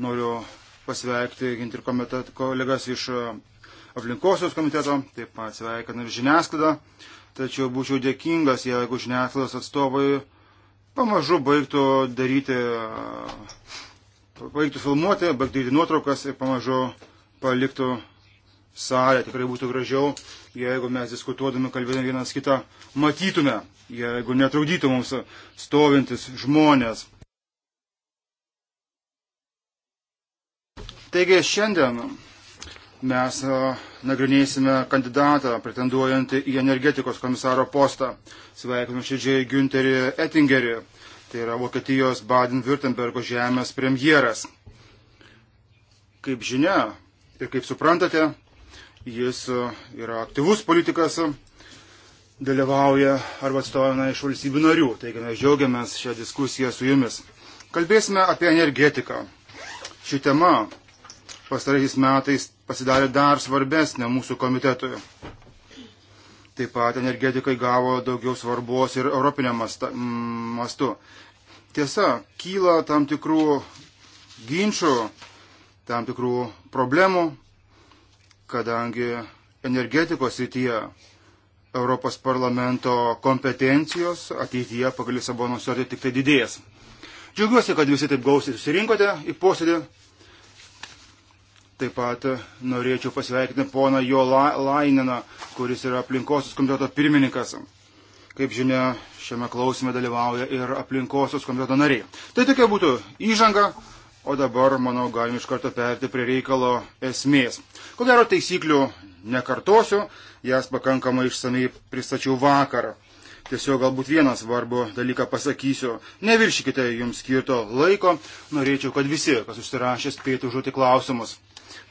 Noriu pasveikti gintir kolegas iš aplinkosios komiteto, taip pat sveikinam žiniasklaidą, tačiau būčiau dėkingas, jeigu žiniasklaidos atstovai pamažu baigtų daryti, baigtų filmuoti, baigtų daryti nuotraukas ir pamažu paliktų salę. Tikrai būtų gražiau, jeigu mes diskutuodami, kalbėdami vienas kitą, matytume, jeigu netraudytų mums stovintis žmonės. Taigi šiandien mes e, nagrinėsime kandidatą pretenduojantį į energetikos komisaro postą. Sveikinu širdžiai Günterį Ettingerį, tai yra Vokietijos Baden-Württembergo žemės premjeras. Kaip žinia ir kaip suprantate, jis e, yra aktyvus politikas, dalyvauja arba atstovina iš valstybių narių. Taigi mes džiaugiamės šią diskusiją su jumis. Kalbėsime apie energetiką. Ši tema pastaraisiais metais pasidarė dar svarbesnė mūsų komitetui. Taip pat energetikai gavo daugiau svarbos ir europinė mm, mastu. Tiesa, kyla tam tikrų ginčių, tam tikrų problemų, kadangi energetikos rytyje Europos parlamento kompetencijos ateityje pagal Lisabono sutartį tik tai didės. Džiaugiuosi, kad visi taip gausiai susirinkote į posėdį. Taip pat norėčiau pasveikinti poną Jo Laininą, kuris yra aplinkosios komiteto pirmininkas. Kaip žinia, šiame klausime dalyvauja ir aplinkosios komiteto nariai. Tai tokia būtų įžanga, o dabar, manau, galime iš karto perti prie reikalo esmės. Ko gero taisyklių nekartosiu, jas pakankamai išsamei pristačiau vakarą. Tiesiog galbūt vieną svarbų dalyką pasakysiu. Neviršykite jums skirto laiko. Norėčiau, kad visi, kas užsirašė, spėtų užduoti klausimus.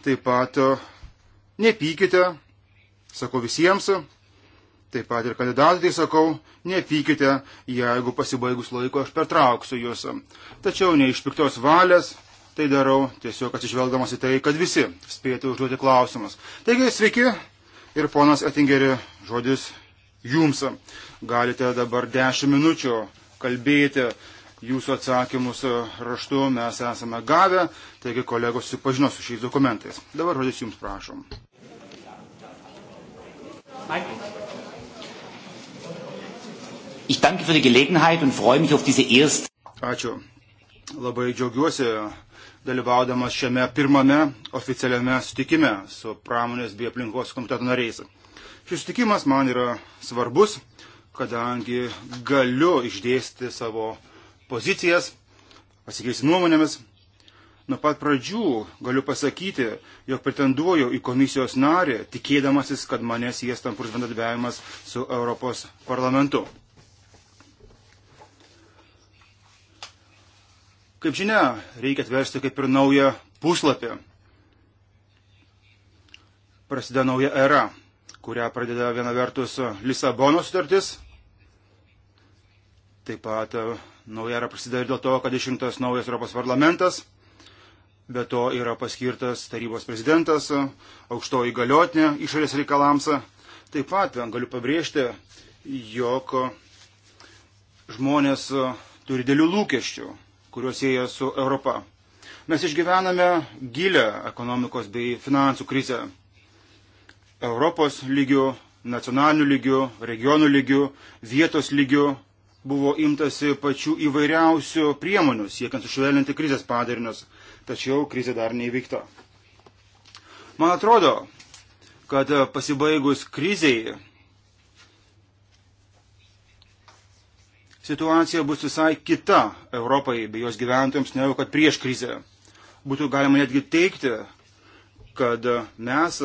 Taip pat e, nepykite, sakau visiems, taip pat ir kandidatai sakau, nepykite, jeigu pasibaigus laiko aš pertrauksiu jūs. Tačiau ne iš piktos valios, tai darau tiesiog atsižvelgdamas į tai, kad visi spėtų užduoti klausimus. Taigi sveiki ir ponas Atingeri, žodis jums. Galite dabar 10 minučių kalbėti jūsų atsakymus e, raštu mes esame gavę, taigi kolegos susipažino su šiais dokumentais. Dabar žodis jums prašom. Ačiū. Labai džiaugiuosi dalyvaudamas šiame pirmame oficialiame sutikime su pramonės bei aplinkos komiteto nariais. Šis sutikimas man yra svarbus, kadangi galiu išdėsti savo pozicijas, pasikeisti nuomonėmis. Nuo pat pradžių galiu pasakyti, jog pretenduoju į komisijos narį, tikėdamasis, kad mane sies tampus bendradarbiavimas su Europos parlamentu. Kaip žinia, reikia atversti kaip ir naują puslapį. Prasideda nauja era, kurią pradeda viena vertus Lisabono sutartis, Taip pat e, nauja yra prasideda ir dėl to, kad išrinktas naujas Europos parlamentas, be to yra paskirtas tarybos prezidentas, e, aukšto įgaliotinė išorės reikalams. Taip pat e, galiu pabrėžti, jog žmonės turi dėlių lūkesčių, kuriuos jie su Europa. Mes išgyvename gilę ekonomikos bei finansų krizę. Europos lygių, nacionalinių lygių, regionų lygių, vietos lygių buvo imtasi pačių įvairiausių priemonių siekiant sušvelninti krizės padarinius, tačiau krizė dar neįvykta. Man atrodo, kad pasibaigus kriziai situacija bus visai kita Europai bei jos gyventojams negu kad prieš krizę. Būtų galima netgi teikti, kad mes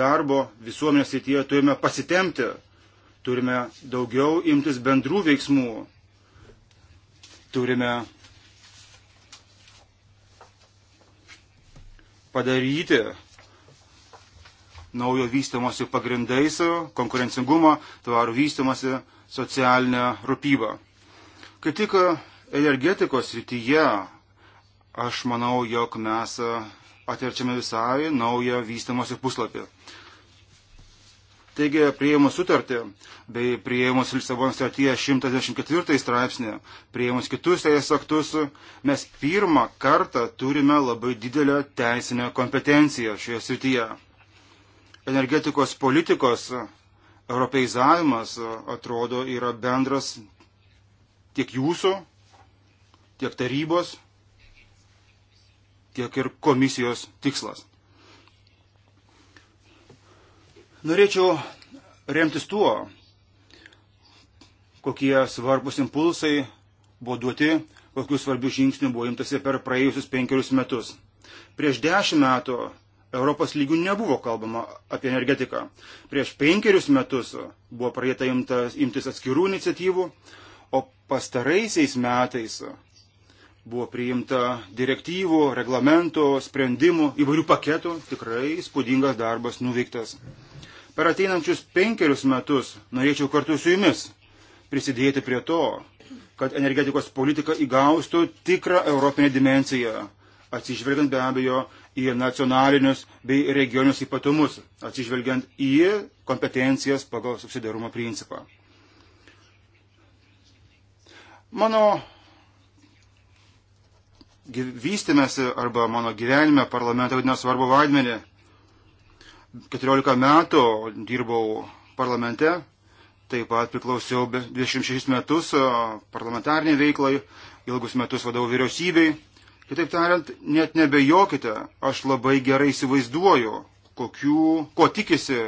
darbo visuomenės srityje turime pasitemti Turime daugiau imtis bendrų veiksmų. Turime padaryti naujo vystimosi pagrindais konkurencingumą, tvarų vystimosi, socialinę rūpybą. Kai tik energetikos rytyje, aš manau, jog mes atverčiame visai naują vystimosi puslapį. Taigi, prieimus sutartį bei prieimus Lisabon strategiją 114 straipsnį, prieimus kitus teisės aktus, mes pirmą kartą turime labai didelę teisinę kompetenciją šioje srityje. Energetikos politikos europeizavimas, atrodo, yra bendras tiek jūsų, tiek tarybos, tiek ir komisijos tikslas. Norėčiau remtis tuo, kokie svarbus impulsai buvo duoti, kokius svarbių žingsnių buvo imtasi per praėjusius penkerius metus. Prieš dešimt metų Europos lygių nebuvo kalbama apie energetiką. Prieš penkerius metus buvo pradėta imtas, imtis atskirų iniciatyvų, o pastaraisiais metais buvo priimta direktyvų, reglamentų, sprendimų, įvairių paketų. Tikrai įspūdingas darbas nuveiktas. Per ateinančius penkerius metus norėčiau kartu su jumis prisidėti prie to, kad energetikos politika įgaustų tikrą europinę dimenciją, atsižvelgiant be abejo į nacionalinius bei regionius ypatumus, atsižvelgiant į kompetencijas pagal subsidarumo principą. Mano vystimėsi arba mano gyvenime parlamentą vadina svarbu vaidmenį 14 metų dirbau parlamente, taip pat priklausiau 26 metus parlamentarniai veiklai, ilgus metus vadovau vyriausybei. Kitaip tariant, net nebejokite, aš labai gerai įsivaizduoju, kokių, ko tikisi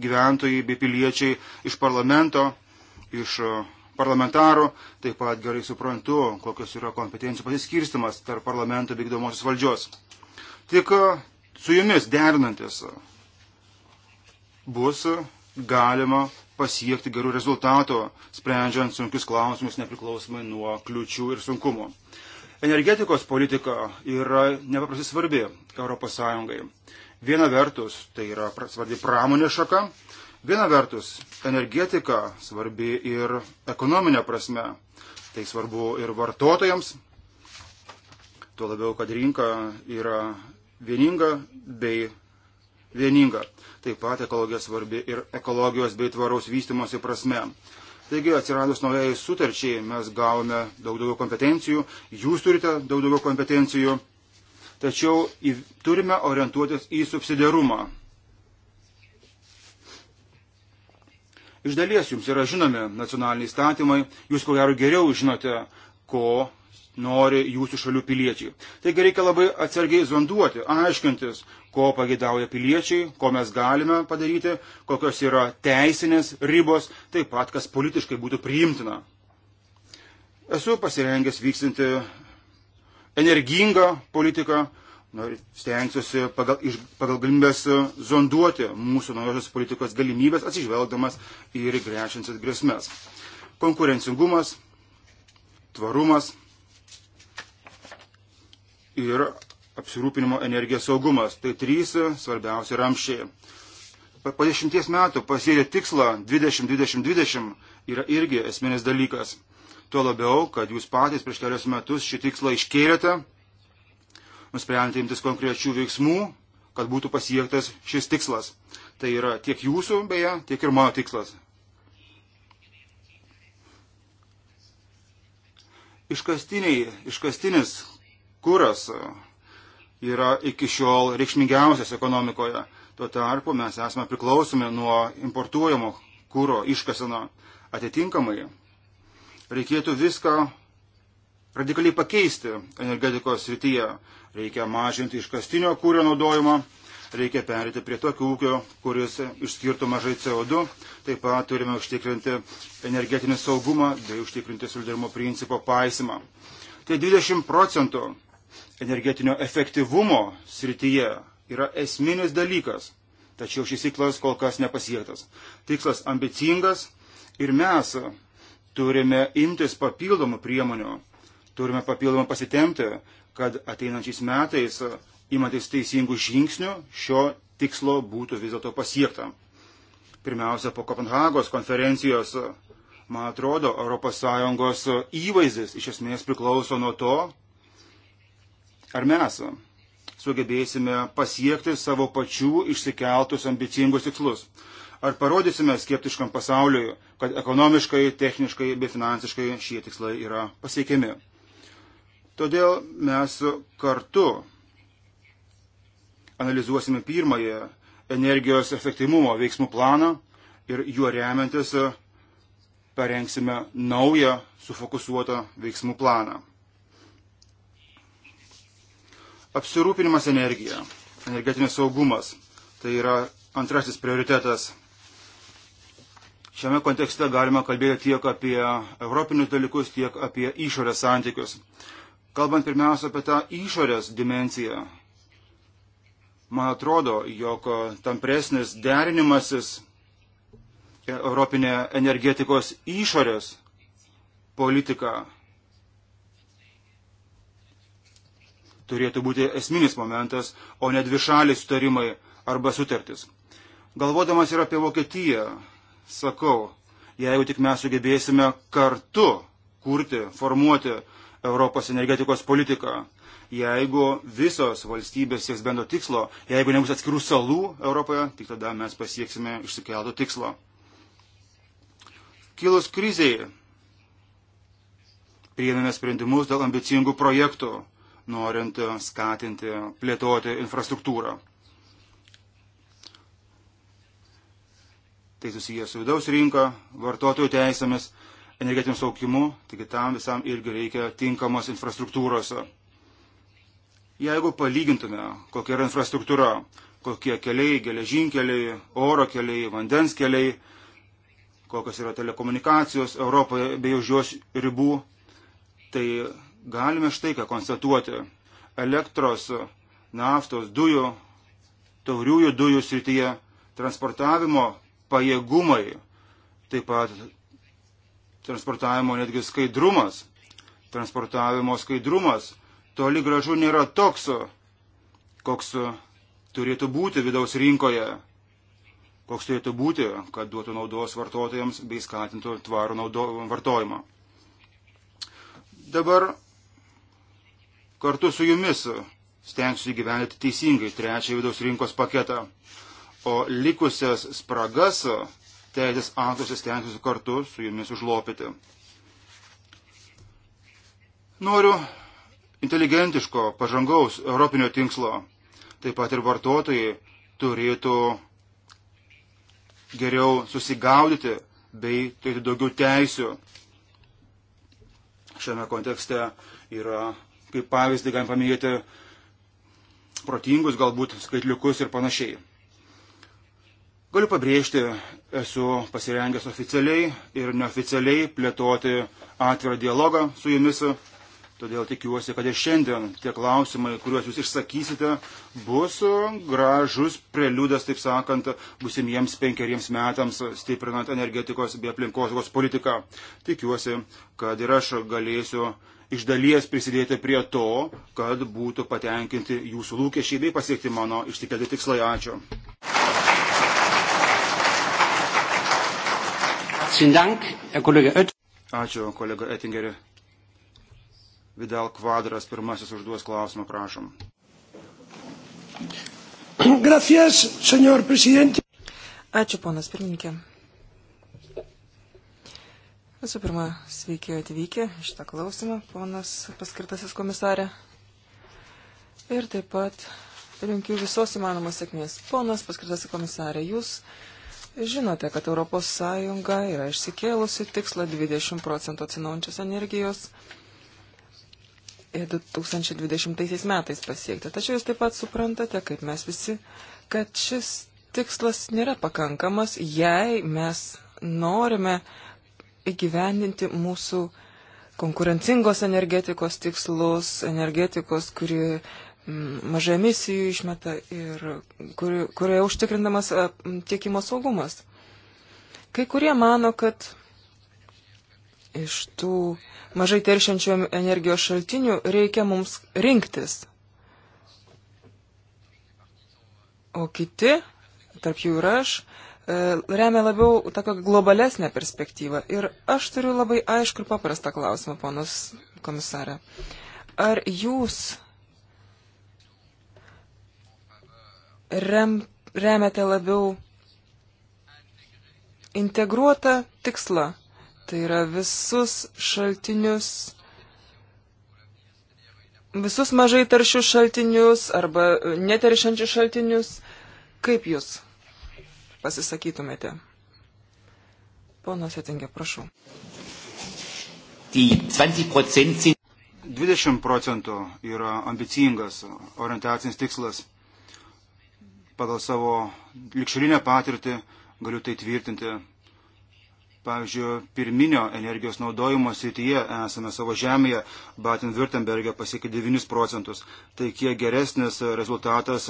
gyventojai bei piliečiai iš parlamento, iš parlamentarų, taip pat gerai suprantu, kokios yra kompetencijų pasiskirstimas tarp parlamento vykdomosios valdžios. Tik su jumis derinantis bus galima pasiekti gerų rezultatų, sprendžiant sunkius klausimus nepriklausomai nuo kliučių ir sunkumų. Energetikos politika yra nepaprastai svarbi ES. Viena vertus, tai yra svarbi pramonė šaka, viena vertus, energetika svarbi ir ekonominė prasme. Tai svarbu ir vartotojams, tuo labiau, kad rinka yra vieninga bei vieninga. Taip pat ekologija svarbi ir ekologijos bei tvaraus vystimosi prasme. Taigi atsiradus naujai sutarčiai mes gavome daug daugiau kompetencijų, jūs turite daug daugiau kompetencijų, tačiau į, turime orientuotis į subsidiarumą. Iš dalies jums yra žinomi nacionaliniai statymai, jūs ko gero geriau žinote, ko nori jūsų šalių piliečiai. Taigi reikia labai atsargiai zonduoti, aiškintis, ko pagėdauja piliečiai, ko mes galime padaryti, kokios yra teisinės ribos, taip pat kas politiškai būtų priimtina. Esu pasirengęs vyksinti energingą politiką, stengsiuosi pagal, iš, pagal galimybės zonduoti mūsų naujosios politikos galimybės, atsižvelgdamas ir grešinsit grėsmės. Konkurencingumas, tvarumas ir apsirūpinimo energijos saugumas. Tai trys svarbiausi ramščiai. Po dešimties metų pasiekti tikslą 20-20-20 yra irgi esminis dalykas. Tuo labiau, kad jūs patys prieš kelius metus šį tikslą iškėlėte, nusprendėte imtis konkrečių veiksmų, kad būtų pasiektas šis tikslas. Tai yra tiek jūsų, beje, tiek ir mano tikslas. Iškastiniai, iškastinis kuras e, yra iki šiol reikšmingiausias ekonomikoje. Tuo tarpu mes esame priklausomi nuo importuojamo kūro iškaseno atitinkamai. Reikėtų viską radikaliai pakeisti energetikos srityje. Reikia mažinti iškastinio kūrio naudojimą, reikia perėti prie tokio ūkio, kuris išskirtų mažai CO2. Taip pat turime užtikrinti energetinį saugumą bei užtikrinti solidarumo principo paisimą. Tai 20 procentų energetinio efektyvumo srityje yra esminis dalykas, tačiau šis tikslas kol kas nepasiektas. Tikslas ambicingas ir mes turime imtis papildomų priemonių, turime papildomą pasitemti, kad ateinančiais metais, imantis teisingų žingsnių, šio tikslo būtų vis dėlto pasiekta. Pirmiausia, po Kopenhagos konferencijos, man atrodo, ES įvaizdis iš esmės priklauso nuo to, Ar mes sugebėsime pasiekti savo pačių išsikeltus ambicingus tikslus? Ar parodysime skeptiškam pasauliui, kad ekonomiškai, techniškai bei finansiškai šie tikslai yra pasiekiami? Todėl mes kartu analizuosime pirmąją energijos efektyvumo veiksmų planą ir juo remiantis parengsime naują sufokusuotą veiksmų planą. Apsirūpinimas energija, energetinis saugumas, tai yra antrasis prioritetas. Šiame kontekste galima kalbėti tiek apie europinius dalykus, tiek apie išorės santykius. Kalbant pirmiausia apie tą išorės dimenciją, man atrodo, jog tampresnis derinimasis e, Europinė energetikos išorės politika turėtų būti esminis momentas, o ne dvišaliai sutarimai arba sutartis. Galvodamas ir apie Vokietiją, sakau, jeigu tik mes sugebėsime kartu kurti, formuoti Europos energetikos politiką, jeigu visos valstybės sieks bendro tikslo, jeigu nebus atskirų salų Europoje, tik tada mes pasieksime išsikelto tikslo. Kilus kriziai, priėmėme sprendimus dėl ambicingų projektų, norint skatinti plėtoti infrastruktūrą. Tai susijęs su vidaus rinka, vartotojų teisėmis, energetiniu saukimu, taigi tam visam irgi reikia tinkamos infrastruktūros. Jeigu palygintume, kokia yra infrastruktūra, kokie keliai, geležinkeliai, oro keliai, vandens keliai, kokios yra telekomunikacijos Europoje bei už jos ribų, tai galime štai ką konstatuoti. Elektros, naftos, dujų, tauriųjų dujų srityje transportavimo pajėgumai, taip pat transportavimo netgi skaidrumas, transportavimo skaidrumas toli gražu nėra toks, koks turėtų būti vidaus rinkoje, koks turėtų būti, kad duotų naudos vartotojams bei skatintų tvarų vartojimą. Dabar Kartu su jumis stengsiu įgyvendinti teisingai trečią vidaus rinkos paketą, o likusias spragas teisės aktuose stengsiu kartu su jumis užlopyti. Noriu inteligentiško, pažangaus europinio tinklo. Taip pat ir vartotojai turėtų geriau susigaudyti bei turėti daugiau teisių. Šiame kontekste yra Kaip pavyzdį galim paminėti protingus galbūt skaitliukus ir panašiai. Galiu pabrėžti, esu pasirengęs oficialiai ir neoficialiai plėtoti atvirą dialogą su jumis, todėl tikiuosi, kad ir šiandien tie klausimai, kuriuos jūs išsakysite, bus gražus preliudas, taip sakant, busimiems penkeriems metams stiprinant energetikos bei aplinkosaugos politiką. Tikiuosi, kad ir aš galėsiu iš dalies prisidėti prie to, kad būtų patenkinti jūsų lūkesčiai bei pasiekti mano išsikelti tikslai. Ačiū. Ačiū, kolega Ettingeri. Vidal Kvadras pirmasis užduos klausimą, prašom. Gracias, senor presidente. Ačiū, ponas pirmininkė. Visų pirma, sveiki atvykę šitą klausimą, ponas paskirtasis komisarė. Ir taip pat linkiu visos įmanomos sėkmės. Ponas paskirtasis komisarė, jūs žinote, kad ES yra išsikėlusi tikslą 20 procentų atsinaujančios energijos 2020 metais pasiekti. Tačiau jūs taip pat suprantate, kaip mes visi, kad šis tikslas nėra pakankamas, jei mes norime įgyvendinti mūsų konkurencingos energetikos tikslus, energetikos, kuri mm, mažai emisijų išmeta ir kurioje kuri užtikrindamas e, tiekimo saugumas. Kai kurie mano, kad iš tų mažai teršiančių energijos šaltinių reikia mums rinktis. O kiti, tarp jų ir aš, E, remia labiau tokią globalesnę perspektyvą. Ir aš turiu labai aišku ir paprastą klausimą, ponas komisarė. Ar jūs rem, remiate labiau integruotą tikslą? Tai yra visus šaltinius, visus mažai taršius šaltinius arba neteršiančius šaltinius. Kaip jūs pasisakytumėte. Ponas Etingė, prašau. 20 procentų yra ambicingas orientacinis tikslas. Pagal savo likšulinę patirtį galiu tai tvirtinti Pavyzdžiui, pirminio energijos naudojimo srityje esame savo žemėje, Batin-Württembergė pasiekė 9 procentus. Tai kiek geresnis rezultatas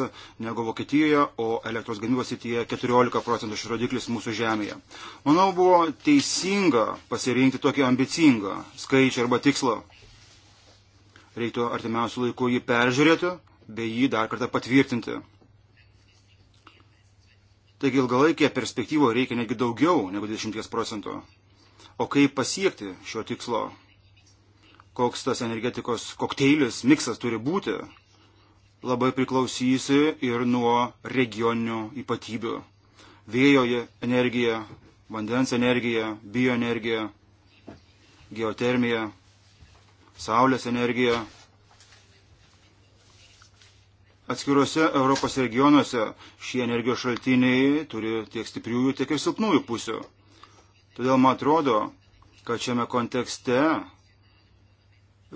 negu Vokietijoje, o elektros gamybos srityje 14 procentų šis rodiklis mūsų žemėje. Manau, buvo teisinga pasirinkti tokį ambicingą skaičių arba tikslą. Reiktų artimiausių laikų jį peržiūrėti, bei jį dar kartą patvirtinti. Taigi ilgalaikėje perspektyvoje reikia netgi daugiau negu 20 procentų. O kaip pasiekti šio tikslo? Koks tas energetikos kokteilis, miksas turi būti? Labai priklausysi ir nuo regioninių ypatybių. Vėjoje energija, vandens energija, bioenergija, geotermija, saulės energija, Atskiruose Europos regionuose šie energijos šaltiniai turi tiek stipriųjų, tiek ir silpnųjų pusių. Todėl man atrodo, kad šiame kontekste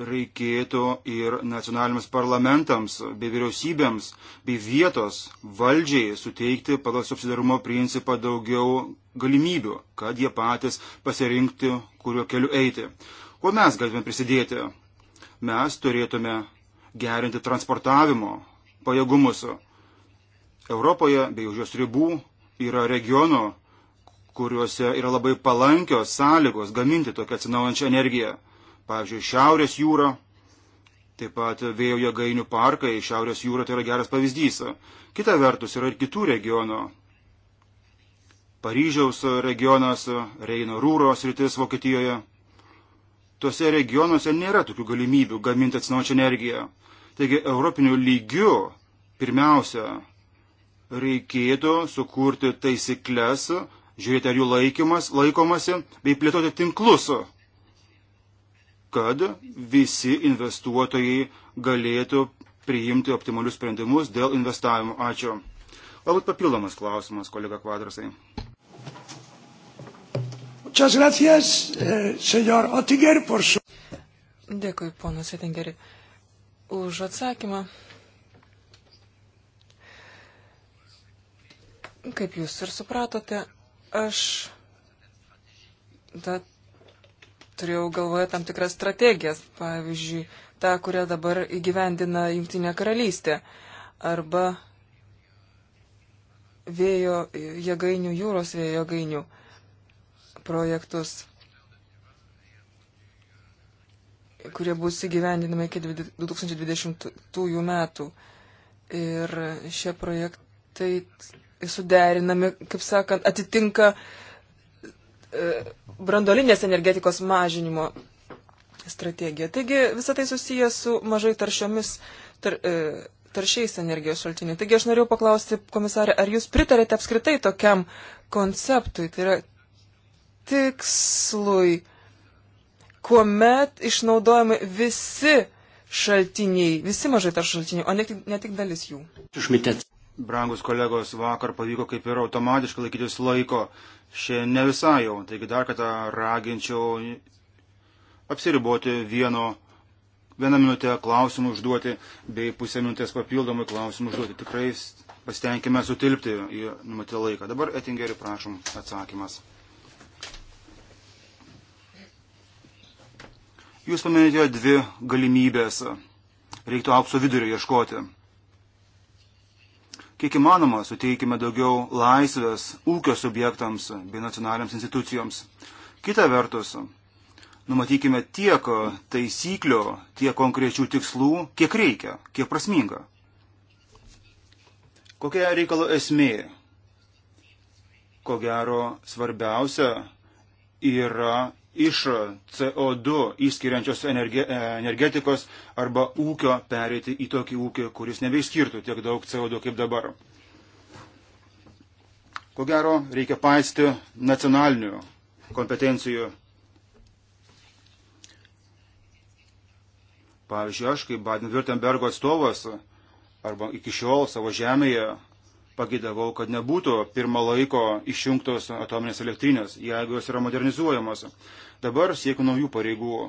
reikėtų ir nacionaliniams parlamentams bei vyriausybėms bei vietos valdžiai suteikti pagal subsidarumo principą daugiau galimybių, kad jie patys pasirinkti, kuriuo keliu eiti. Kuo mes galime prisidėti? Mes turėtume gerinti transportavimo pajėgumus. Europoje bei už jos ribų yra regionų, kuriuose yra labai palankios sąlygos gaminti tokią atsinaujančią energiją. Pavyzdžiui, Šiaurės jūra, taip pat vėjo jėgainių parkai, Šiaurės jūra tai yra geras pavyzdys. Kita vertus yra ir kitų regionų. Paryžiaus regionas, Reino Rūros rytis Vokietijoje. Tuose regionuose nėra tokių galimybių gaminti atsinaujančią energiją. Taigi, europinių lygių Pirmiausia, reikėtų sukurti taisyklės, žiūrėti, ar jų laikymas, laikomasi, bei plėtoti tinklus, kad visi investuotojai galėtų priimti optimalius sprendimus dėl investavimo. Ačiū. Galbūt papildomas klausimas, kolega Kvadrasai. Eh, Dėkui, ponas Etingeri, už atsakymą. Kaip jūs ir supratote, aš da, turėjau galvoje tam tikras strategijas, pavyzdžiui, tą, kurią dabar įgyvendina Junktinė karalystė arba vėjo jėgainių, jūros vėjo jėgainių projektus, kurie bus įgyvendinami iki 2020 metų. Ir šie projektai suderinami, kaip sakant, atitinka e, brandolinės energetikos mažinimo strategija. Taigi visą tai susiję su mažai taršiomis, tar, e, taršiais energijos šaltiniai. Taigi aš norėjau paklausti, komisarė, ar jūs pritarėte apskritai tokiam konceptui, tai yra tikslui, kuomet išnaudojami visi šaltiniai, visi mažai tarš šaltiniai, o ne tik, ne tik dalis jų. Šmitėt brangus kolegos, vakar pavyko kaip ir automatiškai laikytis laiko, šiandien ne visai jau. Taigi dar kartą raginčiau apsiriboti vieno, vieną minutę klausimų užduoti, bei pusę minutės papildomai klausimų užduoti. Tikrai pasitenkime sutilpti į numatytą laiką. Dabar Etingeri, prašom, atsakymas. Jūs paminėjote dvi galimybės. Reiktų aukso vidurio ieškoti. Kiek įmanoma, suteikime daugiau laisvės ūkio subjektams bei nacionaliams institucijoms. Kita vertus, numatykime tiek taisyklių, tiek konkrečių tikslų, kiek reikia, kiek prasminga. Kokia reikalo esmė? Ko gero svarbiausia yra iš CO2 įskiriančios energetikos arba ūkio pereiti į tokį ūkį, kuris nebeiskirtų tiek daug CO2 kaip dabar. Ko gero, reikia paisti nacionalinių kompetencijų. Pavyzdžiui, aš kaip Baden-Württembergo atstovas arba iki šiol savo žemėje pagidavau, kad nebūtų pirmo laiko išjungtos atominės elektrinės, jeigu jos yra modernizuojamos. Dabar siekiu naujų pareigų.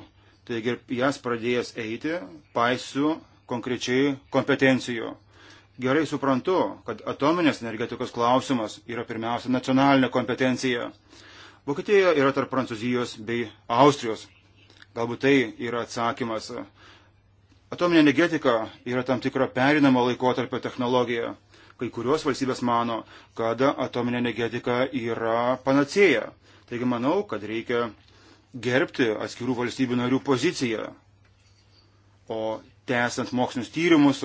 Taigi jas pradėjęs eiti, paisiu konkrečiai kompetencijų. Gerai suprantu, kad atominės energetikos klausimas yra pirmiausia nacionalinė kompetencija. Vokietija yra tarp Prancūzijos bei Austrijos. Galbūt tai yra atsakymas. Atominė energetika yra tam tikra perinamo laikotarpio technologija. Kai kurios valstybės mano, kad atominė energetika yra panacėja. Taigi manau, kad reikia gerbti atskirų valstybių narių poziciją. O tęsant mokslinius tyrimus,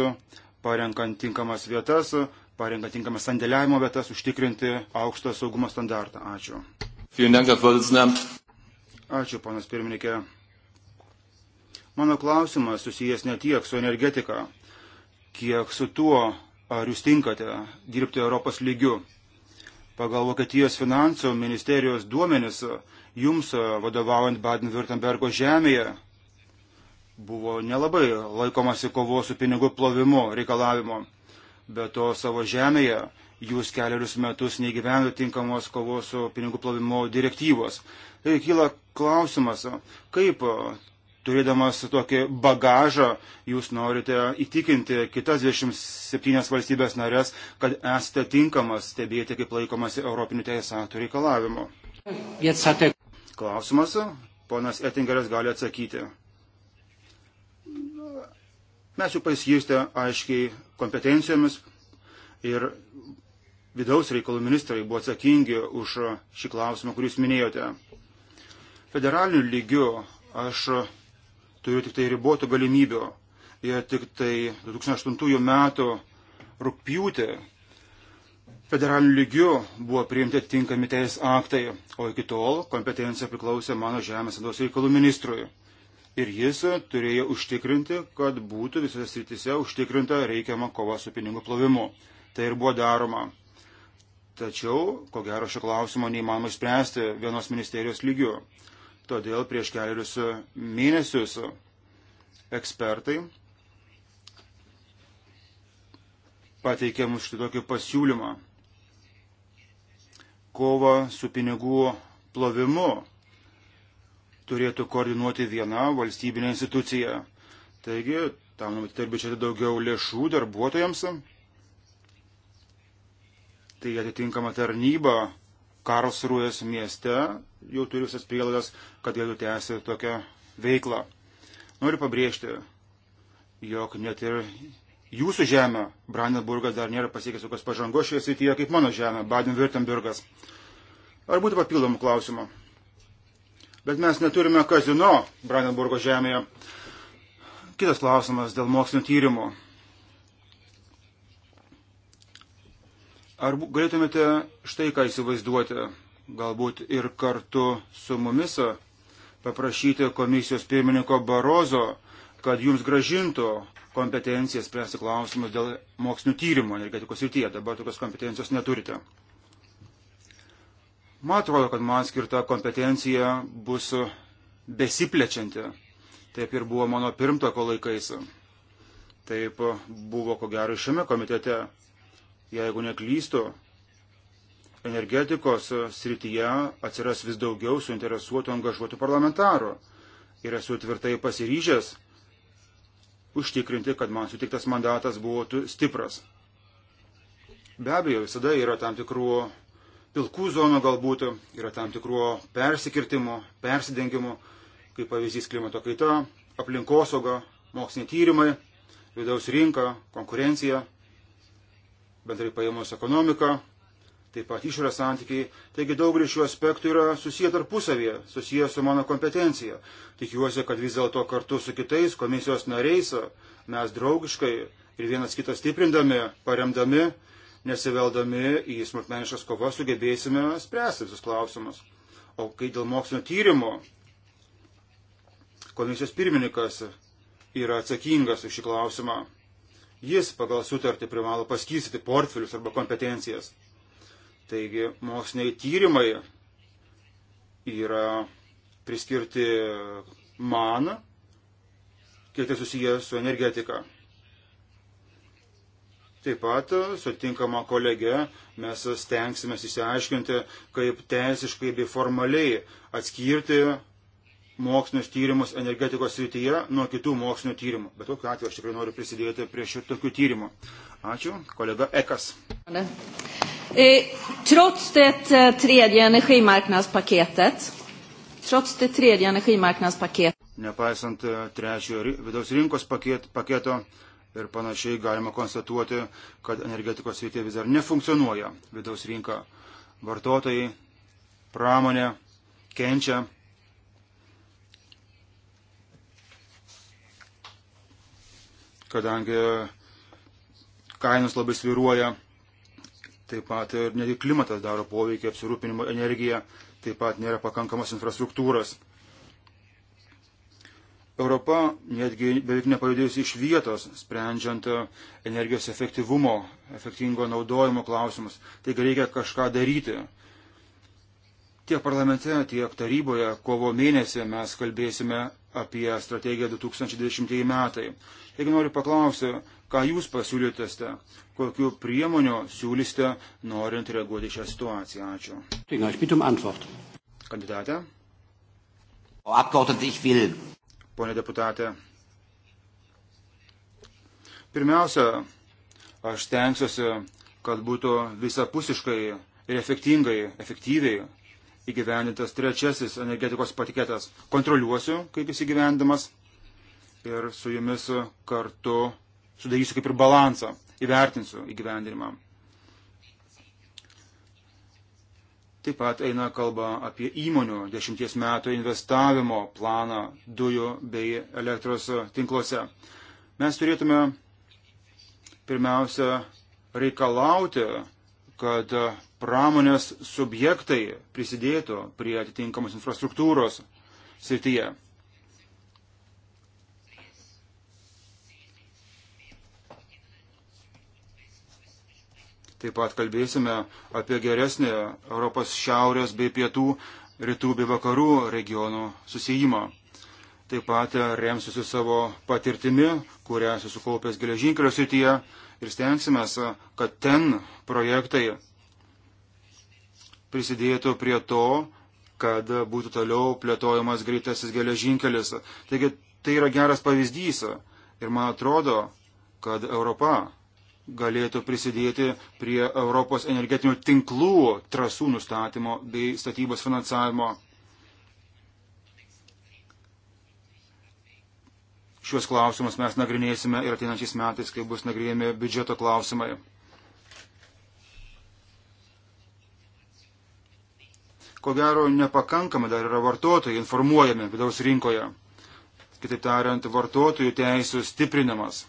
parenkant tinkamas vietas, parenkant tinkamas sandėliavimo vietas, užtikrinti aukštą saugumo standartą. Ačiū. Ačiū, panas pirmininkė. Mano klausimas susijęs ne tiek su energetika, kiek su tuo, ar jūs tinkate dirbti Europos lygiu. Pagal Vokietijos finansų ministerijos duomenis jums e, vadovaujant Baden-Württembergo žemėje buvo nelabai laikomasi kovos su pinigų plovimu reikalavimo. Be to savo žemėje jūs keliarius metus neįgyvendo tinkamos kovos su pinigų plovimu direktyvos. Tai kyla klausimas, kaip turėdamas tokį bagažą, jūs norite įtikinti kitas 27 valstybės narės, kad esate tinkamas stebėti, kaip laikomasi Europinių teisės aktų reikalavimo. Klausimas, ponas Ettingeris gali atsakyti. Mes jau pasijūstę aiškiai kompetencijomis ir vidaus reikalų ministrai buvo atsakingi už šį klausimą, kurį jūs minėjote. Federaliniu lygiu aš turiu tik tai ribotų galimybių. Jie tik tai 2008 metų rūpjūtį federaliniu lygiu buvo priimti atitinkami teisės aktai, o iki tol kompetencija priklausė mano žemės vidaus reikalų ministrui. Ir jis turėjo užtikrinti, kad būtų visose srityse užtikrinta reikiama kova su pinigų plovimu. Tai ir buvo daroma. Tačiau, ko gero, šio klausimo neįmanoma išspręsti vienos ministerijos lygiu. Todėl prieš keliarius mėnesius ekspertai pateikė mums štai tokį pasiūlymą. Kova su pinigų plovimu turėtų koordinuoti viena valstybinė institucija. Taigi, tam numatyti ir biudžete daugiau lėšų darbuotojams. Tai atitinkama tarnyba Karlsrūės mieste jau turi visas prielaidas, kad galėtų tęsti tokią veiklą. Noriu pabrėžti, jog net ir jūsų žemė, Brandenburgas, dar nėra pasiekęs tokios pažangos šioje srityje kaip mano žemė, Baden-Württembergas. Ar būtų papildomų klausimų? Bet mes neturime kazino Brandenburgo žemėje. Kitas klausimas dėl mokslinio tyrimo. Ar galėtumėte štai ką įsivaizduoti? galbūt ir kartu su mumis paprašyti komisijos pirmininko Barozo, kad jums gražintų kompetenciją spręsti klausimus dėl mokslinių tyrimų energetikos rytyje. Dabar tokios kompetencijos neturite. Man atrodo, kad man skirta kompetencija bus besiplečianti. Taip ir buvo mano pirmtako laikais. Taip buvo, ko gero, šiame komitete. Jeigu neklystu, energetikos srityje atsiras vis daugiau suinteresuotų angažuotų parlamentarų. Ir esu tvirtai pasiryžęs užtikrinti, kad man sutiktas mandatas būtų stipras. Be abejo, visada yra tam tikrų pilkų zonų galbūt, yra tam tikrų persikirtimų, persidengimų, kaip pavyzdys klimato kaita, aplinkosauga, moksliniai tyrimai, vidaus rinka, konkurencija, bendrai paėmus ekonomika, taip pat išorės santykiai. Taigi daugelis šių aspektų yra susiję tarpusavėje, susiję su mano kompetencija. Tikiuosi, kad vis dėlto kartu su kitais komisijos nariais mes draugiškai ir vienas kitą stiprindami, paremdami, nesiveldami į smulkmeniškas kovas sugebėsime spręsti visus klausimus. O kai dėl mokslinio tyrimo komisijos pirmininkas yra atsakingas už šį klausimą, jis pagal sutartį privalo paskysyti portfelius arba kompetencijas. Taigi moksliniai tyrimai yra priskirti man, kiek tai susiję su energetika. Taip pat sutinkama kolegė mes stengsime įsiaiškinti, kaip teisiškai bei formaliai atskirti mokslinius tyrimus energetikos srityje nuo kitų mokslinio tyrimų. Bet kokiu atveju aš tikrai noriu prisidėti prie šitokių tyrimų. Ačiū, kolega Ekas. Ne. Eh, trots det eh, tredje energimarknadspaketet, trots det tredje energimarknadspaketet. Nepaisant eh, trečiojo vidaus rinkos paket, paketo ir panašiai galima konstatuoti, kad energetikos srityje vis dar nefunkcionuoja vidaus rinka. Vartotojai, pramonė kenčia. kadangi kainos labai sviruoja Taip pat ir ne tik klimatas daro poveikį apsirūpinimo energiją, taip pat nėra pakankamos infrastruktūros. Europa netgi beveik nepajudėjusi iš vietos, sprendžiant energijos efektyvumo, efektingo naudojimo klausimus. Taigi reikia kažką daryti. Tiek parlamente, tiek taryboje kovo mėnesį mes kalbėsime apie strategiją 2020 metai. Jeigu noriu paklausyti, Ką jūs pasiūlytėste, kokiu priemoniu siūlysite, norint reaguoti šią situaciją? Ačiū. Um Kandidatė. Pone deputatė. Pirmiausia, aš tenksiuosi, kad būtų visapusiškai ir efektingai, efektyviai įgyvendintas trečiasis energetikos patiketas. Kontroliuosiu, kaip jis įgyvendamas ir su jumis kartu sudarysiu kaip ir balansą, įvertinsiu įgyvendinimą. Taip pat eina kalba apie įmonių dešimties metų investavimo planą dujų bei elektros tinkluose. Mes turėtume pirmiausia reikalauti, kad pramonės subjektai prisidėtų prie atitinkamos infrastruktūros srityje. Taip pat kalbėsime apie geresnį Europos šiaurės bei pietų, rytų bei vakarų regionų susijimą. Taip pat remsiuosi savo patirtimi, kurią esu sukaupęs geležinkelio srityje ir stengsime, kad ten projektai prisidėtų prie to, kad būtų toliau plėtojamas greitasis geležinkelis. Taigi tai yra geras pavyzdys ir man atrodo, kad Europa galėtų prisidėti prie Europos energetinių tinklų trasų nustatymo bei statybos finansavimo. Šiuos klausimus mes nagrinėsime ir ateinančiais metais, kai bus nagrinėjami biudžeto klausimai. Ko gero, nepakankamai dar yra vartotojai informuojami vidaus rinkoje. Kitaip tariant, vartotojų teisų stiprinimas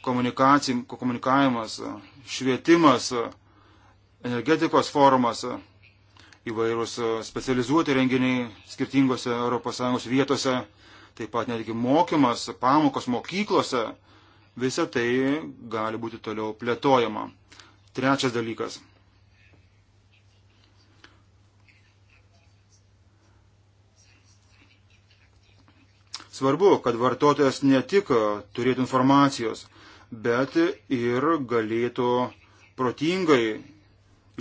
komunikavimas, švietimas, energetikos forumas, įvairūs specializuoti renginiai skirtingose ES vietose, taip pat netgi mokymas, pamokos mokyklose, visa tai gali būti toliau plėtojama. Trečias dalykas. Svarbu, kad vartotojas ne tik turėtų informacijos, bet ir galėtų protingai,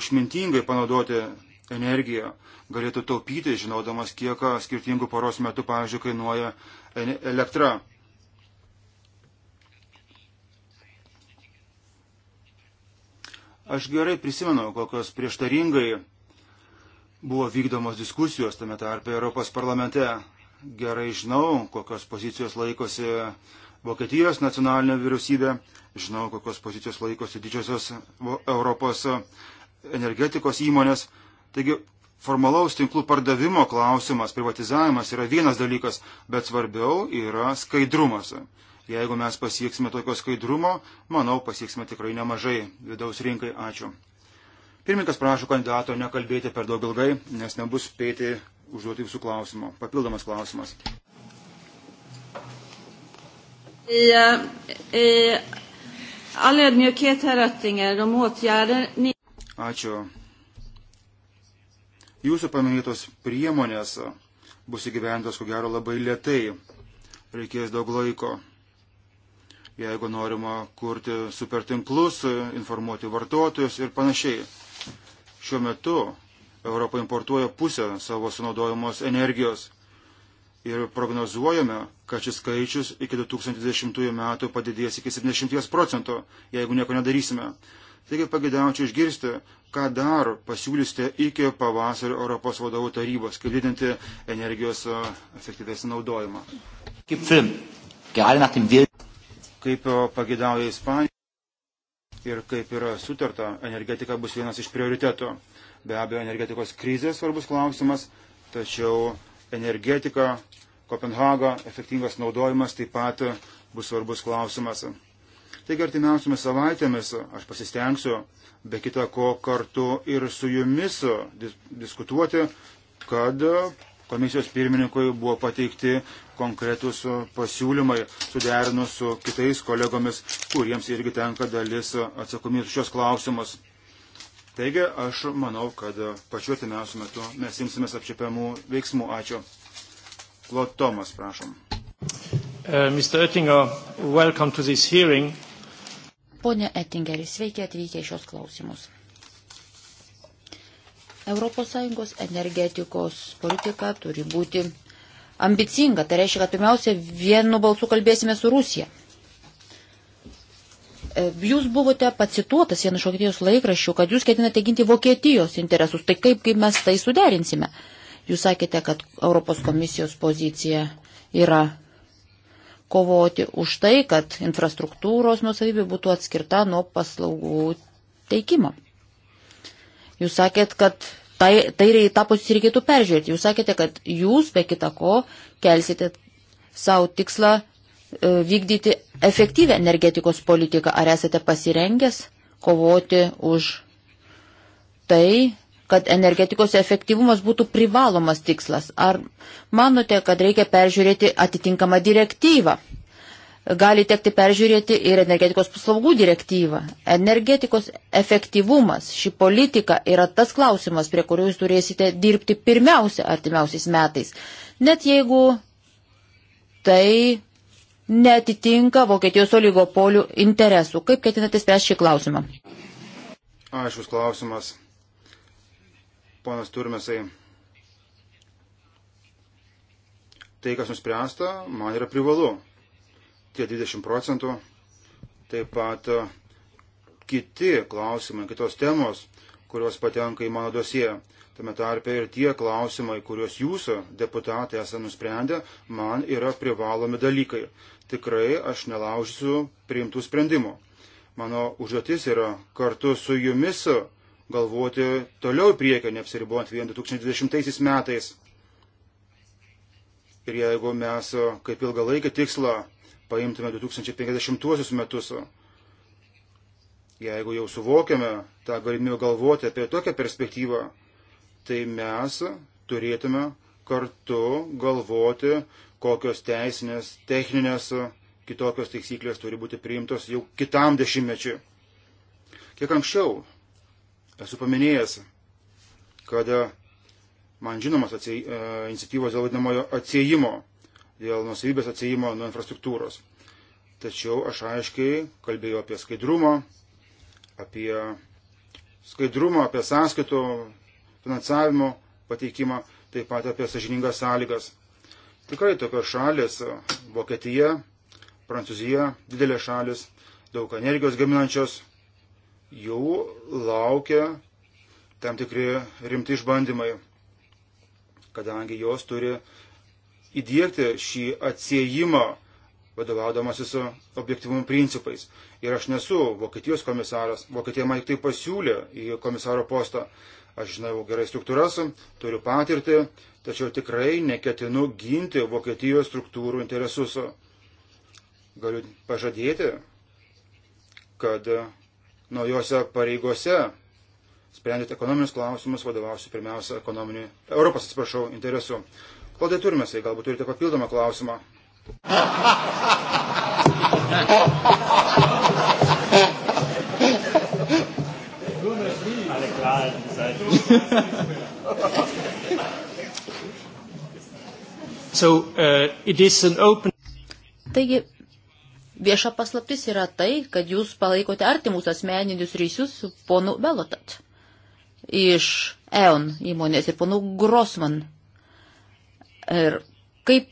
išmintingai panaudoti energiją, galėtų taupyti, žinodamas, kiek skirtingų paros metų, pavyzdžiui, kainuoja elektra. Aš gerai prisimenu, kokios prieštaringai buvo vykdomos diskusijos tame tarpe Europos parlamente. Gerai žinau, kokios pozicijos laikosi Vokietijos nacionalinė vyriausybė, žinau, kokios pozicijos laikosi didžiosios Europos energetikos įmonės. Taigi formalaus tinklų pardavimo klausimas, privatizavimas yra vienas dalykas, bet svarbiau yra skaidrumas. Jeigu mes pasieksime tokio skaidrumo, manau, pasieksime tikrai nemažai vidaus rinkai. Ačiū. Pirmininkas prašo kandidato nekalbėti per daug ilgai, nes nebus spėti užduoti visų klausimų. Papildomas klausimas. I, eh, i all ödmjukhet, herr Oettinger, de åtgärder ni... Ačiū. Jūsų paminėtos priemonės bus įgyventos, ko gero, labai lietai. Reikės daug laiko. Jeigu norima kurti supertinklus, informuoti vartotojus ir panašiai. Šiuo metu Europa importuoja pusę savo sunaudojamos energijos ir prognozuojame, kad šis skaičius iki 2020 metų padidės iki 70 procentų, jeigu nieko nedarysime. Taigi pagėdaučiau išgirsti, ką dar pasiūlysite iki pavasario Europos vadovų tarybos, kaip didinti energijos efektyvesnį naudojimą. Kaip film, gerai naktim vėl. Kaip pagėdauja Ispanija ir kaip yra sutarta, energetika bus vienas iš prioritetų. Be abejo, energetikos krizės svarbus klausimas, tačiau energetika, Kopenhaga, efektingas naudojimas taip pat bus svarbus klausimas. Taigi artimiausiamis savaitėmis aš pasistengsiu, be kita ko, kartu ir su jumis dis diskutuoti, kad komisijos pirmininkui buvo pateikti konkretus pasiūlymai suderinus su kitais kolegomis, kuriems irgi tenka dalis atsakomybės šios klausimus. Taigi aš manau, kad pačiu atimiausiu metu mes imsimės apčiapiamų veiksmų. Ačiū. Klot Tomas, prašom. Uh, Mr. Oettinger, welcome to this hearing. Pone Ettingeri, sveiki atvykę į šios klausimus. ES energetikos politika turi būti ambicinga. Tai reiškia, kad pirmiausia, vienu balsu kalbėsime su Rusija. E, jūs buvote pacituotas vienu iš Vokietijos laikraščių, kad jūs ketinate ginti Vokietijos interesus. Tai kaip, kaip mes tai suderinsime? Jūs sakėte, kad Europos komisijos pozicija yra kovoti už tai, kad infrastruktūros nusavybė būtų atskirta nuo paslaugų teikimo. Jūs sakėt, kad tai, tai tą poziciją reikėtų peržiūrėti. Jūs sakėte, kad jūs be kita ko kelsite savo tikslą E, vykdyti efektyvę energetikos politiką. Ar esate pasirengęs kovoti už tai, kad energetikos efektyvumas būtų privalomas tikslas? Ar manote, kad reikia peržiūrėti atitinkamą direktyvą? Gali tekti peržiūrėti ir energetikos paslaugų direktyvą. Energetikos efektyvumas, ši politika yra tas klausimas, prie kurio jūs turėsite dirbti pirmiausia artimiausiais metais. Net jeigu tai netitinka Vokietijos oligopolių interesų. Kaip ketinate spręsti šį klausimą? Aiškus klausimas. Ponas Turmesai. Tai, kas nuspręsta, man yra privalu. Tie 20 procentų. Taip pat e, kiti klausimai, kitos temos, kurios patenka į mano dosiją. Tame tarpe ir tie klausimai, kuriuos jūs, deputatai, esate nusprendę, man yra privalomi dalykai tikrai aš nelaužsiu priimtų sprendimų. Mano užduotis yra kartu su jumis galvoti toliau į priekį, neapsiribuojant vien 2020 metais. Ir jeigu mes kaip ilgalaikį tikslą paimtume 2050 metus, jeigu jau suvokiame tą galimybę galvoti apie tokią perspektyvą, tai mes turėtume kartu galvoti, kokios teisinės, techninės, kitokios taisyklės turi būti priimtos jau kitam dešimtmečiui. Kiek anksčiau esu paminėjęs, kad e, man žinomas atsiej, e, iniciatyvos dėl vadinamojo atsiejimo, dėl nusavybės atsiejimo nuo infrastruktūros. Tačiau aš aiškiai kalbėjau apie skaidrumą, apie skaidrumą, apie sąskaitų finansavimo pateikimą, taip pat apie sažiningas sąlygas. Tikrai tokios šalis - Vokietija, Prancūzija, didelės šalis, daug energijos gaminančios, jų laukia tam tikri rimti išbandymai, kadangi jos turi įdėkti šį atsiejimą vadovaudamasis objektivumo principais. Ir aš nesu Vokietijos komisaras, Vokietija man tik tai pasiūlė į komisaro postą, Aš žinau gerai struktūras, turiu patirtį, tačiau tikrai neketinu ginti Vokietijos struktūrų interesus. Galiu pažadėti, kad naujose pareigose sprendžiant ekonominius klausimus, vadovausiu pirmiausia ekonominių, Europos atsiprašau, interesų. Klaudai Turmesai, galbūt turite papildomą klausimą. Zahlen. so, uh, it is an open... Taigi, vieša paslaptis yra tai, kad jūs palaikote artimus asmeninius ryšius su ponu Belotat iš EON įmonės ir ponu Grossman. Ir kaip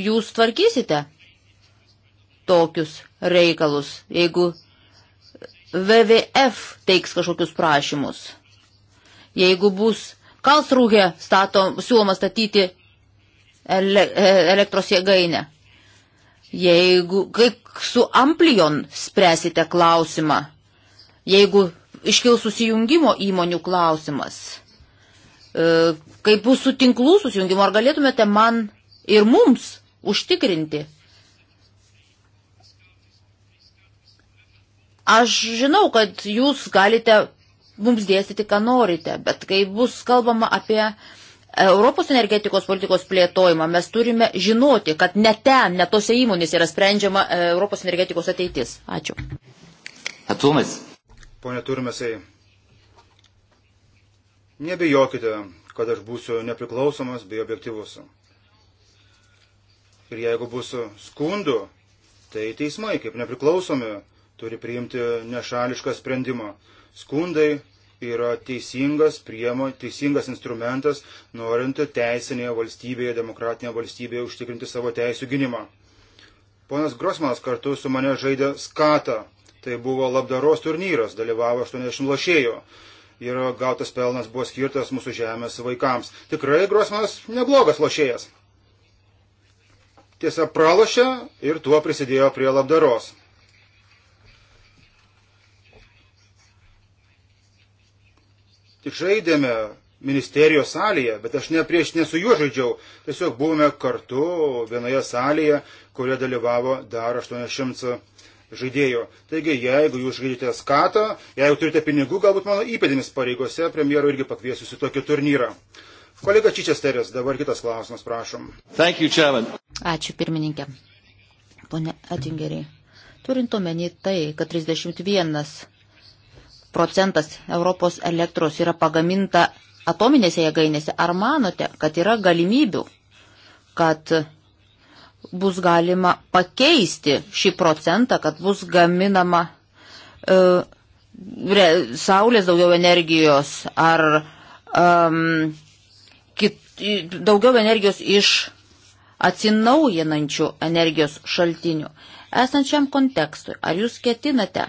jūs tvarkysite tokius reikalus, jeigu VVF teiks kažkokius prašymus? Jeigu bus Kalsrūhė siūloma statyti ele, e, elektros jėgainę, jeigu kaip su Amplion spręsite klausimą, jeigu iškils susijungimo įmonių klausimas, e, kaip bus su tinklų susijungimu, ar galėtumėte man ir mums užtikrinti Aš žinau, kad jūs galite mums dėstyti, ką norite, bet kai bus kalbama apie Europos energetikos politikos plėtojimą, mes turime žinoti, kad ne ten, ne tose įmonėse yra sprendžiama e, Europos energetikos ateitis. Ačiū. Atsumas. Pone Turmesai, nebijokite, kad aš būsiu nepriklausomas bei objektivus. Ir jeigu bus skundų, tai teismai kaip nepriklausomi turi priimti nešališką sprendimą. Skundai yra teisingas priemo, teisingas instrumentas, norint teisinėje valstybėje, demokratinėje valstybėje užtikrinti savo teisų gynimą. Ponas Grosmanas kartu su mane žaidė skatą. Tai buvo labdaros turnyras, dalyvavo 80 lošėjo. Ir gautas pelnas buvo skirtas mūsų žemės vaikams. Tikrai Grosmanas neblogas lošėjas. Tiesa, pralošė ir tuo prisidėjo prie labdaros. tik žaidėme ministerijos salėje, bet aš ne prieš nesu juo žaidžiau, tiesiog buvome kartu vienoje salėje, kurioje dalyvavo dar 800 žaidėjų. Taigi, jeigu jūs žaidžiate skatą, jeigu turite pinigų, galbūt mano įpėdinis pareigose, premjero irgi pakviesiu į tokį turnyrą. Kolega Čičesteris, dabar kitas klausimas, prašom. Thank you, chairman. Ačiū, pirmininkė. Pone Atingeriai, turint omeny tai, kad 31 procentas Europos elektros yra pagaminta atominėse jėgainėse. Ar manote, kad yra galimybių, kad bus galima pakeisti šį procentą, kad bus gaminama uh, re, saulės daugiau energijos ar um, kit, daugiau energijos iš atsinaujinančių energijos šaltinių. Esant šiam kontekstui, ar jūs ketinate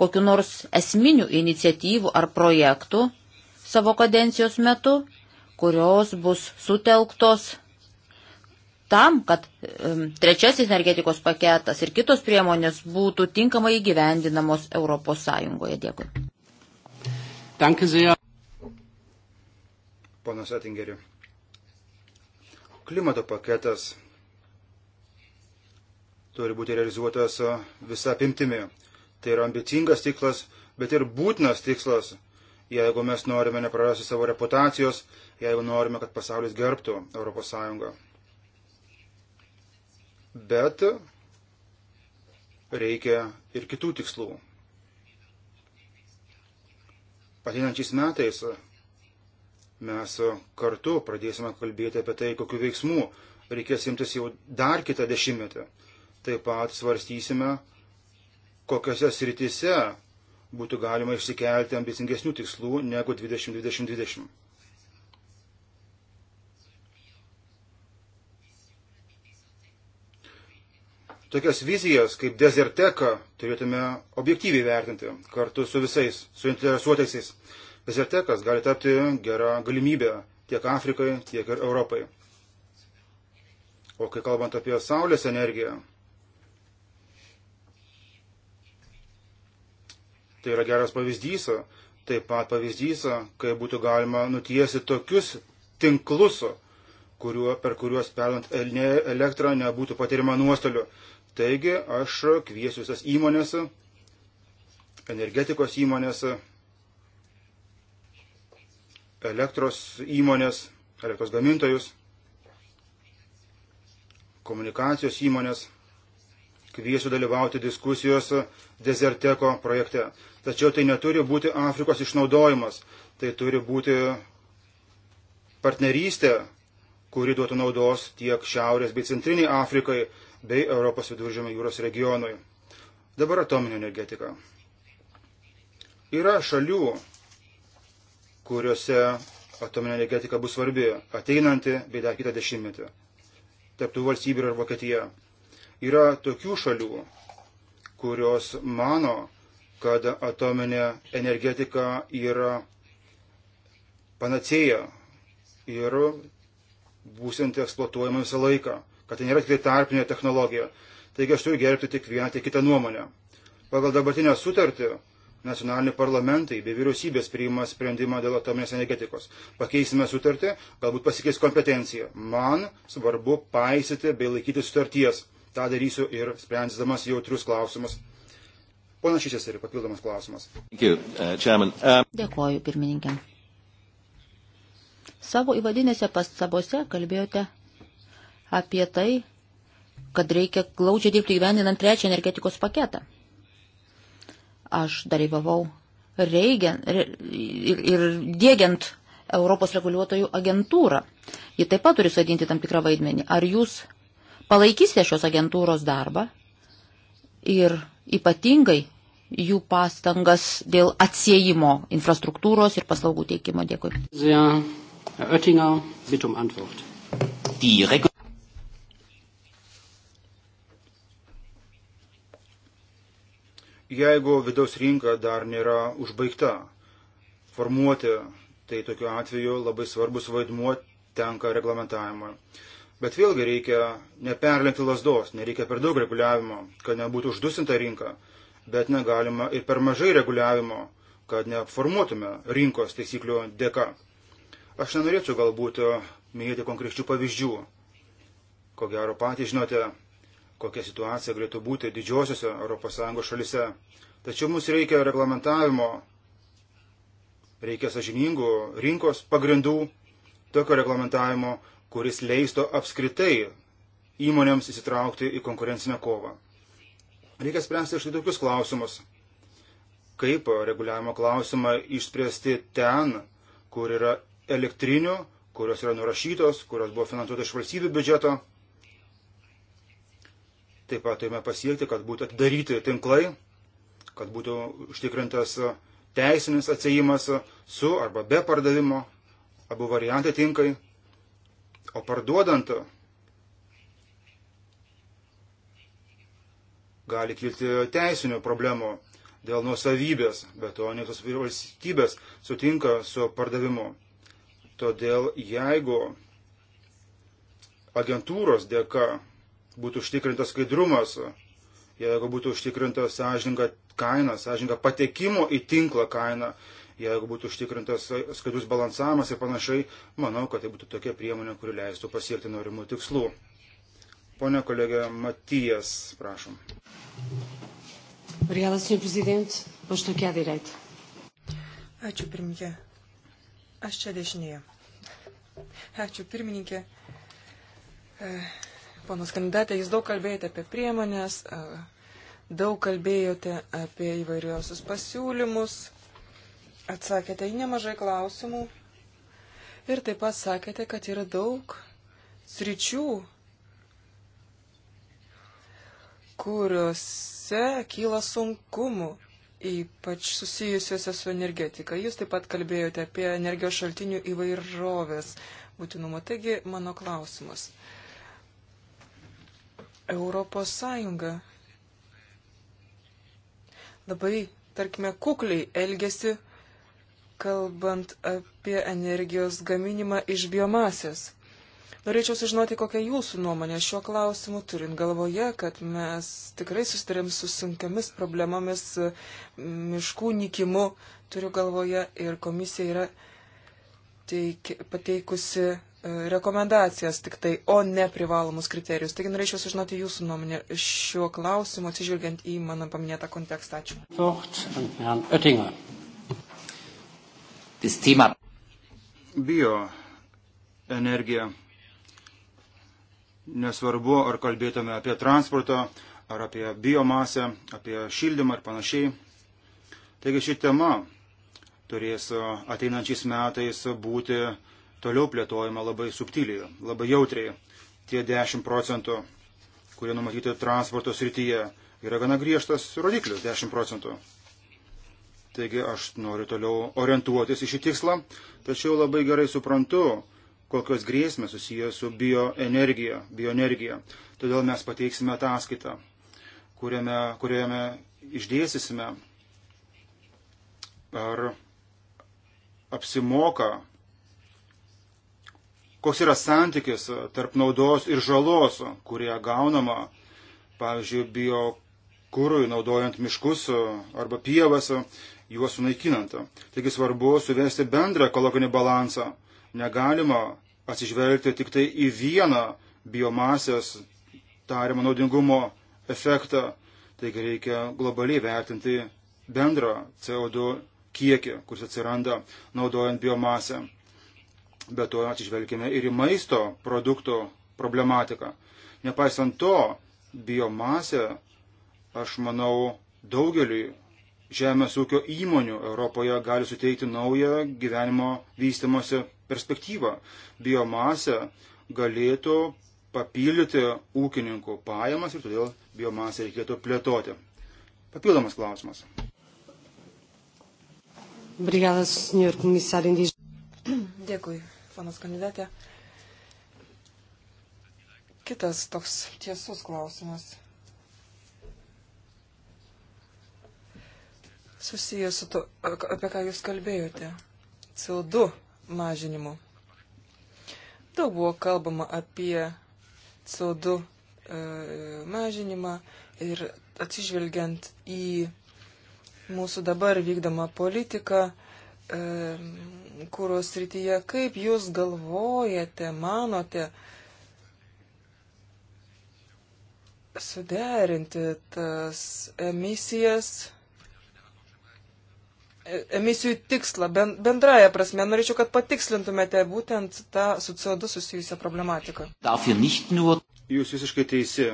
kokiu nors esminių iniciatyvų ar projektų savo kadencijos metu, kurios bus sutelktos tam, kad um, trečiasis energetikos paketas ir kitos priemonės būtų tinkamai įgyvendinamos Europos Sąjungoje. Dėkui. Danke sehr. Ponas Atingeriu. Klimato paketas turi būti realizuotas visą apimtimi. Tai yra ambicingas tikslas, bet ir būtinas tikslas, jeigu mes norime neprarasti savo reputacijos, jeigu norime, kad pasaulis gerbtų ES. Bet reikia ir kitų tikslų. Ateinančiais metais mes kartu pradėsime kalbėti apie tai, kokiu veiksmu reikės imtis jau dar kitą dešimtmetį. Taip pat svarstysime, kokiuose srityse būtų galima išsikelti ambicingesnių tikslų negu 2020-2020. Tokias vizijas kaip dezerteka turėtume objektyviai vertinti kartu su visais suinteresuotaisiais. Dezertekas gali tapti gerą galimybę tiek Afrikai, tiek ir Europai. O kai kalbant apie Saulės energiją, Tai yra geras pavyzdys, taip pat pavyzdys, kai būtų galima nutiesi tokius tinklus, kuriuo, per kuriuos perlant elektrą nebūtų patiriama nuostolių. Taigi aš kviesiu visas įmonės, energetikos įmonės, elektros įmonės, elektros gamintojus, komunikacijos įmonės, kviesiu dalyvauti diskusijos Deserteko projekte. Tačiau tai neturi būti Afrikos išnaudojimas, tai turi būti partnerystė, kuri duotų naudos tiek Šiaurės bei Centriniai Afrikai bei Europos viduržėmio jūros regionui. Dabar atominė energetika. Yra šalių, kuriuose atominė energetika bus svarbi ateinanti bei dar kitą dešimtmetį. Tarptų valstybių ir Vokietija. Yra tokių šalių, kurios mano, kad atominė energetika yra panacėja ir būsinti eksploatuojama visą laiką, kad tai nėra tik tai tarpinė technologija. Taigi aš turiu gerbti tik vieną, tik kitą nuomonę. Pagal dabartinę sutartį nacionaliniai parlamentai bei vyriausybės priima sprendimą dėl atominės energetikos. Pakeisime sutartį, galbūt pasikeis kompetencija. Man svarbu paisyti bei laikyti sutarties. Ta darysiu ir sprendžiamas jautrius klausimus. Pana Šyčias yra papildomas klausimas. You, uh, um... Dėkoju, pirmininkė. Savo įvadinėse pastabose kalbėjote apie tai, kad reikia glaudžiai dirbti gyveninant trečią energetikos paketą. Aš dalyvavau reigiant, re, ir, ir dėgiant Europos reguliuotojų agentūrą. Ji taip pat turi sudinti tam tikrą vaidmenį. Ar jūs palaikysite šios agentūros darbą ir ypatingai jų pastangas dėl atsiejimo infrastruktūros ir paslaugų teikimo. Dėkui. Um Jeigu vidaus rinka dar nėra užbaigta formuoti, tai tokiu atveju labai svarbus vaidmuo tenka reglamentavimui. Bet vėlgi reikia neperlengti lasdos, nereikia per daug reguliavimo, kad nebūtų uždusinta rinka, bet negalima ir per mažai reguliavimo, kad neformuotume rinkos taisyklių dėka. Aš nenorėčiau galbūt minėti konkrečių pavyzdžių. Ko gero patys žinote, kokia situacija galėtų būti didžiosiose ES šalise. Tačiau mums reikia reglamentavimo, reikia sažiningų rinkos pagrindų, tokio reglamentavimo, kuris leisto apskritai įmonėms įsitraukti į konkurencinę kovą. Reikia spręsti štai tokius klausimus. Kaip reguliavimo klausimą išspręsti ten, kur yra elektrinių, kurios yra nurašytos, kurios buvo finansuotos iš valstybių biudžeto. Taip pat turime pasiekti, kad būtų atidaryti tinklai, kad būtų užtikrintas teisinis atsėjimas su arba be pardavimo, abu variantai tinkai O parduodant gali kilti teisinių problemų dėl nuosavybės, bet to ne tos valstybės sutinka su pardavimu. Todėl jeigu agentūros dėka būtų užtikrintas skaidrumas, jeigu būtų užtikrinta sąžininga kaina, sąžininga patekimo į tinklą kaina, jeigu būtų užtikrintas skaidrus balansavimas ir panašiai, manau, kad tai būtų tokia priemonė, kuri leistų pasiekti norimų tikslų. Pone kolegė Matijas, prašom. Obrigada, senhor presidente. Pois estou aqui à direita. Ačiū, pirmininkė. Aš čia dešinėje. Ačiū, pirmininkė. E, ponas kandidatė, jūs daug kalbėjote apie priemonės, e, daug kalbėjote apie įvairiausius pasiūlymus, Atsakėte į nemažai klausimų ir taip pat sakėte, kad yra daug sričių, kuriuose kyla sunkumų, ypač susijusiuose su energetika. Jūs taip pat kalbėjote apie energijos šaltinių įvairovės būtinumą. Taigi mano klausimas. Europos Sąjunga labai, tarkime, kukliai elgesi kalbant apie energijos gaminimą iš biomasės. Norėčiau sužinoti, kokia jūsų nuomonė šiuo klausimu, turint galvoje, kad mes tikrai susitarėm su sunkiamis problemomis, miškų nikimu, turiu galvoje, ir komisija yra teik, pateikusi e, rekomendacijas tik tai, o ne privalomus kriterijus. Taigi norėčiau sužinoti jūsų nuomonę šiuo klausimu, atsižvelgiant į mano paminėtą kontekstą. Ačiū das Thema bioenergija. Nesvarbu, ar kalbėtume apie transportą, ar apie biomasę, apie šildymą ir panašiai. Taigi ši tema turės ateinančiais metais būti toliau plėtojama labai subtiliai, labai jautriai. Tie 10 procentų, kurie numatyti transporto srityje, yra gana griežtas rodiklis - 10 procentų. Taigi aš noriu toliau orientuotis į šį tikslą, tačiau labai gerai suprantu, kokios grėsmės susijęs su bioenergija. bioenergija. Todėl mes pateiksime ataskaitą, kuriame, kuriame išdėsysime, ar apsimoka, koks yra santykis tarp naudos ir žalos, kurie gaunama, pavyzdžiui, biokūrui naudojant miškus arba pievas juos sunaikinant. Taigi svarbu suvesti bendrą ekologinį balansą. Negalima atsižvelgti tik tai į vieną biomasės tariamą naudingumo efektą. Taigi reikia globaliai vertinti bendrą CO2 kiekį, kuris atsiranda naudojant biomasę. Be to atsižvelgime ir į maisto produktų problematiką. Nepaisant to, biomasė, aš manau, daugeliui žemės ūkio įmonių Europoje gali suteikti naują gyvenimo vystimosi perspektyvą. Biomasė galėtų papildyti ūkininkų pajamas ir todėl biomasę reikėtų plėtoti. Papildomas klausimas. Brigadas, senjor komisarindys. Dėkui, panas kandidatė. Kitas toks tiesus klausimas. susijęs su to, apie ką jūs kalbėjote, CO2 mažinimu. Daug buvo kalbama apie CO2 e, mažinimą ir atsižvelgiant į mūsų dabar vykdomą politiką, e, kūros rytyje, kaip jūs galvojate, manote, suderinti tas emisijas emisijų tikslą, ben, bendraja prasme, norėčiau, kad patikslintumėte būtent tą su CO2 susijusią problematiką. Jūs visiškai teisi.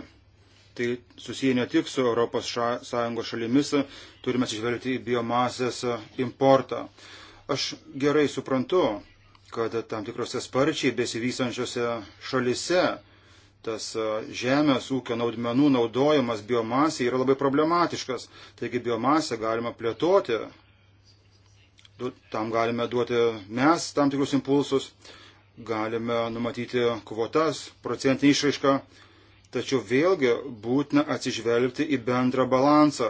Tai susiję ne tik su ES ša, šalimis, turime atsižvelgti į biomasės importą. Aš gerai suprantu, kad tam tikrose sparčiai besivysančiose šalise tas e, žemės ūkio naudmenų naudojimas biomasė yra labai problematiškas. Taigi biomasę galima plėtoti tam galime duoti mes tam tikrus impulsus, galime numatyti kvotas, procentinį išraišką, tačiau vėlgi būtina atsižvelgti į bendrą balansą,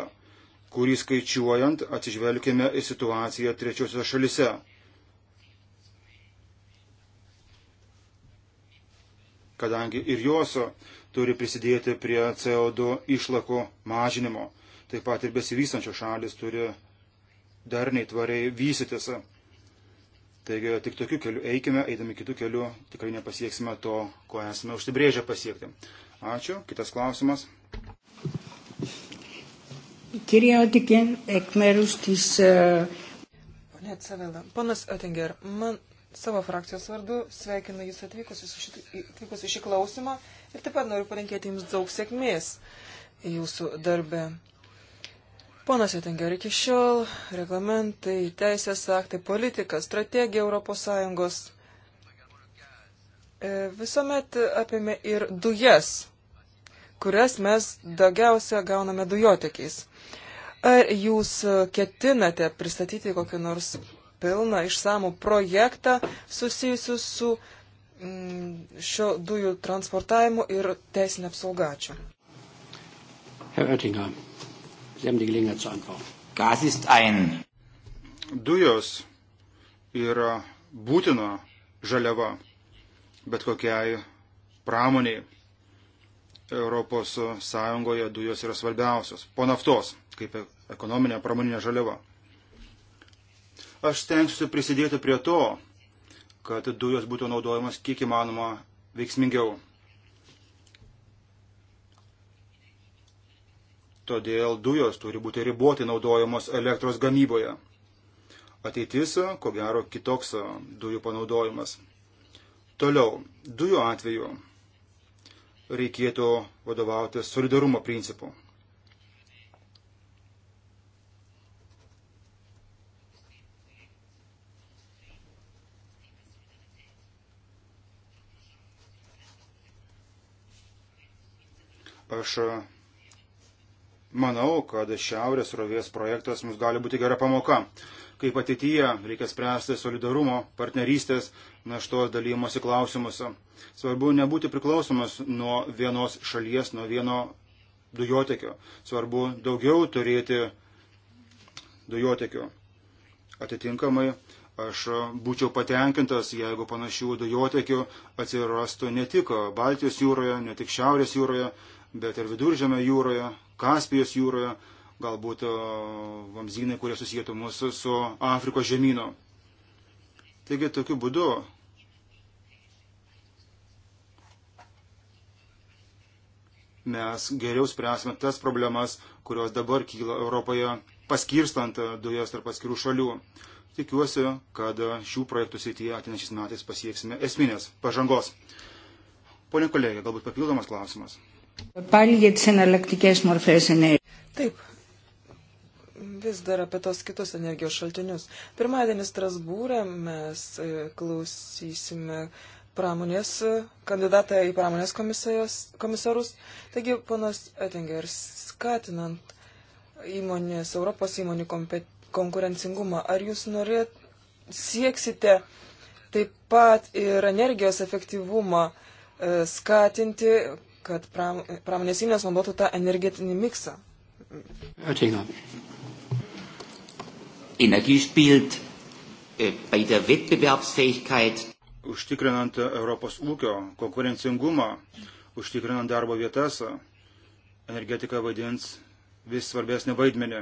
kurį skaičiuojant atsižvelgime į situaciją trečiosios šalise. kadangi ir jos turi prisidėti prie CO2 išlakų mažinimo. Taip pat ir besivystančios šalis turi dar neįtvariai vystytis. Taigi tik tokiu keliu eikime, eidami kitų kelių tikrai nepasieksime to, ko esame užsibrėžę pasiekti. Ačiū. Kitas klausimas. Κυρία Οτικέν, εκ μέρους της... Pone Cavela, ponas Oettinger, man savo frakcijos vardu sveikinu Jūs atvykus į, šį, atvykus į šį klausimą ir taip pat noriu palinkėti Jums daug sėkmės Jūsų darbe. Ponas Jutinger, iki šiol reglamentai, teisės aktai, politika, strategija ES e, visuomet apėmė ir dujas, kurias mes daugiausia gauname dujotekiais. Ar jūs ketinate pristatyti kokį nors pilną išsamų projektą susijusiu su mm, šio dujų transportavimu ir teisinė apsaugačiu? Herr Oettinger. Sie haben die Gelegenheit zu antworten. Gas ist ein. Dujos yra būtina žaliava bet kokiai pramoniai. Europos Sąjungoje dujos yra svarbiausios, po naftos, kaip ekonominė pramoninė žaliava. Aš stengsiu prisidėti prie to, kad dujos būtų naudojamas kiek įmanoma veiksmingiau. Todėl dujos turi būti riboti naudojamos elektros gamyboje. Ateitis, ko gero, kitoks dujų panaudojimas. Toliau, dujų atveju reikėtų vadovauti solidarumo principu. Aš Manau, kad šiaurės rovės projektas mums gali būti gera pamoka. Kaip ateityje reikia spręsti solidarumo, partnerystės, naštos dalymosi klausimus. Svarbu nebūti priklausomas nuo vienos šalies, nuo vieno dujotekio. Svarbu daugiau turėti dujotekio. Atitinkamai aš būčiau patenkintas, jeigu panašių dujotekių atsirastų ne tik Baltijos jūroje, ne tik Šiaurės jūroje, bet ir viduržėme jūroje, Kaspijos jūroje, galbūt e, vamzynai, kurie susijėtų mūsų su Afrikos žemynu. Taigi tokiu būdu mes geriau spręsime tas problemas, kurios dabar kyla Europoje, paskirstant e, dujas tarp atskirų šalių. Tikiuosi, kad e, šių projektų srityje ateinančiais metais pasieksime esminės pažangos. Pone kolegė, galbūt papildomas klausimas. Taip. Vis dar apie tos kitus energijos šaltinius. Pirmadienį Strasbūrė mes e, klausysime pramonės, e, kandidatą į pramonės komisarus. Taigi, ponas Ettinger, skatinant įmonės, Europos įmonių konkurencingumą, ar jūs norėt, sieksite taip pat ir energijos efektyvumą e, skatinti, kad pram, pramonės įmonės naudotų tą energetinį miksą. Oettinger. Energie spielt äh, bei der Wettbewerbsfähigkeit. Užtikrinant Europos ūkio konkurencingumą, užtikrinant darbo vietas, energetika vaidins vis svarbesnį vaidmenį.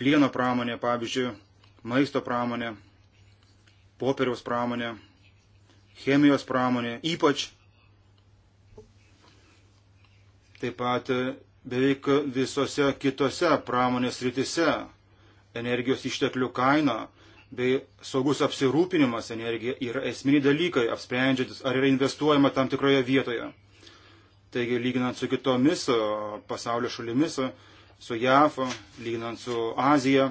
Plieno pramonė, pavyzdžiui, maisto pramonė, popieriaus pramonė, chemijos pramonė, ypač Taip pat e, beveik visose kitose pramonės rytise energijos išteklių kaina bei saugus apsirūpinimas energija yra esminiai dalykai, apsprendžiantis, ar yra investuojama tam tikroje vietoje. Taigi, lyginant su kitomis e, pasaulio šalimis, e, su JAF, lyginant su Azija,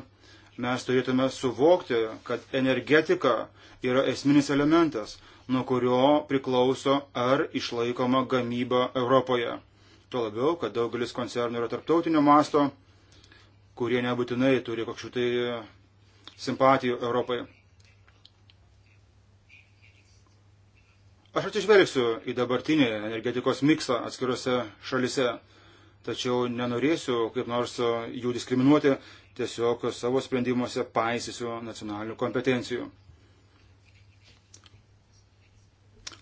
mes turėtume suvokti, kad energetika yra esminis elementas, nuo kurio priklauso ar išlaikoma gamyba Europoje. Tuo labiau, kad daugelis koncernų yra tarptautinio masto, kurie nebūtinai turi kažkokių tai e, simpatijų Europai. Aš atsižvelgsiu į dabartinį energetikos miksą atskiruose šalise, tačiau nenorėsiu kaip nors jų diskriminuoti, tiesiog savo sprendimuose paisysiu nacionalinių kompetencijų.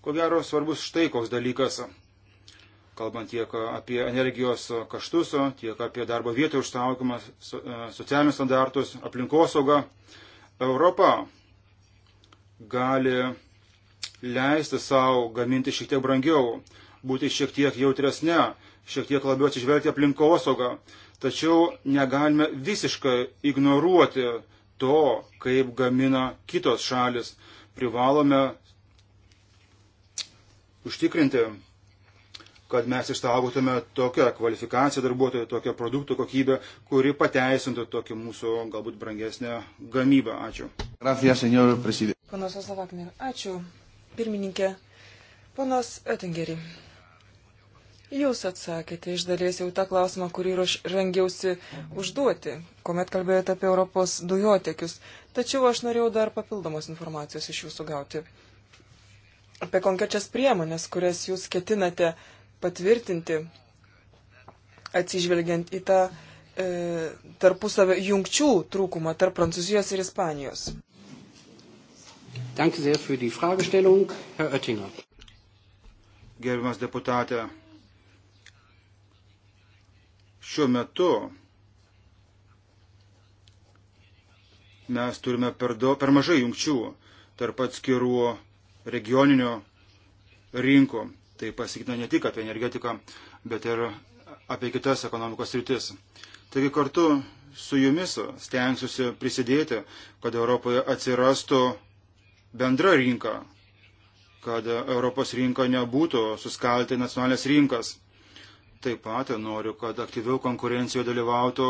Ko gero svarbus štai koks dalykas kalbant tiek apie energijos kaštus, tiek apie darbo vietų užsaugimą, e, socialinius standartus, aplinkosaugą. Europa gali leisti savo gaminti šiek tiek brangiau, būti šiek tiek jautresnė, šiek tiek labiau atsižvelgti aplinkosaugą. Tačiau negalime visiškai ignoruoti to, kaip gamina kitos šalis. Privalome užtikrinti kad mes išsaugotume tokią kvalifikaciją darbuotojų, tokią produktų kokybę, kuri pateisintų tokį mūsų galbūt brangesnę gamybą. Ačiū. Gracias, senor presidente. Ponas Osavakner, ačiū. Pirmininkė, ponas Oettingeri. Jūs atsakėte iš dalies jau tą klausimą, kurį rengiausi užduoti, kuomet kalbėjote apie Europos dujotiekius. Tačiau aš norėjau dar papildomos informacijos iš jūsų gauti apie konkrečias priemonės, kurias jūs ketinate uh, patvirtinti, atsižvelgiant į tą e, tarpusavę jungčių trūkumą tarp Prancūzijos ir Ispanijos. Danke sehr für die Fragestellung, Herr Oettinger. Gerbiamas deputate, šiuo metu mes turime per, do, per mažai jungčių tarp atskirų regioninio rinkų. Tai pasakytina ne tik apie energetiką, bet ir apie kitas ekonomikos rytis. Taigi kartu su jumis stengsiuosi prisidėti, kad Europoje atsirastų bendra rinka, kad Europos rinka nebūtų suskalti nacionalinės rinkas. Taip pat noriu, kad aktyviau konkurencijoje dalyvautų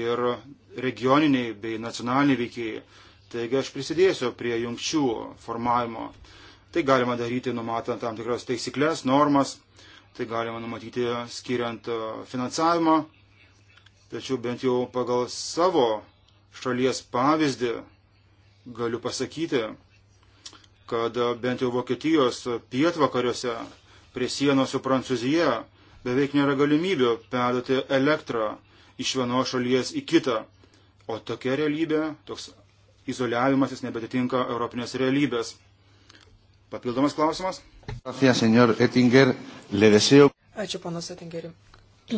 ir regioniniai bei nacionaliniai veikėjai. Taigi aš prisidėsiu prie jungčių formavimo. Tai galima daryti numatant tam tikras taisyklės, normas, tai galima numatyti skiriant e, finansavimą, tačiau bent jau pagal savo šalies pavyzdį galiu pasakyti, kad e, bent jau Vokietijos pietvakariuose prie sienos su Prancūzija beveik nėra galimybių perduoti elektrą iš vienos šalies į kitą. O tokia realybė, toks izoliavimas jis nebetitinka Europinės realybės. Papildomas klausimas. Ačiū, panas Ettingeri.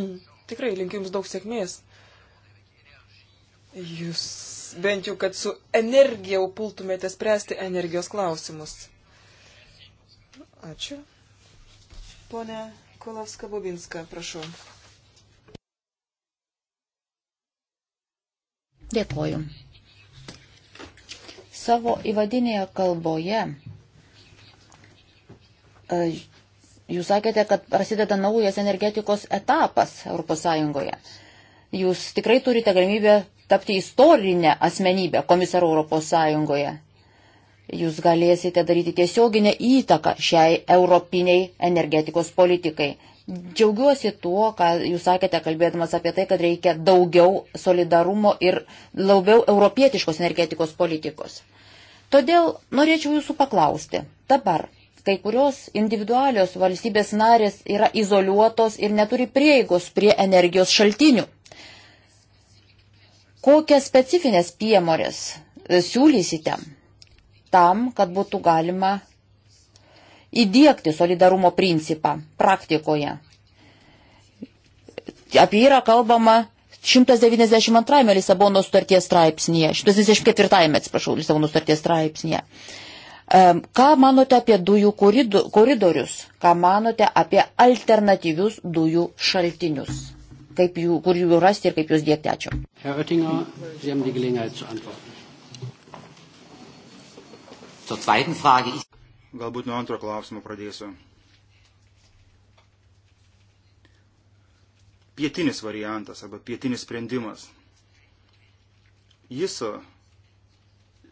Tikrai linkiu Jums daug sėkmės. Jūs bent jau, kad su energija pultumėte spręsti energijos klausimus. Ačiū. Pone Kolovska Bobinska, prašau. Dėkoju. Savo įvadinėje kalboje E, jūs sakėte, kad prasideda naujas energetikos etapas ES. Jūs tikrai turite galimybę tapti istorinę asmenybę komisarų ES. Jūs galėsite daryti tiesioginę įtaką šiai europiniai energetikos politikai. Džiaugiuosi tuo, ką jūs sakėte, kalbėdamas apie tai, kad reikia daugiau solidarumo ir labiau europietiškos energetikos politikos. Todėl norėčiau jūsų paklausti dabar, kai kurios individualios valstybės narės yra izoliuotos ir neturi prieigos prie energijos šaltinių. Kokias specifines priemonės e, siūlysite tam, kad būtų galima įdėkti solidarumo principą praktikoje? Apie jį yra kalbama 192 Lisabono sutarties straipsnėje, 124 atsiprašau, Lisabono sutarties straipsnėje. Ką manote apie dujų koridorius? Ką manote apie alternatyvius dujų šaltinius? Kaip jų, kur jų rasti ir kaip jūs dėkti? Ačiū. Herr Oettinger, Sie haben die Gelegenheit zu antworten. Zur zweiten Frage. Galbūt nuo antro klausimo pradėsiu. Pietinis variantas arba pietinis sprendimas. Jis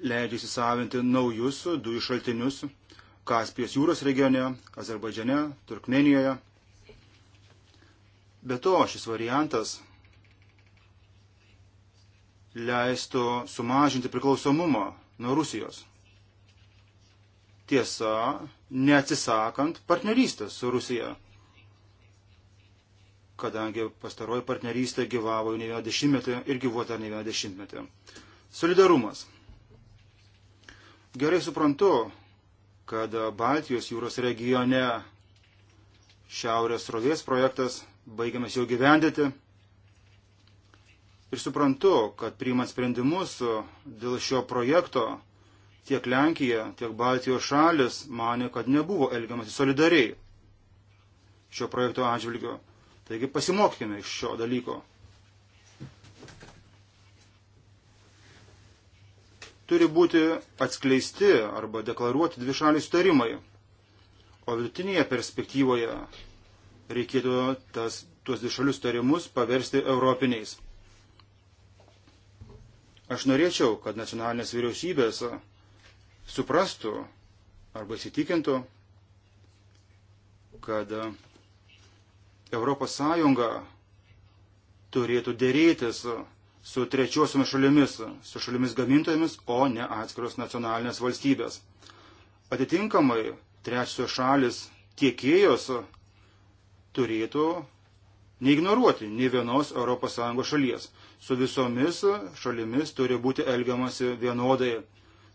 leidžia įsisavinti naujus dujų šaltinius Kaspijos jūros regione, Azerbaidžiane, Turkmenijoje. Be to, šis variantas leistų sumažinti priklausomumą nuo Rusijos. Tiesa, neatsisakant partnerystės su Rusija, kadangi pastaroji partnerystė gyvavo ne vieną dešimtmetį ir gyvuota ne vieną dešimtmetį. Solidarumas. Gerai suprantu, kad Baltijos jūros regione šiaurės rovės projektas baigiamas jau gyvendyti. Ir suprantu, kad priimant sprendimus dėl šio projekto tiek Lenkija, tiek Baltijos šalis mane, kad nebuvo elgiamasi solidariai šio projekto atžvilgiu. Taigi pasimokime iš šio dalyko. turi būti atskleisti arba deklaruoti dvišaliai sutarimai. O vidutinėje perspektyvoje reikėtų tas, tuos dvišalius sutarimus paversti europiniais. Aš norėčiau, kad nacionalinės vyriausybės suprastų arba įsitikintų, kad ES turėtų dėrėtis su trečiosiomis šalimis, su šalimis gamintojomis, o ne atskiros nacionalinės valstybės. Atitinkamai, trečiosios šalis tiekėjos turėtų neignoruoti nei vienos ES šalies. Su visomis šalimis turi būti elgiamasi vienodai.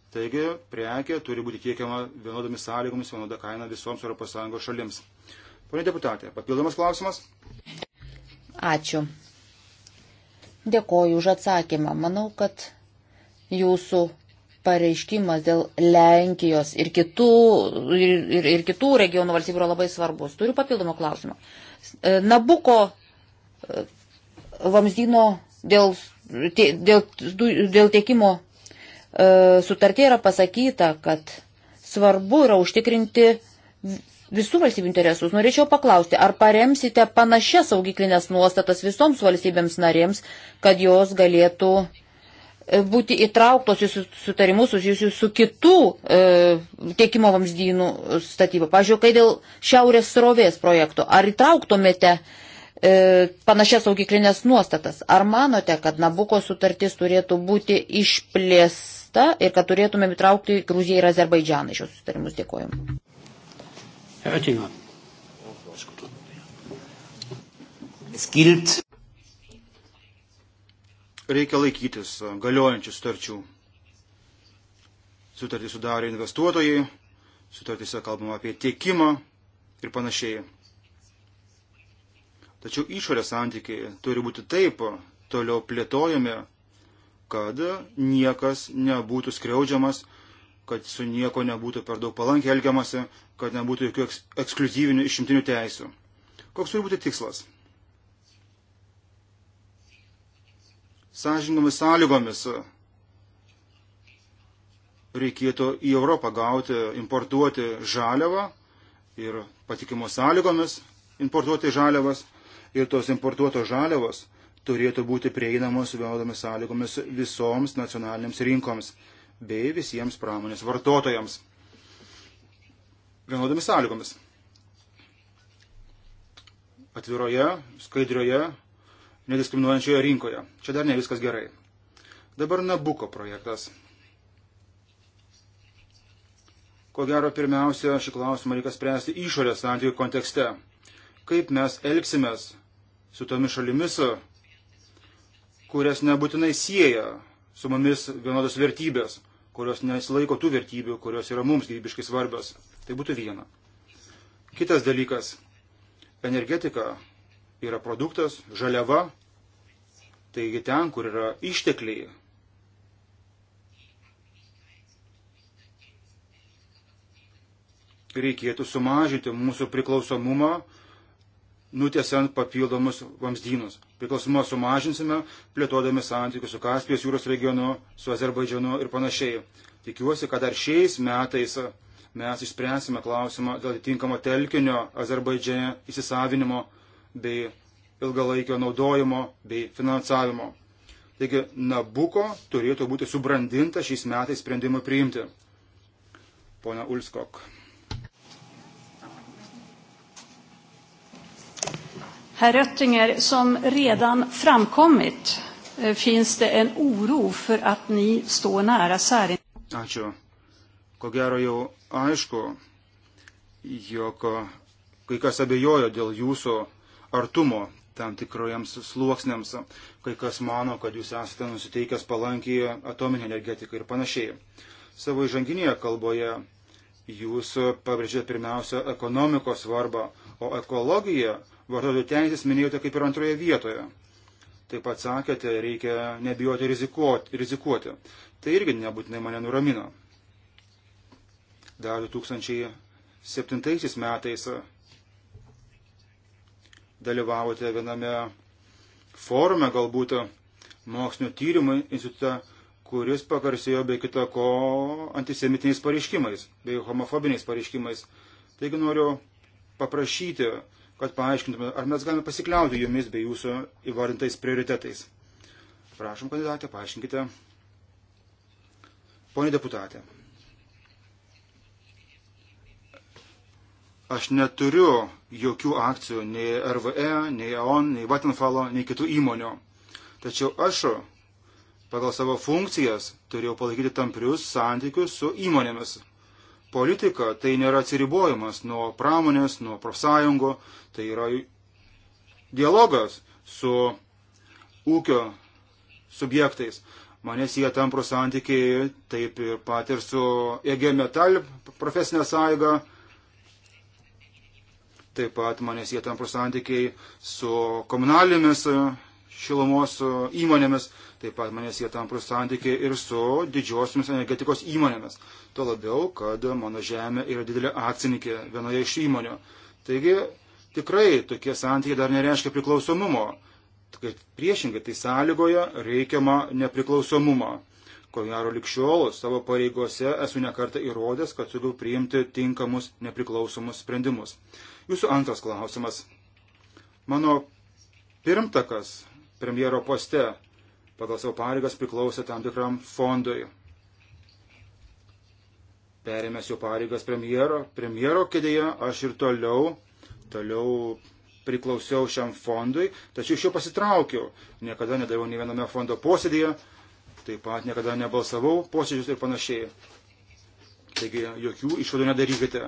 Taigi, prekė turi būti tiekiama vienodomis sąlygomis, vienoda kaina visoms ES šalims. Pone deputatė, papildomas klausimas. Ačiū. Dėkoju už atsakymą. Manau, kad jūsų pareiškimas dėl Lenkijos ir kitų, ir, ir, ir kitų regionų valstybių yra labai svarbus. Turiu papildomą klausimą. E, Nabuko e, vamzdyno dėl, dėl, dėl tiekimo e, sutartė yra pasakyta, kad svarbu yra užtikrinti visų valstybių interesus. Norėčiau paklausti, ar paremsite panašias saugiklinės nuostatas visoms valstybėms narėms, kad jos galėtų e, būti įtrauktos į sutarimus susijusius su kitų e, tiekimo vamzdynų statybą. Pavyzdžiui, kai dėl šiaurės srovės projekto, ar įtrauktumėte e, panašias saugiklinės nuostatas? Ar manote, kad Nabuko sutartis turėtų būti išplėsta ir kad turėtumėm įtraukti Gruziją ir Azerbaidžianą šios sutarimus? Dėkuoju. Herr Oettinger. Es gilt. Reikia laikytis galiojančių starčių. Sutartį sudarė investuotojai, sutartyse kalbama apie tiekimą ir panašiai. Tačiau išorės santykiai turi būti taip toliau plėtojami, kad niekas nebūtų skriaudžiamas kad su nieko nebūtų per daug palankiai elgiamasi, kad nebūtų jokių eks ekskluzyvinių išimtinių teisių. Koks turi būti tikslas? Sąžingomis sąlygomis reikėtų į Europą gauti, importuoti žaliavą ir patikimo sąlygomis importuoti žaliavas ir tos importuotos žaliavos turėtų būti prieinamos vienodomis sąlygomis visoms nacionalinėms rinkoms bei visiems pramonės vartotojams vienodomis sąlygomis. Atviroje, skaidrioje, nediskriminuojančioje rinkoje. Čia dar ne viskas gerai. Dabar Nabuko projektas. Ko gero, pirmiausia, šį klausimą reikia spręsti išorės santykių kontekste. Kaip mes elgsimės su tomis šalimis, kurias nebūtinai sieja su mumis vienodos vertybės, kurios nesilaiko tų vertybių, kurios yra mums gyvybiškai svarbios. Tai būtų viena. Kitas dalykas. Energetika yra produktas, žaliava. Taigi ten, kur yra ištekliai, reikėtų sumažinti mūsų priklausomumą nutiesiant papildomus vamzdynus. Priklausomą sumažinsime, plėtodami santykius su Kaspijos jūros regionu, su Azerbaidžianu ir panašiai. Tikiuosi, kad dar šiais metais mes išspręsime klausimą dėl tinkamo telkinio Azerbaidžiane įsisavinimo bei ilgalaikio naudojimo bei finansavimo. Taigi Nabuko turėtų būti subrandinta šiais metais sprendimui priimti. Pone Ulskok. Herr Röttinger, som redan framkommit eh, finns det en oro för att ni står nära särin. Ačiū. Ko gero jau aišku, jog eh, kai kas abejojo dėl jūsų artumo tam tikrojams sluoksniams, kai kas mano, kad jūs esate nusiteikęs palankiai atominė energetika ir panašiai. Savo įžanginėje kalboje jūs pabrėžėte pirmiausia ekonomikos svarbą, o ekologija vartotojų teisės minėjote kaip ir antroje vietoje. Taip pat sakėte, reikia nebijoti rizikuoti. rizikuoti. Tai irgi nebūtinai mane nuramino. Dar 2007 metais dalyvavote viename forume, galbūt mokslinio tyrimų institute, kuris pagarsėjo be kita ko antisemitiniais pareiškimais bei homofobiniais pareiškimais. Taigi noriu paprašyti kad paaiškintume, ar mes galime pasikliauti jumis bei jūsų įvardintais prioritetais. Prašom, kandidatė, paaiškinkite. Pone deputatė, aš neturiu jokių akcijų nei RVE, nei AON, nei Vattenfallo, nei kitų įmonių. Tačiau aš pagal savo funkcijas turėjau palaikyti tamprius santykius su įmonėmis politika tai nėra atsiribojimas nuo pramonės, nuo profsąjungo, tai yra dialogas su ūkio subjektais. Mane sieja tampro santykiai taip ir pat ir su EG Metal profesinė sąjunga. Taip pat mane sieja tampro santykiai su komunalinėmis šilumos įmonėmis, taip pat manęs jie tamprų santykiai ir su didžiosiomis energetikos įmonėmis. Tuo labiau, kad mano žemė yra didelė akcininkė vienoje iš įmonių. Taigi tikrai tokie santykiai dar nereiškia priklausomumo. Kad priešingai tai sąlygoja reikiamą nepriklausomumą. Ko gero likščiol savo pareigose esu nekartą įrodęs, kad sugebu priimti tinkamus nepriklausomus sprendimus. Jūsų antras klausimas. Mano pirmtakas premjero poste. Pagal savo pareigas priklausė tam tikram fondui. Perėmęs jo pareigas premjero, premjero kėdėje aš ir toliau, toliau priklausiau šiam fondui, tačiau iš jo pasitraukiau. Niekada nedaviau nei viename fondo posėdėje, taip pat niekada nebalsavau posėdžius ir panašiai. Taigi jokių išvadų nedarykite.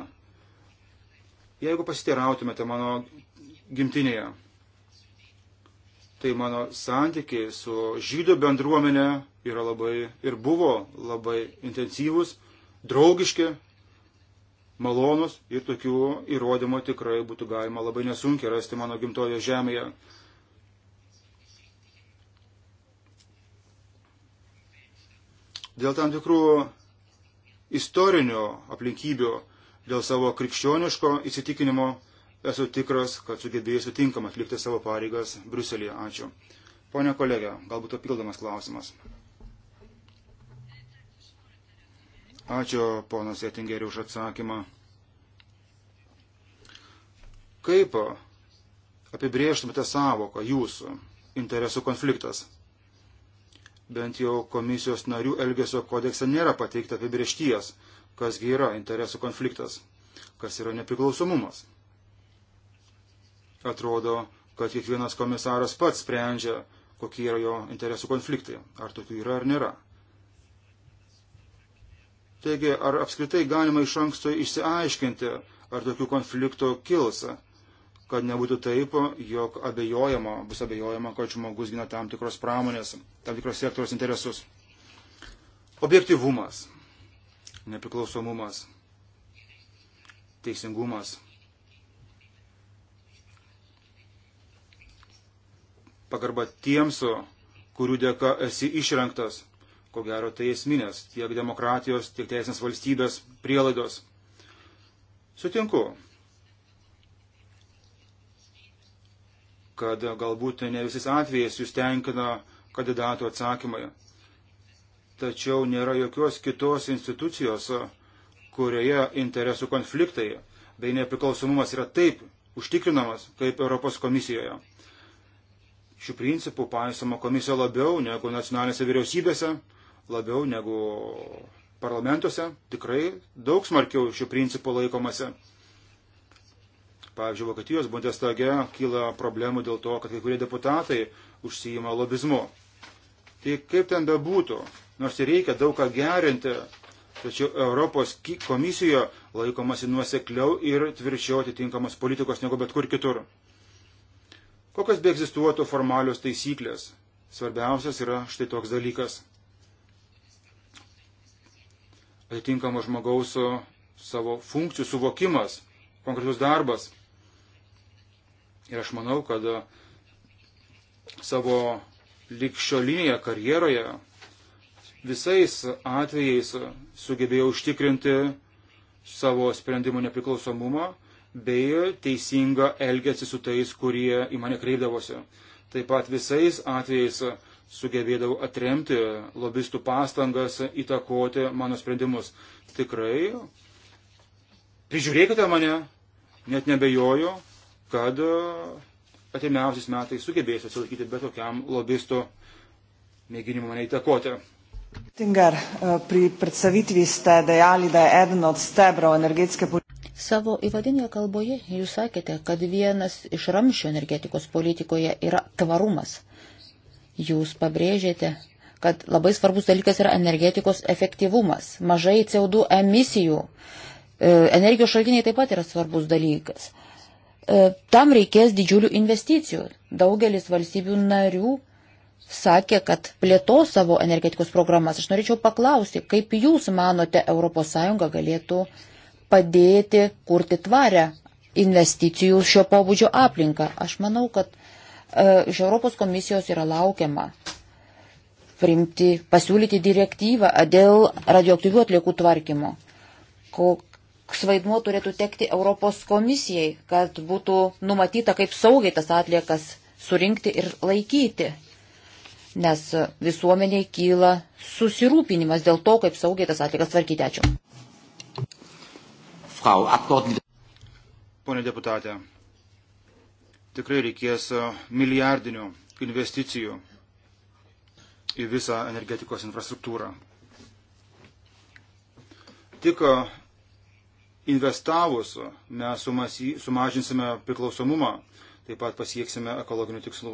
Jeigu pasiteirautumėte mano gimtinėje, tai mano santykiai su žydų bendruomenė yra labai ir buvo labai intensyvus, draugiški, malonus ir tokių įrodymų tikrai būtų galima labai nesunkiai rasti mano gimtojo žemėje. Dėl tam tikrų istorinių aplinkybių, dėl savo krikščioniško įsitikinimo esu tikras, kad sugebėjusiu tinkamai atlikti savo pareigas Bruselėje. Ačiū. Pone kolegė, galbūt papildomas klausimas. Ačiū, ponas Etingeri, už atsakymą. Kaip apibrėžtumėte savoką jūsų interesų konfliktas? Bent jau komisijos narių elgesio kodekse nėra pateikta apibrėžties, kasgi yra interesų konfliktas, kas yra nepriklausomumas atrodo, kad kiekvienas komisaras pats sprendžia, kokie yra jo interesų konfliktai, ar tokių yra ar nėra. Taigi, ar apskritai galima iš anksto išsiaiškinti, ar tokių konfliktų kils, kad nebūtų taip, jog abejojama, bus abejojama, kad žmogus gina tam tikros pramonės, tam tikros sektoriaus interesus. Objektivumas, nepriklausomumas, teisingumas pagarba tiems, kurių dėka esi išrinktas. Ko gero, tai esminės tiek demokratijos, tiek teisinės valstybės prielaidos. Sutinku, kad galbūt ne visais atvejais jūs tenkina kandidatų atsakymai. Tačiau nėra jokios kitos institucijos, kurioje interesų konfliktai bei nepriklausomumas yra taip užtikrinamas kaip Europos komisijoje šių principų paisoma komisija labiau negu nacionalinėse vyriausybėse, labiau negu parlamentuose, tikrai daug smarkiau šių principų laikomasi. Pavyzdžiui, Vokietijos Bundestage kyla problemų dėl to, kad kai kurie deputatai užsijima lobizmu. Tai kaip ten bebūtų, nors ir reikia daug ką gerinti, tačiau Europos komisijoje laikomasi nuosekliau ir tvirčiau atitinkamos politikos negu bet kur kitur. Kokios be egzistuotų formalios taisyklės? Svarbiausias yra štai toks dalykas. Atitinkamo žmogaus savo funkcijų suvokimas, konkretus darbas. Ir aš manau, kad savo likščiolinėje karjeroje visais atvejais sugebėjau užtikrinti savo sprendimų nepriklausomumą bei teisingą elgesį su tais, kurie į mane kreidavosi. Taip pat visais atvejais sugebėdavau atremti lobistų pastangas įtakoti mano sprendimus. Tikrai, prižiūrėkite mane, net nebejoju, kad atimiausiais metais sugebėsiu atsilaikyti bet kokiam lobisto mėginimu mane įtakoti. Tinger, eh, pri predstavitvi ste dejali, da je eden od stebrov energetske politike. Savo įvadinėje kalboje jūs sakėte, kad vienas iš ramščių energetikos politikoje yra tvarumas. Jūs pabrėžėte, kad labai svarbus dalykas yra energetikos efektyvumas, mažai CO2 emisijų. E, energijos šaltiniai taip pat yra svarbus dalykas. E, tam reikės didžiulių investicijų. Daugelis valstybių narių sakė, kad plėto savo energetikos programas. Aš norėčiau paklausti, kaip jūs manote, ES galėtų uh, padėti kurti tvarę investicijų šio pobūdžio aplinką. Aš manau, kad e, iš Europos komisijos yra laukiama priimti, pasiūlyti direktyvą dėl radioaktyvių atliekų tvarkymo. Koks vaidmuo turėtų tekti Europos komisijai, kad būtų numatyta, kaip saugiai tas atliekas surinkti ir laikyti. Nes visuomeniai kyla susirūpinimas dėl to, kaip saugiai tas atliekas tvarkyti. Ačiū. Frau Abgeordnete. Pone deputate, tikrai reikės e, milijardinių investicijų į visą energetikos infrastruktūrą. Tik e, investavus mes sumažinsime priklausomumą, taip pat pasieksime ekologinių tikslų.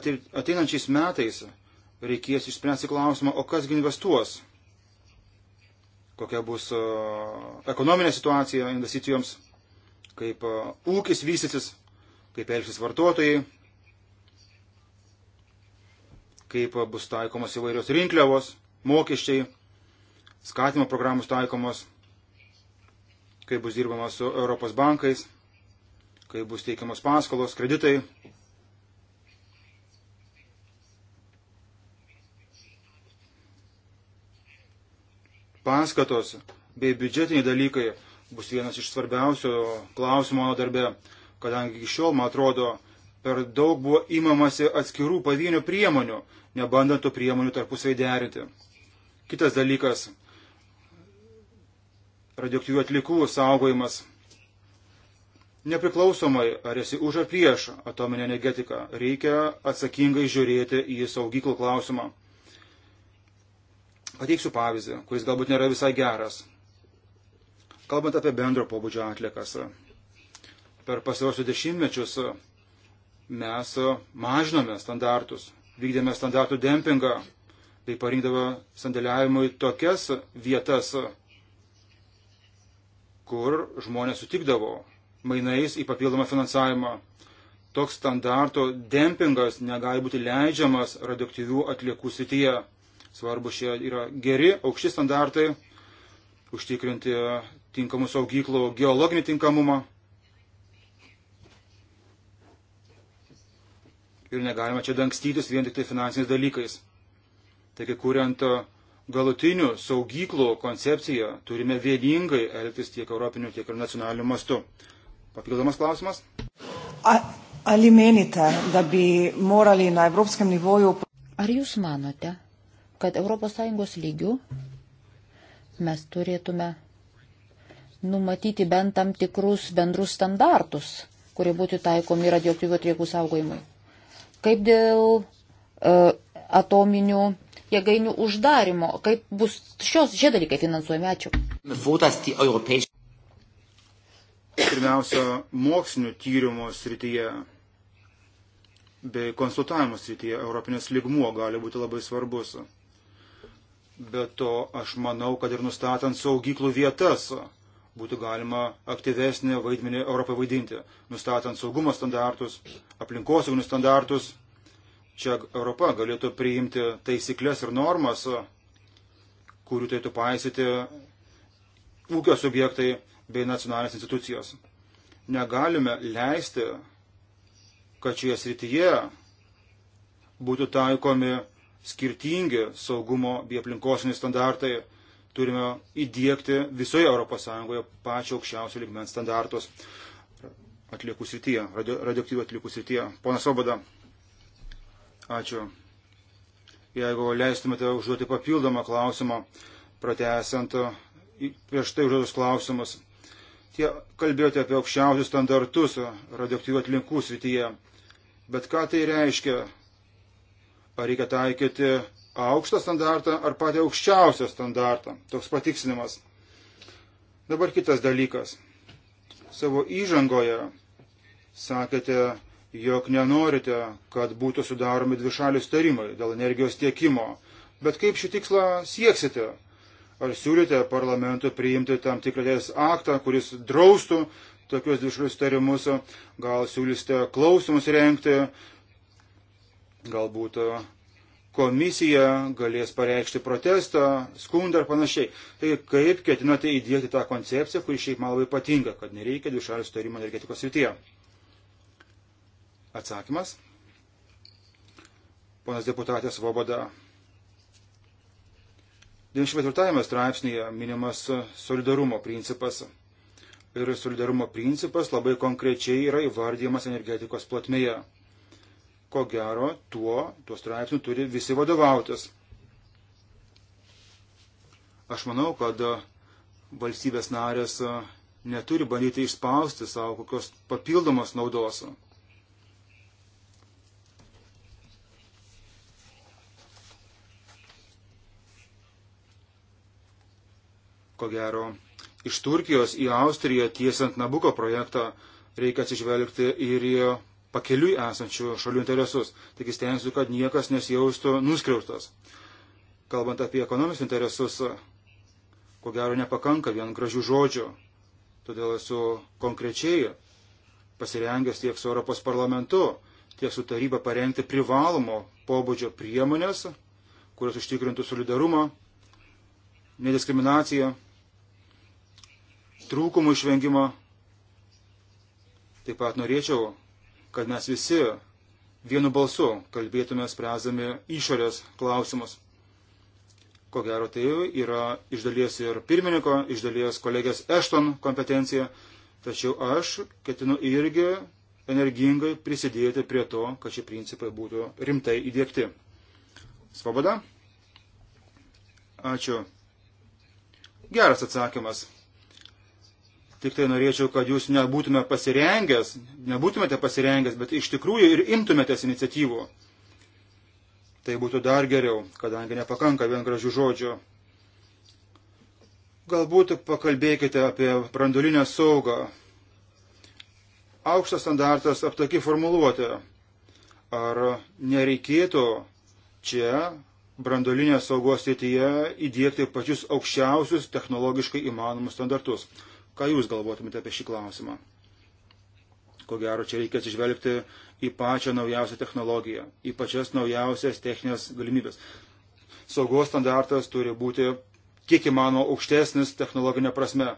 Ateinančiais metais reikės išspręsti klausimą, o kasgi investuos kokia bus e, ekonominė situacija investicijoms, kaip e, ūkis vystysis, kaip elgsis vartotojai, kaip e, bus taikomos įvairios rinkliavos, mokesčiai, skatimo programos taikomos, kaip bus dirbama su Europos bankais, kaip bus teikiamos paskolos, kreditai, paskatos bei biudžetiniai dalykai bus vienas iš svarbiausių klausimų mano darbe, kadangi iki šiol, man atrodo, per daug buvo įmamasi atskirų pavienių priemonių, nebandant tų priemonių tarpusai derinti. Kitas dalykas - radioaktyvių atlikų saugojimas. Nepriklausomai, ar esi už ar prieš atominę energetiką, reikia atsakingai žiūrėti į saugyklų klausimą. Pateiksiu pavyzdį, kuris galbūt nėra visai geras. Kalbant apie bendro pobūdžio atlikas, per pasiruosius dešimtmečius mes mažinome standartus, vykdėme standartų dempingą, tai parinkdavo sandėliavimui tokias vietas, kur žmonės sutikdavo mainais į papildomą finansavimą. Toks standarto dempingas negali būti leidžiamas radioaktyvių atliekų srityje. Svarbu šie yra geri, aukšti standartai, užtikrinti tinkamų saugyklų geologinį tinkamumą. Ir negalima čia dangstytis vien tik tai finansiniais dalykais. Taigi, kuriant galutinių saugyklų koncepciją, turime vieningai elgtis tiek europiniu, tiek ir nacionaliniu mastu. Papildomas klausimas? A, ali menite, da bi morali na evropskem nivoju. Ar jūs manote, kad ES lygių mes turėtume numatyti bent tam tikrus bendrus standartus, kurie būtų taikomi radioaktyvių atliekų saugojimui. Kaip dėl e, atominių jėgainių uždarimo, kaip bus šios šie dalykai finansuojami, ačiū. Pirmiausia, mokslinio tyrimo srityje bei konsultavimo srityje europinis ligmuo gali būti labai svarbus. Be to, aš manau, kad ir nustatant saugyklų vietas būtų galima aktyvesnį vaidmenį Europą vaidinti, nustatant saugumo standartus, aplinkosauginius standartus. Čia Europa galėtų priimti taisyklės ir normas, kurių turėtų paisyti ūkio subjektai bei nacionalinės institucijos. Negalime leisti, kad šioje srityje būtų taikomi skirtingi saugumo bei aplinkosiniai standartai. Turime įdėkti visoje ES pačio aukščiausio ligmens standartus atliekų srityje, radio, radioaktyvių atliekų srityje. Ponas Obada, ačiū. Jeigu leistumėte užduoti papildomą klausimą, pratęsant prieš tai užduotus klausimus, tie kalbėjote apie aukščiausius standartus radioaktyvių atliekų srityje. Bet ką tai reiškia Ar reikia taikyti aukštą standartą ar patį aukščiausią standartą? Toks patiksinimas. Dabar kitas dalykas. Savo įžangoje sakėte, jog nenorite, kad būtų sudaromi dvišalius tarimai dėl energijos tiekimo. Bet kaip šį tikslą sieksite? Ar siūlite parlamentui priimti tam tikrą teisės aktą, kuris draustų tokius dvišalius tarimus? Gal siūlysite klausimus renkti, Galbūt e, komisija galės pareikšti protestą, skundą ar panašiai. Tai kaip ketinate įdėkti tą koncepciją, kuri šiaip man labai patinka, kad nereikia dvišalių sutarimų energetikos srityje? Atsakymas. Ponas deputatė Svoboda. 94 straipsnėje minimas solidarumo principas. Ir solidarumo principas labai konkrečiai yra įvardyjamas energetikos platmėje ko gero, tuo, tuo straipsniu turi visi vadovautis. Aš manau, kad e, valstybės narės e, neturi bandyti išspausti savo kokios papildomos naudos. Ko gero, iš Turkijos į Austriją tiesiant Nabuko projektą reikia atsižvelgti ir į pakeliui esančių šalių interesus. Taigi stengsiu, kad niekas nesijaustų nuskriaustas. Kalbant apie ekonominius interesus, ko gero nepakanka vien gražių žodžių. Todėl esu konkrečiai pasirengęs tiek su Europos parlamentu, tiek su taryba parengti privalomo pobūdžio priemonės, kurios užtikrintų solidarumą, nediskriminaciją, trūkumų išvengimą. Taip pat norėčiau kad mes visi vienu balsu kalbėtume spręsdami išorės klausimus. Ko gero, tai yra iš dalies ir pirmininko, iš dalies kolegės Ešton kompetencija, tačiau aš ketinu irgi energingai prisidėti prie to, kad šie principai būtų rimtai įdėkti. Svoboda? Ačiū. Geras atsakymas. Tik tai norėčiau, kad jūs nebūtume pasirengęs, nebūtumėte pasirengęs, bet iš tikrųjų ir imtumėtės iniciatyvų. Tai būtų dar geriau, kadangi nepakanka vien gražių žodžių. Galbūt pakalbėkite apie brandulinę saugą. Aukštas standartas aptaki formuluotė. Ar nereikėtų čia brandolinės saugos srityje įdėkti pačius aukščiausius technologiškai įmanomus standartus. Ką Jūs galvotumėte apie šį klausimą? Ko gero, čia reikia atsižvelgti į pačią naujausią technologiją, į pačias naujausias techninės galimybės. Saugos standartas turi būti kiek įmano aukštesnis technologinė prasme.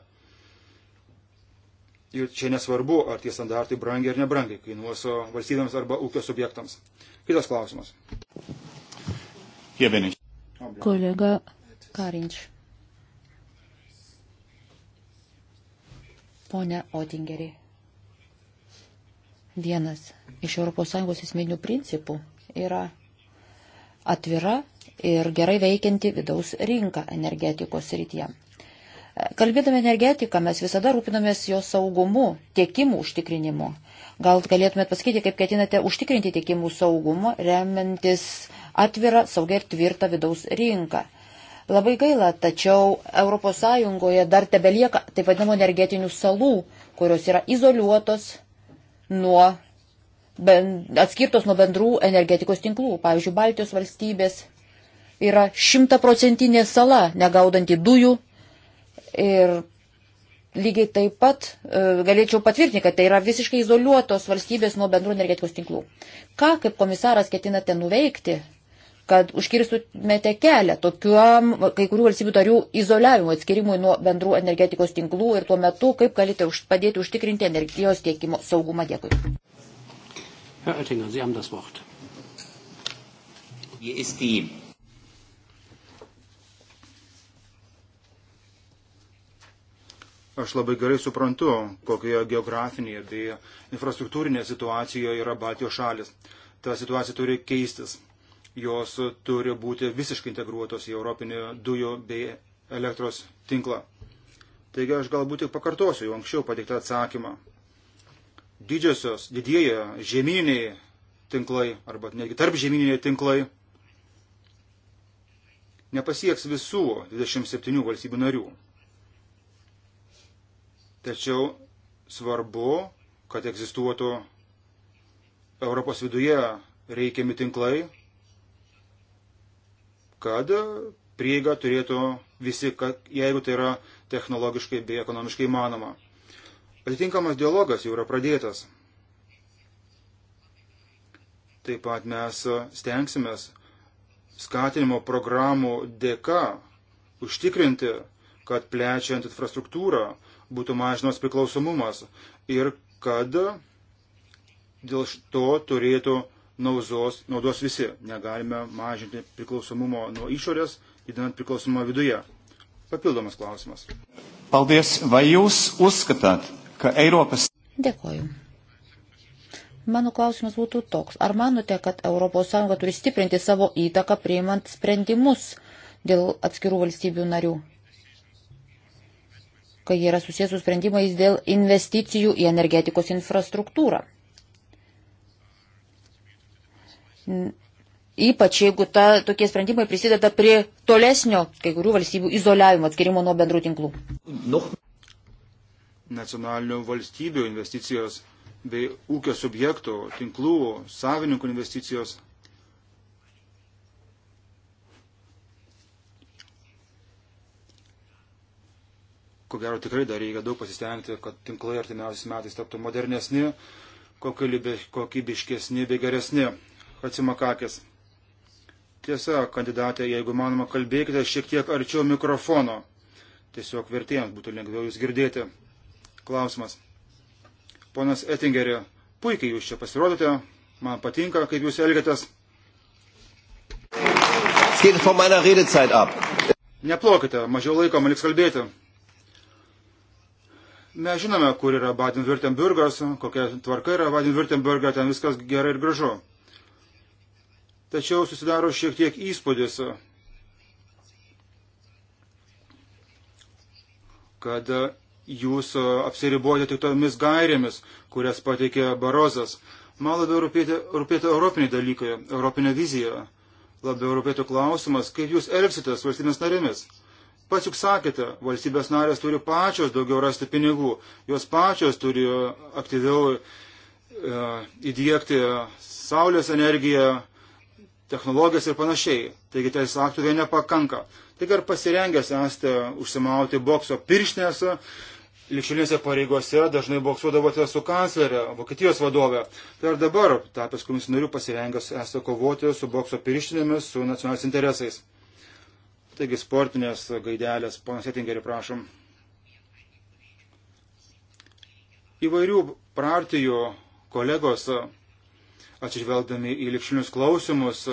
Ir čia nesvarbu, ar tie standartai brangiai ar nebrangiai kainuos valstybėms arba ūkio subjektams. Kitas klausimas. Kolega Karinč. Pone Otingeriai, vienas iš ES esminių principų yra atvira ir gerai veikianti vidaus rinka energetikos rytyje. Kalbėdami energetiką, mes visada rūpinamės jo saugumu, tiekimų užtikrinimu. Gal galėtumėt pasakyti, kaip ketinate užtikrinti tiekimų saugumą, remiantis atvirą, saugę ir tvirtą vidaus rinką. Labai gaila, tačiau ES dar tebelieka taip vadinamų energetinių salų, kurios yra izoliuotos nuo ben, atskirtos nuo bendrų energetikos tinklų. Pavyzdžiui, Baltijos valstybės yra šimtaprocentinė sala, negaudanti dujų. Ir lygiai taip pat e, galėčiau patvirtinti, kad tai yra visiškai izoliuotos valstybės nuo bendrų energetikos tinklų. Ką kaip komisaras ketinate nuveikti, kad užkirstumėte kelią tokiuom kai kurių valstybių darių izoliavimui, atskirimui nuo bendrų energetikos tinklų ir tuo metu, kaip galite už, padėti užtikrinti energijos tiekimo saugumą. Dėkui. Herr Oettinger, Sie haben das Wort. Hier ist die Aš labai gerai suprantu, kokioje geografinėje bei infrastruktūrinėje situacijoje yra Baltijos šalis. Ta situacija turi keistis jos turi būti visiškai integruotos į Europinį dujų bei elektros tinklą. Taigi aš galbūt tik pakartosiu jau anksčiau pateiktą atsakymą. Didžiosios, didieji žemyniniai tinklai arba netgi tarp žemyniniai tinklai nepasieks visų 27 valstybių narių. Tačiau svarbu, kad egzistuotų Europos viduje reikiami tinklai, kad prieiga turėtų visi, kad, jeigu tai yra technologiškai bei ekonomiškai įmanoma. Atitinkamas dialogas jau yra pradėtas. Taip pat mes stengsimės skatinimo programų dėka užtikrinti, kad plečiant infrastruktūrą būtų mažinamas priklausomumas ir kad dėl to turėtų naudos, naudos visi. Negalime mažinti priklausomumo nuo išorės, didinant priklausomumą viduje. Papildomas klausimas. Paldies, vai jūs uzskatāt, ka Eiropas. Dėkoju. Mano klausimas būtų toks. Ar manote, kad ES turi stiprinti savo įtaką priimant sprendimus dėl atskirų valstybių narių? kai jie yra susijęs su sprendimais dėl investicijų į energetikos infrastruktūrą. Ypač jeigu ta, tokie sprendimai prisideda prie tolesnio kai kurių valstybių izoliavimo atskirimo nuo bendrų tinklų. Nacionalinių valstybių investicijos bei ūkio subjektų, tinklų, savininkų investicijos ko gero tikrai dar reikia daug pasistengti, kad tinklai artimiausiais metais taptų modernesni, kokybiškesni bei geresni. Hatsimakakis. Tiesa, kandidatė, jeigu manoma, kalbėkite šiek tiek arčiau mikrofono. Tiesiog vertėjams būtų lengviau jūs girdėti. Klausimas. Ponas Ettingerė, puikiai jūs čia pasirodote. Man patinka, kaip jūs elgiatės. Neplokite, mažiau laiko man liks kalbėti. Mes žinome, kur yra Baden-Württembergas, kokia tvarka yra Baden-Württemberga, ten viskas gerai ir gražu tačiau susidaro šiek tiek įspūdis, kad jūs apsiribojate tik tomis gairėmis, kurias pateikė Barozas. Man labiau rūpėtų europiniai dalykai, europinė vizija. Labiau rūpėtų klausimas, kaip jūs elgsitės valstybės narėmis. Pats juk sakėte, valstybės narės turi pačios daugiau rasti pinigų, jos pačios turi aktyviau e, įdėkti saulės energiją, technologijas ir panašiai. Taigi teisės aktų vien nepakanka. Tik ar pasirengęs esate užsimauti bokso pirštinėse, likščiolinėse pareigose dažnai boksuodavote su kanclerė, Vokietijos vadovė. Tai ar dabar, tapęs komisijos nariu, pasirengęs esate kovoti su bokso pirštinėmis, su nacionaliniais interesais? Taigi sportinės gaidelės, ponas Etingeri, prašom. Įvairių partijų kolegos atsižvelgdami į likšinius klausimus,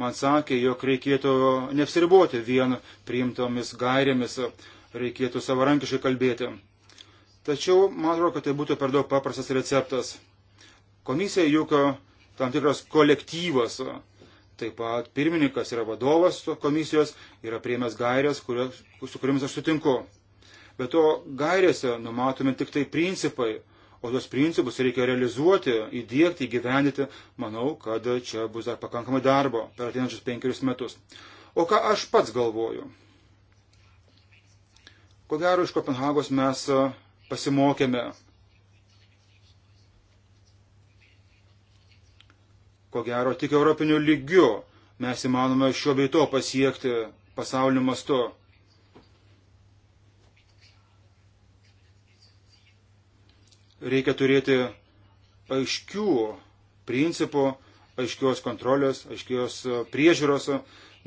man sakė, jog reikėtų neapsiriboti vien priimtomis gairėmis, reikėtų savarankiškai kalbėti. Tačiau man atrodo, kad tai būtų per daug paprastas receptas. Komisija juk tam tikras kolektyvas, taip pat pirmininkas yra vadovas komisijos, yra prieimęs gairės, kurios, su kuriamis aš sutinku. Bet to gairėse numatomi tik tai principai, o tuos principus reikia realizuoti, įdėkti, įgyvendyti, manau, kad čia bus dar pakankamai darbo per ateinančius penkerius metus. O ką aš pats galvoju? Ko gero, iš Kopenhagos mes e, pasimokėme. Ko gero, tik europiniu lygiu mes įmanome šio bei to pasiekti pasaulio mastu. reikia turėti aiškių principų, aiškios kontrolės, aiškios e, priežiūros,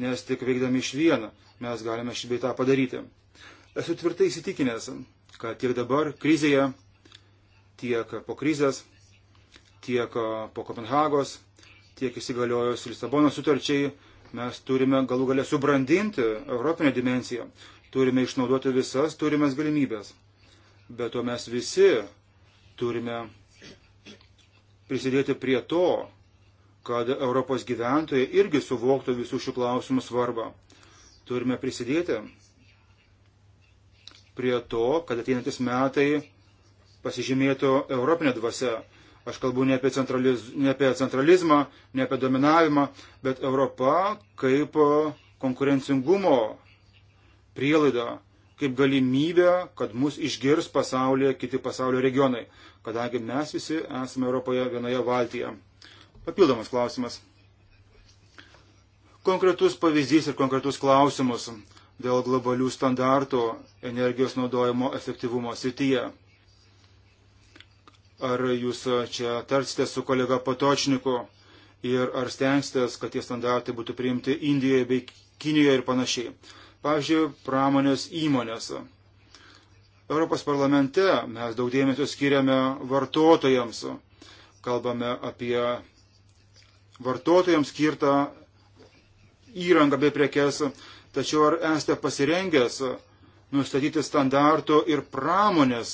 nes tik veikdami iš vieną mes galime šį beitą padaryti. Esu tvirtai įsitikinęs, kad tiek dabar krizėje, tiek po krizės, tiek e, po Kopenhagos, tiek įsigaliojus Lisabono sutarčiai, mes turime galų galę subrandinti Europinę dimenciją, turime išnaudoti visas turimas galimybės. Be to mes visi Turime prisidėti prie to, kad Europos gyventojai irgi suvoktų visų šių klausimų svarbą. Turime prisidėti prie to, kad ateinantis metai pasižymėtų Europinė dvasia. Aš kalbu ne apie, centraliz, ne apie centralizmą, ne apie dominavimą, bet Europa kaip konkurencingumo prielaida, kaip galimybę, kad mus išgirs pasaulyje kiti pasaulio regionai, kadangi mes visi esame Europoje vienoje valtyje. Papildomas klausimas. Konkretus pavyzdys ir konkretus klausimus dėl globalių standartų energijos naudojimo efektyvumo srityje. Ar jūs čia tarsite su kolega Patočniku ir ar stengsitės, kad tie standartai būtų priimti Indijoje bei Kinijoje ir panašiai pavyzdžiui, pramonės įmonėse. Europos parlamente mes daug dėmesio skiriame vartotojams. Kalbame apie vartotojams skirtą įrangą bei prekes. Tačiau ar esate pasirengęs nustatyti standartų ir pramonės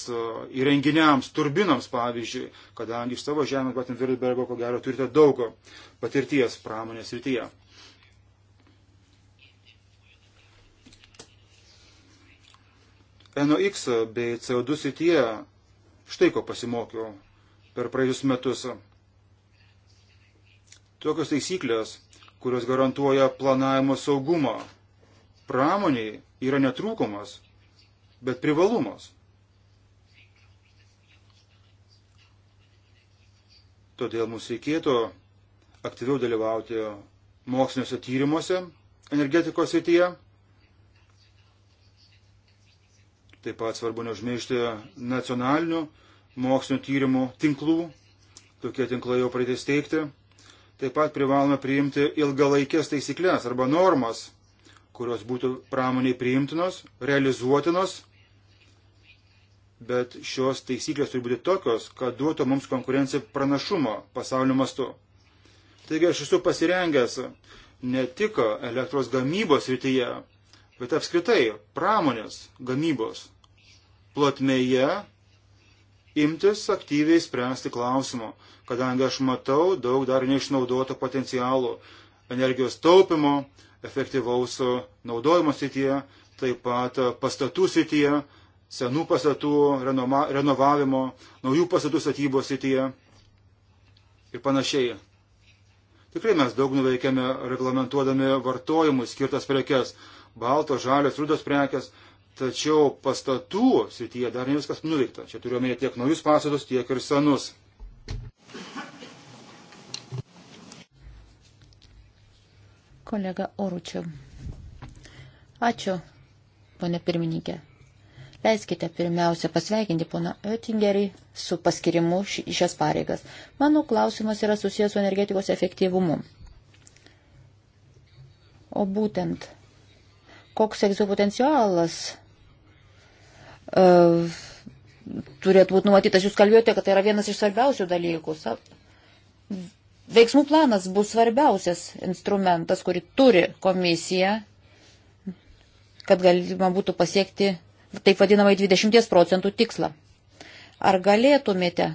įrenginiams, turbinams pavyzdžiui, kadangi iš savo žemės Baten-Württembergo ko gero turite daug patirties pramonės rytyje. NOX bei CO2 srityje štai ko pasimokiau per praėjus metus. Tokios taisyklės, kurios garantuoja planavimo saugumą, pramoniai yra netrūkumas, bet privalumas. Todėl mums reikėtų aktyviau dalyvauti moksliniuose tyrimuose energetikos srityje Taip pat svarbu neužmiršti nacionalinių mokslinio tyrimų tinklų. Tokie tinklai jau pradės teikti. Taip pat privalome priimti ilgalaikės taisyklės arba normas, kurios būtų pramoniai priimtinos, realizuotinos bet šios taisyklės turi būti tokios, kad duotų mums konkurenciją pranašumo pasaulio mastu. Taigi aš esu pasirengęs ne tik elektros gamybos rytyje, bet apskritai pramonės gamybos plotmėje imtis aktyviai spręsti klausimo, kadangi aš matau daug dar neišnaudoto potencialo energijos taupimo, efektyvaus naudojimo sityje, taip pat pastatų sityje, senų pastatų renoma, renovavimo, naujų pastatų statybos sityje ir panašiai. Tikrai mes daug nuveikėme reglamentuodami vartojimui skirtas prekes - baltos, žalios, rudos prekes, Tačiau pastatų srityje dar ne viskas nuveikta. Čia turiuomenė tiek naujus pastatus, tiek ir senus. Kolega Oručiau. Ačiū, ponė pirmininkė. Leiskite pirmiausia pasveikinti poną Oettingerį su paskirimu į šias pareigas. Mano klausimas yra susijęs su energetikos efektyvumu. O būtent, koks egzipotencialas E, turėtų būti numatytas. Jūs kalbėjote, kad tai yra vienas iš svarbiausių dalykų. Veiksmų planas bus svarbiausias instrumentas, kurį turi komisija, kad galima būtų pasiekti taip vadinamai 20 procentų tikslą. Ar galėtumėte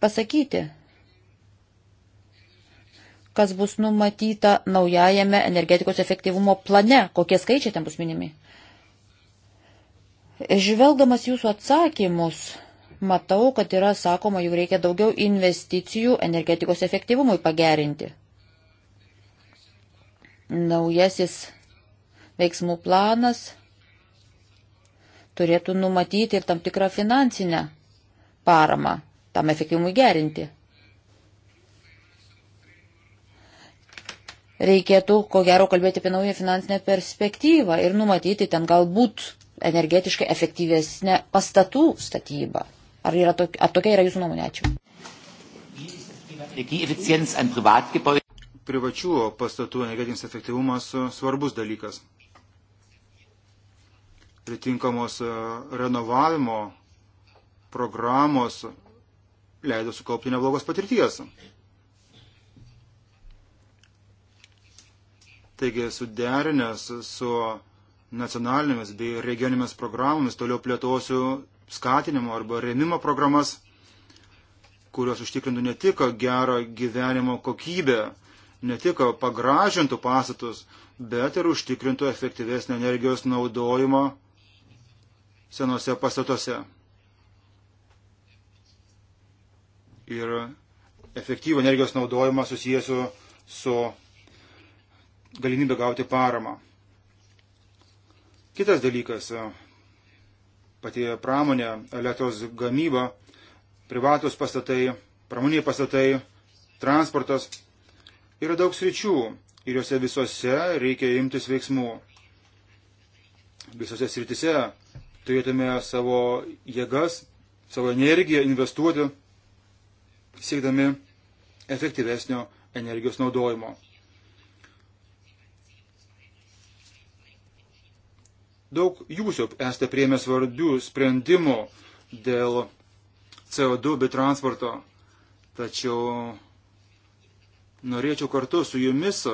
pasakyti, kas bus numatyta naujajame energetikos efektyvumo plane, kokie skaičiai ten bus minimi? Žvelgdamas jūsų atsakymus, matau, kad yra sakoma, jog reikia daugiau investicijų energetikos efektyvumui pagerinti. Naujasis veiksmų planas turėtų numatyti ir tam tikrą finansinę paramą tam efektyvumui gerinti. Reikėtų, ko gero, kalbėti apie naują finansinę perspektyvą ir numatyti ten galbūt energetiškai efektyvesnę pastatų statybą. Ar, yra tok, ar tokia yra jūsų nuomonė? Ačiū. Privačių pastatų energetinis efektyvumas e, svarbus dalykas. Pritinkamos e, renovavimo programos leido sukaupti neblogos patirties. Taigi suderinęs su nacionalinėmis bei regioninėmis programomis, toliau plėtosiu skatinimo arba remimo programas, kurios užtikrintų ne tik gerą gyvenimo kokybę, ne tik pagražintų pastatus, bet ir užtikrintų efektyvesnį energijos naudojimą senose pastatuose. Ir efektyvų energijos naudojimą susijęsiu su galimybė gauti paramą. Kitas dalykas - pati pramonė, elektros gamyba, privatus pastatai, pramoniai pastatai, transportas. Yra daug sričių ir juose visose reikia imtis veiksmų. Visose sritise turėtume savo jėgas, savo energiją investuoti, siekdami efektyvesnio energijos naudojimo. Daug jūs jau esate prieimę svarbių sprendimų dėl CO2 bei transporto, tačiau norėčiau kartu su jumis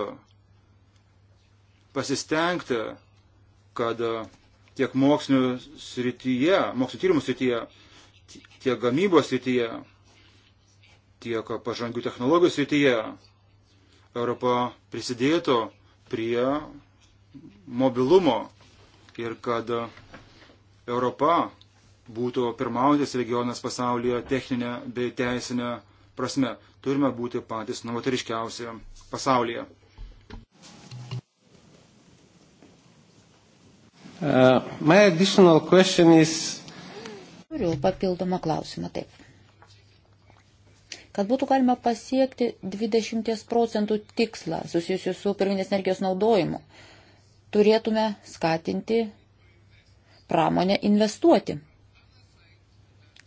pasistengti, kad tiek mokslinio srityje, mokslinio tyrimų srityje, tiek gamybos srityje, tiek pažangių technologijų srityje Europa prisidėtų prie mobilumo ir kad Europa būtų pirmaujantis regionas pasaulyje techninė bei teisinė prasme. Turime būti patys novatoriškiausi pasaulyje. Uh, is... Turiu papildomą klausimą, taip. Kad būtų galima pasiekti 20 procentų tikslą susijusiu su pirminės energijos naudojimu, uh, turėtume skatinti pramonę investuoti.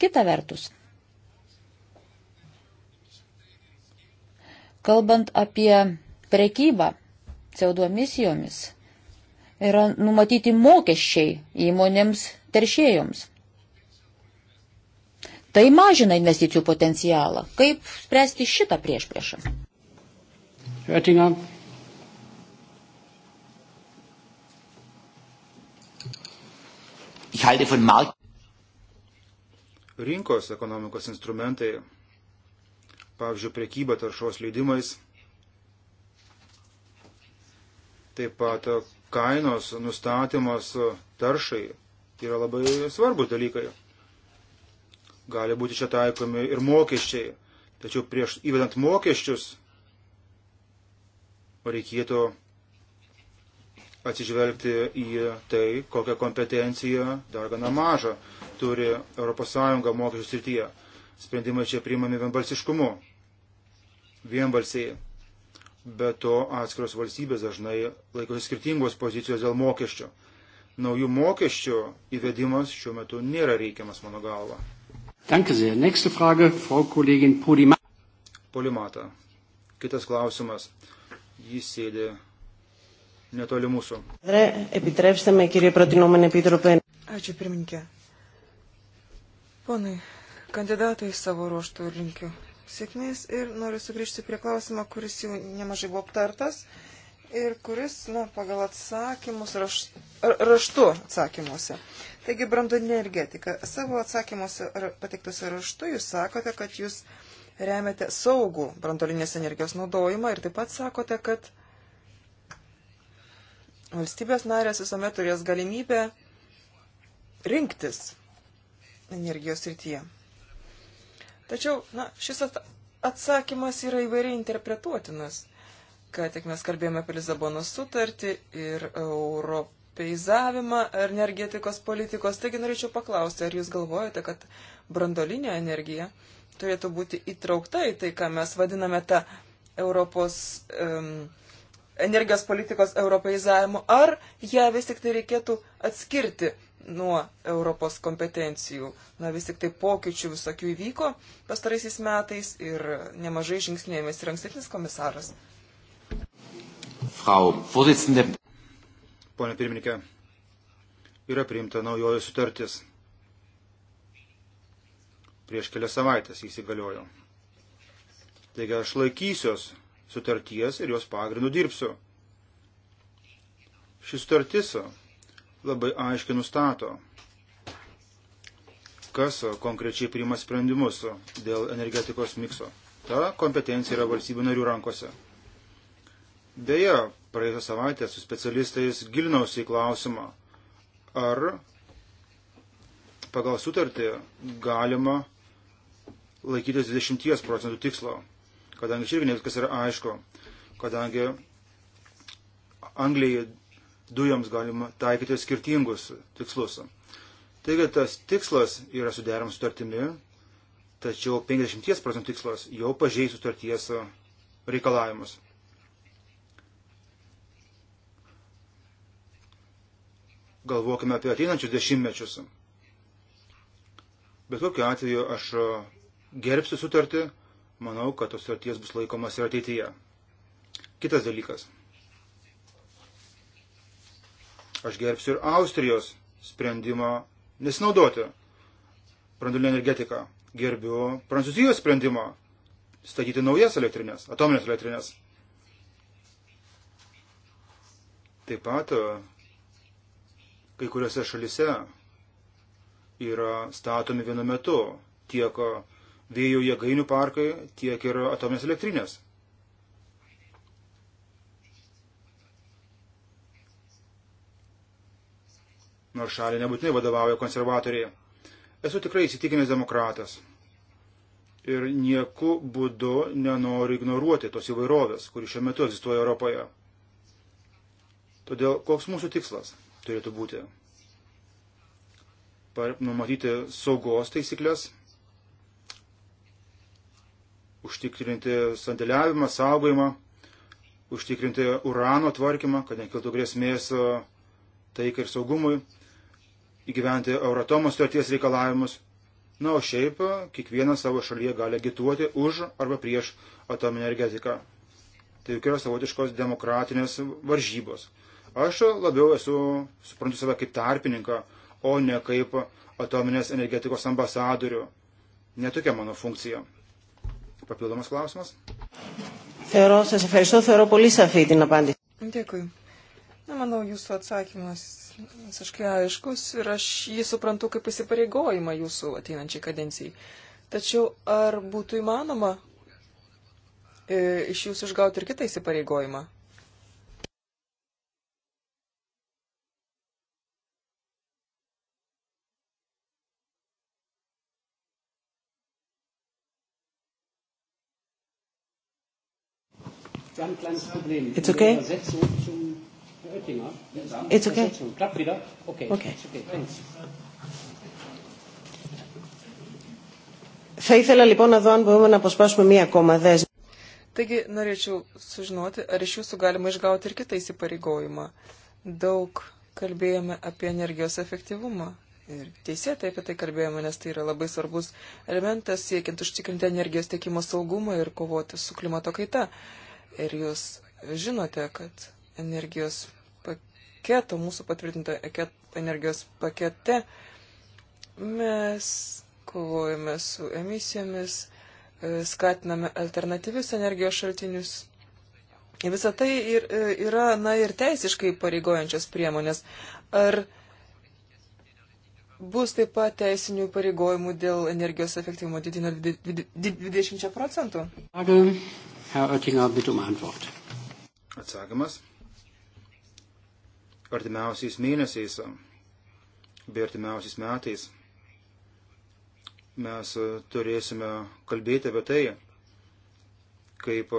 Kita vertus, kalbant apie prekybą CO2 emisijomis, yra numatyti mokesčiai įmonėms teršėjoms. Tai mažina investicijų potencialą. Kaip spręsti šitą priešpriešą? Oettinger. Ich halte von Markt. Rinkos ekonomikos instrumentai, pavyzdžiui, priekyba taršos leidimais, taip pat kainos nustatymas taršai yra labai svarbus dalykai. Gali būti čia taikomi ir mokesčiai, tačiau prieš įvedant mokesčius reikėtų atsižvelgti į tai, kokią kompetenciją dar gana mažą turi ES mokesčių srityje. Sprendimai čia priimami vienbalsiškumu. Vienbalsiai. Be to atskiros valstybės dažnai laikosi skirtingos pozicijos dėl mokesčio. Naujų mokesčių įvedimas šiuo metu nėra reikiamas mano galva. Danke sehr. Nächste Frage, Frau Kollegin Podimata. Kitas klausimas. Jis sėdė netoli mūsų. Ačiū pirmininkė. Ponai, kandidatai savo ruoštų linkiu sėkmės ir noriu sugrįžti prie klausimo, kuris jau nemažai buvo aptartas ir kuris, na, pagal atsakymus raš, raštu atsakymuose. Taigi, brandoninė energetika. Savo atsakymuose pateiktuose raštu jūs sakote, kad jūs remiate saugų brandolinės energijos naudojimą ir taip pat sakote, kad Valstybės narės visuomet turės galimybę rinktis energijos rytyje. Tačiau, na, šis atsakymas yra įvairiai interpretuotinas. Ką tik mes kalbėjome apie Lisabonos sutartį ir europeizavimą energetikos politikos. Taigi norėčiau paklausti, ar jūs galvojate, kad brandolinė energija turėtų būti įtraukta į tai, ką mes vadiname tą Europos um, energijos politikos europeizavimo, ar ją vis tik tai reikėtų atskirti nuo Europos kompetencijų. Na vis tik tai pokyčių visokių įvyko pastaraisiais metais ir nemažai žingsnėmės ir ankstesnis komisaras. Frau Vorsitzende. Pone pirmininkė, yra priimta naujoji sutartis. Prieš kelias savaitės įsigaliojo. Taigi aš laikysiuos sutarties ir jos pagrindų dirbsiu. Šis sutartis labai aiškiai nustato, kas konkrečiai priima sprendimus dėl energetikos mikso. Ta kompetencija yra valstybių narių rankose. Beje, praėjusią savaitę su specialistais gilinausi į klausimą, ar pagal sutartį galima laikytis 20 procentų tikslo kadangi čia irgi ne viskas yra aišku, kadangi Anglijai dujoms galima taikyti skirtingus tikslus. Taigi tas tikslas yra suderimas sutartimi, tačiau 50 procentų tikslas jau pažeis sutarties reikalavimus. Galvokime apie ateinančius dešimtmečius. Bet kokiu atveju aš gerbsiu sutartį, Manau, kad tos sutarties bus laikomas ir ateityje. Kitas dalykas. Aš gerbsiu ir Austrijos sprendimą nesinaudoti branduolinę energetiką. Gerbiu Prancūzijos sprendimą statyti naujas elektrinės, atominės elektrinės. Taip pat kai kuriuose šalise yra statomi vienu metu tiek vėjo jėgainių parkai, tiek ir atomės elektrinės. Nors šalį nebūtinai vadovauja konservatoriai. Esu tikrai įsitikinęs demokratas. Ir nieku būdu nenoriu ignoruoti tos įvairovės, kuri šiuo metu egzistuoja Europoje. Todėl koks mūsų tikslas turėtų būti? Par, numatyti saugos taisyklės užtikrinti sandėliavimą, saugojimą, užtikrinti urano tvarkymą, kad nekiltų grėsmės e, taikai ir saugumui, įgyventi Euratomos sutarties reikalavimus. Na, o šiaip e, kiekvienas savo šalyje gali agituoti už arba prieš atominę energetiką. Tai juk yra savotiškos demokratinės varžybos. Aš labiau esu, suprantu save kaip tarpininką, o ne kaip atominės energetikos ambasadorių. Netokia mano funkcija papildomas klausimas. Θεωρώ, σας ευχαριστώ, θεωρώ πολύ σαφή την απάντηση. Dėkui. Na, manau, jūsų atsakymas visiškai aiškus ir aš jį suprantu kaip įsipareigojimą jūsų ateinančiai kadencijai. Tačiau ar būtų įmanoma e, iš jūsų išgauti ir kitą įsipareigojimą? Wir haben ein kleines Problem. It's okay. Übersetzung zum Herr Oettinger. It's okay. Übersetzung. Klappt wieder? Okay. Okay. It's okay. Thanks. Θα ήθελα λοιπόν να δω αν μπορούμε να αποσπάσουμε μία ακόμα δέσμη. Taigi norėčiau sužinoti, ar iš jūsų galima išgauti ir kitą įsipareigojimą. Daug kalbėjome apie energijos efektyvumą ir teisėtai apie tai kalbėjome, nes tai yra labai svarbus elementas siekiant užtikrinti energijos tiekimo saugumą ir kovoti su klimato kaita. Uh, Ir jūs žinote, kad energijos paketo, mūsų patvirtinto energijos pakete, mes kovojame su emisijomis, e, skatiname alternatyvius energijos šaltinius. Visą tai ir, e, yra, na, ir teisiškai pareigojančios priemonės. Ar bus taip pat teisinių pareigojimų dėl energijos efektyvumo didinant 20 procentų? Agal. Herr Oettinger, bitte um Antwort. Atsakymas. Artimiausiais mėnesiais bei artimiausiais metais mes turėsime kalbėti apie tai, kaip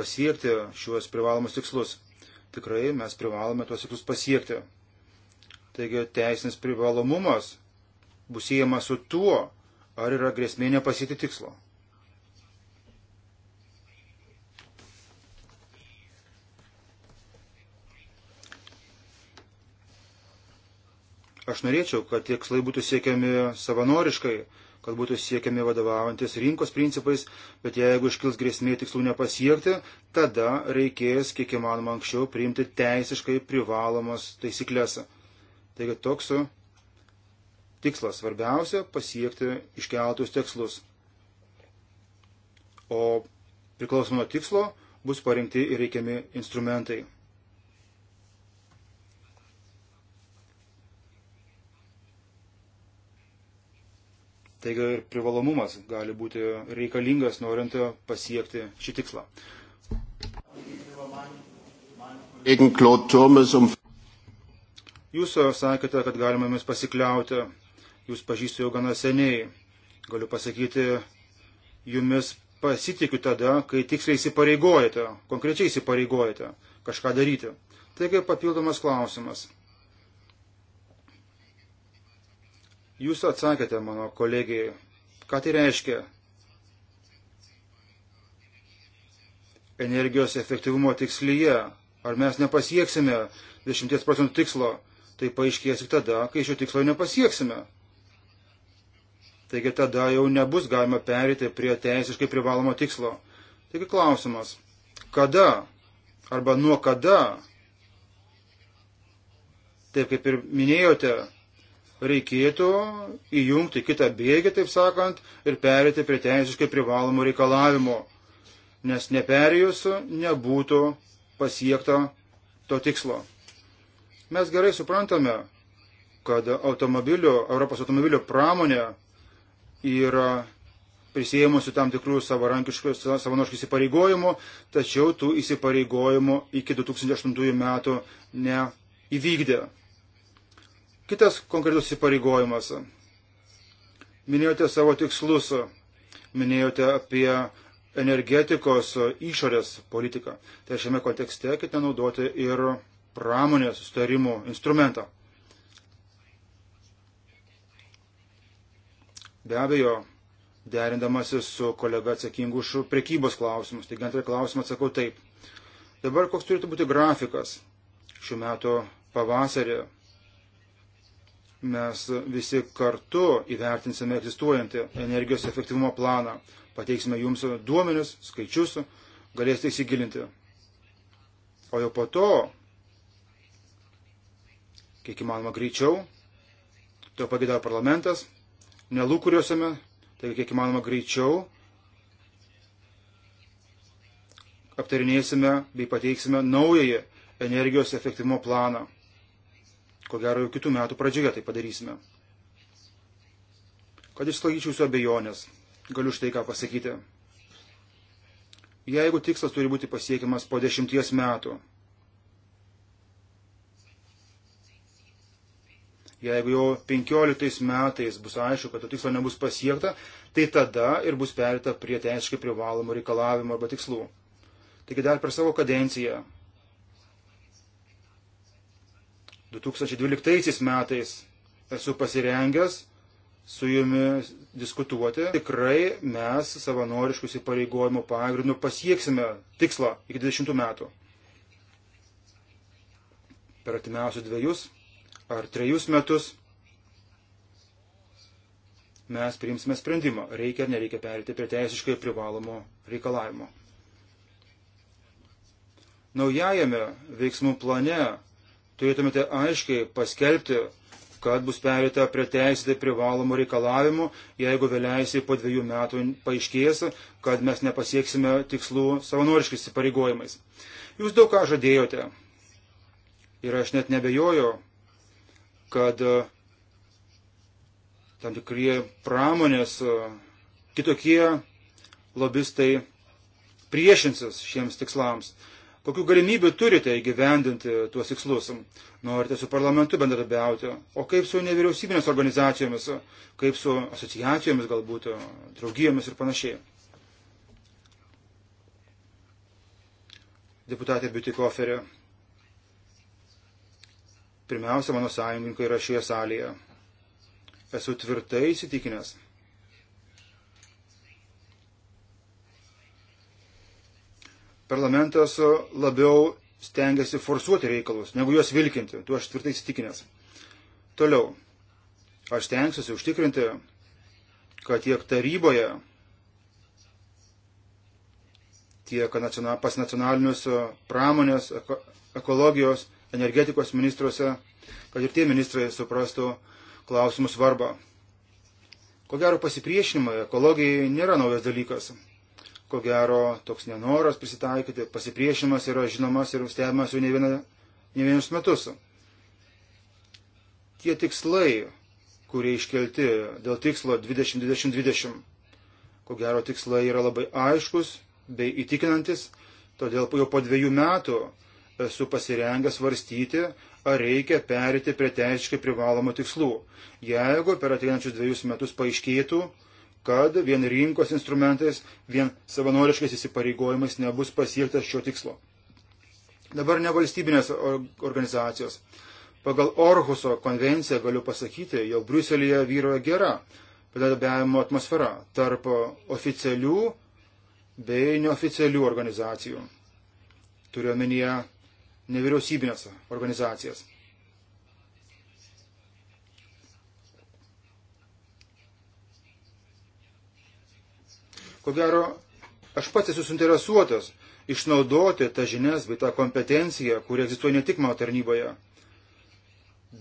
pasiekti šiuos privalomus tikslus. Tikrai mes privalome tuos tikslus pasiekti. Taigi teisinis privalomumas bus siejamas su tuo, ar yra grėsmė nepasiti tikslo. Aš norėčiau, kad tikslai būtų siekiami savanoriškai, kad būtų siekiami vadovaujantis rinkos principais, bet jeigu iškils grėsmė tikslų nepasiekti, tada reikės kiek įmanoma anksčiau priimti teisiškai privalomas taisyklės. Taigi toks tikslas svarbiausia - pasiekti iškeltus tikslus. O priklausomai nuo tikslo bus parinkti ir reikiami instrumentai. Taigi ir privalomumas gali būti reikalingas norint pasiekti šį tikslą. Um- jūs sakėte, kad galima jumis pasikliauti, jūs pažįstu jau gana seniai. Galiu pasakyti, jumis pasitikiu tada, kai tiksliai įsipareigojate, konkrečiai įsipareigojate kažką daryti. Taigi papildomas klausimas. Jūs atsakėte mano kolegijai, ką tai reiškia energijos efektyvumo tikslyje. Ar mes nepasieksime 10 procentų tikslo, tai paaiškės tik tada, kai šio tikslo nepasieksime. Taigi tada jau nebus galima perėti prie teisiškai privalomo tikslo. Taigi klausimas, kada arba nuo kada, taip kaip ir minėjote, reikėtų įjungti kitą bėgį, taip sakant, ir perėti prie teisiškai privalomų reikalavimų, nes neperėjus nebūtų pasiekta to tikslo. Mes gerai suprantame, kad automobilio, Europos automobilio pramonė yra prisėjimusi tam tikrų savanoriškų įsipareigojimų, tačiau tų įsipareigojimų iki 2008 metų neįvykdė. Kitas konkretus įpareigojimas. Minėjote savo tikslus, minėjote apie energetikos išorės politiką. Tai šiame kontekste ketina naudoti ir pramonės sustarimų instrumentą. Be abejo, derindamasi su kolega atsakingu už prekybos klausimus. Taigi antrą klausimą atsakau taip. Dabar koks turėtų būti grafikas šių metų pavasarį mes visi kartu įvertinsime egzistuojantį energijos efektyvumo planą, pateiksime jums duomenis, skaičius, galėsite įsigilinti. O jau po to, kiek įmanoma greičiau, to pagėdavo parlamentas, nelūkuriuosime, taigi kiek įmanoma greičiau aptarinėsime bei pateiksime naująjį energijos efektyvumo planą. Ko gero, jau kitų metų pradžioje tai padarysime. Kad išsklaidyčiau jūsų abejonės, galiu štai ką pasakyti. Jeigu tikslas turi būti pasiekiamas po dešimties metų, jeigu jau 15 metais bus aišku, kad to tikslo nebus pasiekta, tai tada ir bus perita prie teisiškai privalomų reikalavimų arba tikslų. Taigi dar per savo kadenciją 2012 metais esu pasirengęs su jumis diskutuoti. Tikrai mes savanoriškus įpareigojimų pagrindų pasieksime tikslą iki 20 metų. Per atimiausius dviejus ar trejus metus mes priimsime sprendimą, reikia ar nereikia perėti prie teisiškai privalomo reikalavimo. Naujajame veiksmų plane turėtumėte aiškiai paskelbti, kad bus perėta prie teisėtai privalomų reikalavimų, jeigu vėliausiai po dviejų metų paaiškės, kad mes nepasieksime tikslų savanoriškais įpareigojimais. Jūs daug ką žadėjote. Ir aš net nebejoju, kad e, tam tikrie pramonės, e, kitokie lobistai priešinsis šiems tikslams kokių galimybių turite įgyvendinti tuos tikslus. Norite su parlamentu bendradarbiauti, o kaip su nevyriausybinės organizacijomis, kaip su asociacijomis galbūt, draugijomis ir panašiai. Deputatė Biutikoferė. Pirmiausia, mano sąjungininkai yra šioje salėje. Esu tvirtai įsitikinęs, parlamentas labiau stengiasi forsuoti reikalus, negu juos vilkinti. Tuo aš tvirtai įsitikinęs. Toliau. Aš stengsiuosi užtikrinti, kad tiek taryboje, tiek pas nacionalinius pramonės, ekologijos, energetikos ministruose, kad ir tie ministrai suprastų klausimų svarbą. Ko gero pasipriešinimai ekologijai nėra naujas dalykas ko gero toks nenoras prisitaikyti, pasipriešimas yra žinomas ir stebimas jau ne, viena, ne vienus metus. Tie tikslai, kurie iškelti dėl tikslo 2020-2020, ko gero tikslai yra labai aiškus bei įtikinantis, todėl jau po dviejų metų esu pasirengęs svarstyti, ar reikia perėti prie teisiškai privalomų tikslų. Jeigu per ateinančius dviejus metus paaiškėtų, kad vien rinkos instrumentais, vien savanoriškais įsipareigojimais nebus pasiektas šio tikslo. Dabar nevalstybinės organizacijos. Pagal Orhuso konvenciją galiu pasakyti, jog Bruselėje vyroja gera bendradarbiavimo atmosfera tarp oficialių bei neoficialių organizacijų. Turiu omenyje nevyriausybinės organizacijas. Ko gero, aš pats esu suinteresuotas išnaudoti tą žinias bei tą kompetenciją, kuri egzistuoja ne tik mano tarnyboje.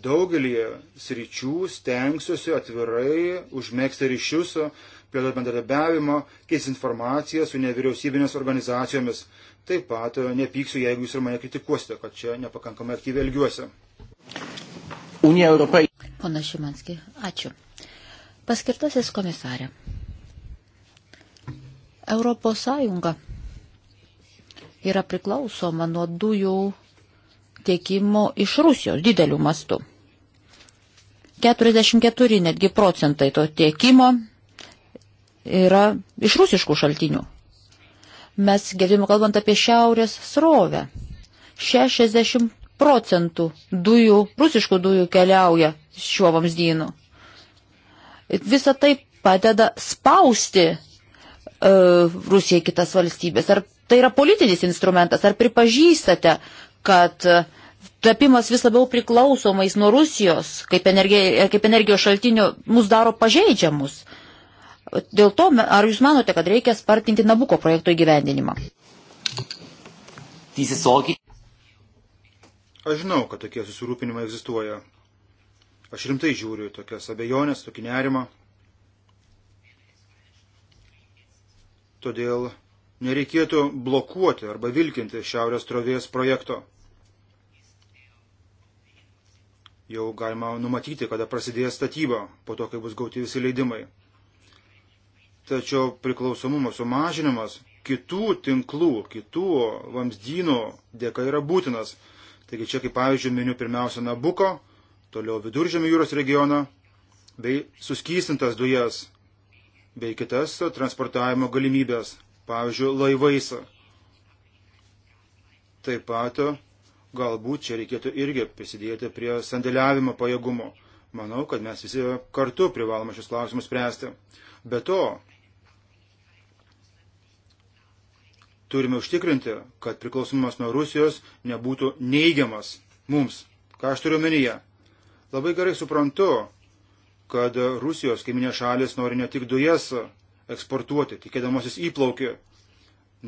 Daugelį sričių stengsiuosi atvirai užmėgsti ryšius, plėtoti bendradarbiavimo, keis informaciją su nevyriausybinės organizacijomis. Taip pat e, nepyksiu, jeigu jūs ir mane kritikuosite, kad čia nepakankamai aktyviai elgiuosi. Unija Europai. Pana Šimanski, ačiū. Paskirtasis komisarė. Europos Sąjunga yra priklausoma nuo dujų tiekimo iš Rusijos didelių mastų. 44 netgi procentai to tiekimo yra iš rusiškų šaltinių. Mes girdime kalbant apie šiaurės srovę. 60 procentų dujų, rusiškų dujų keliauja šiuo vamzdynu. Visą tai padeda spausti E, Rusija į kitas valstybės? Ar tai yra politinis instrumentas? Ar pripažįstate, kad tapimas vis labiau priklausomais nuo Rusijos kaip, energija, kaip energijos šaltinių mus daro pažeidžiamus? Dėl to, ar jūs manote, kad reikia spartinti Nabuko projekto įgyvendinimą? Aš žinau, kad tokie susirūpinimai egzistuoja. Aš rimtai žiūriu tokias abejonės, tokį nerimą. Todėl nereikėtų blokuoti arba vilkinti šiaurės trovės projekto. Jau galima numatyti, kada prasidės statyba, po to, kai bus gauti visi leidimai. Tačiau priklausomumo sumažinimas kitų tinklų, kitų vamzdynų dėka yra būtinas. Taigi čia kaip pavyzdžių miniu pirmiausia Nabuko, toliau Viduržėmio jūros regioną bei suskystintas dujas bei kitas transportavimo galimybės, pavyzdžiui, laivais. Taip pat galbūt čia reikėtų irgi prisidėti prie sandėliavimo pajėgumo. Manau, kad mes visi kartu privalome šius klausimus spręsti. Be to, turime užtikrinti, kad priklausomumas nuo Rusijos nebūtų neigiamas mums. Ką aš turiu menyje? Labai gerai suprantu, kad Rusijos kaiminės šalis nori ne tik dujas eksportuoti, tikėdamasis įplaukį,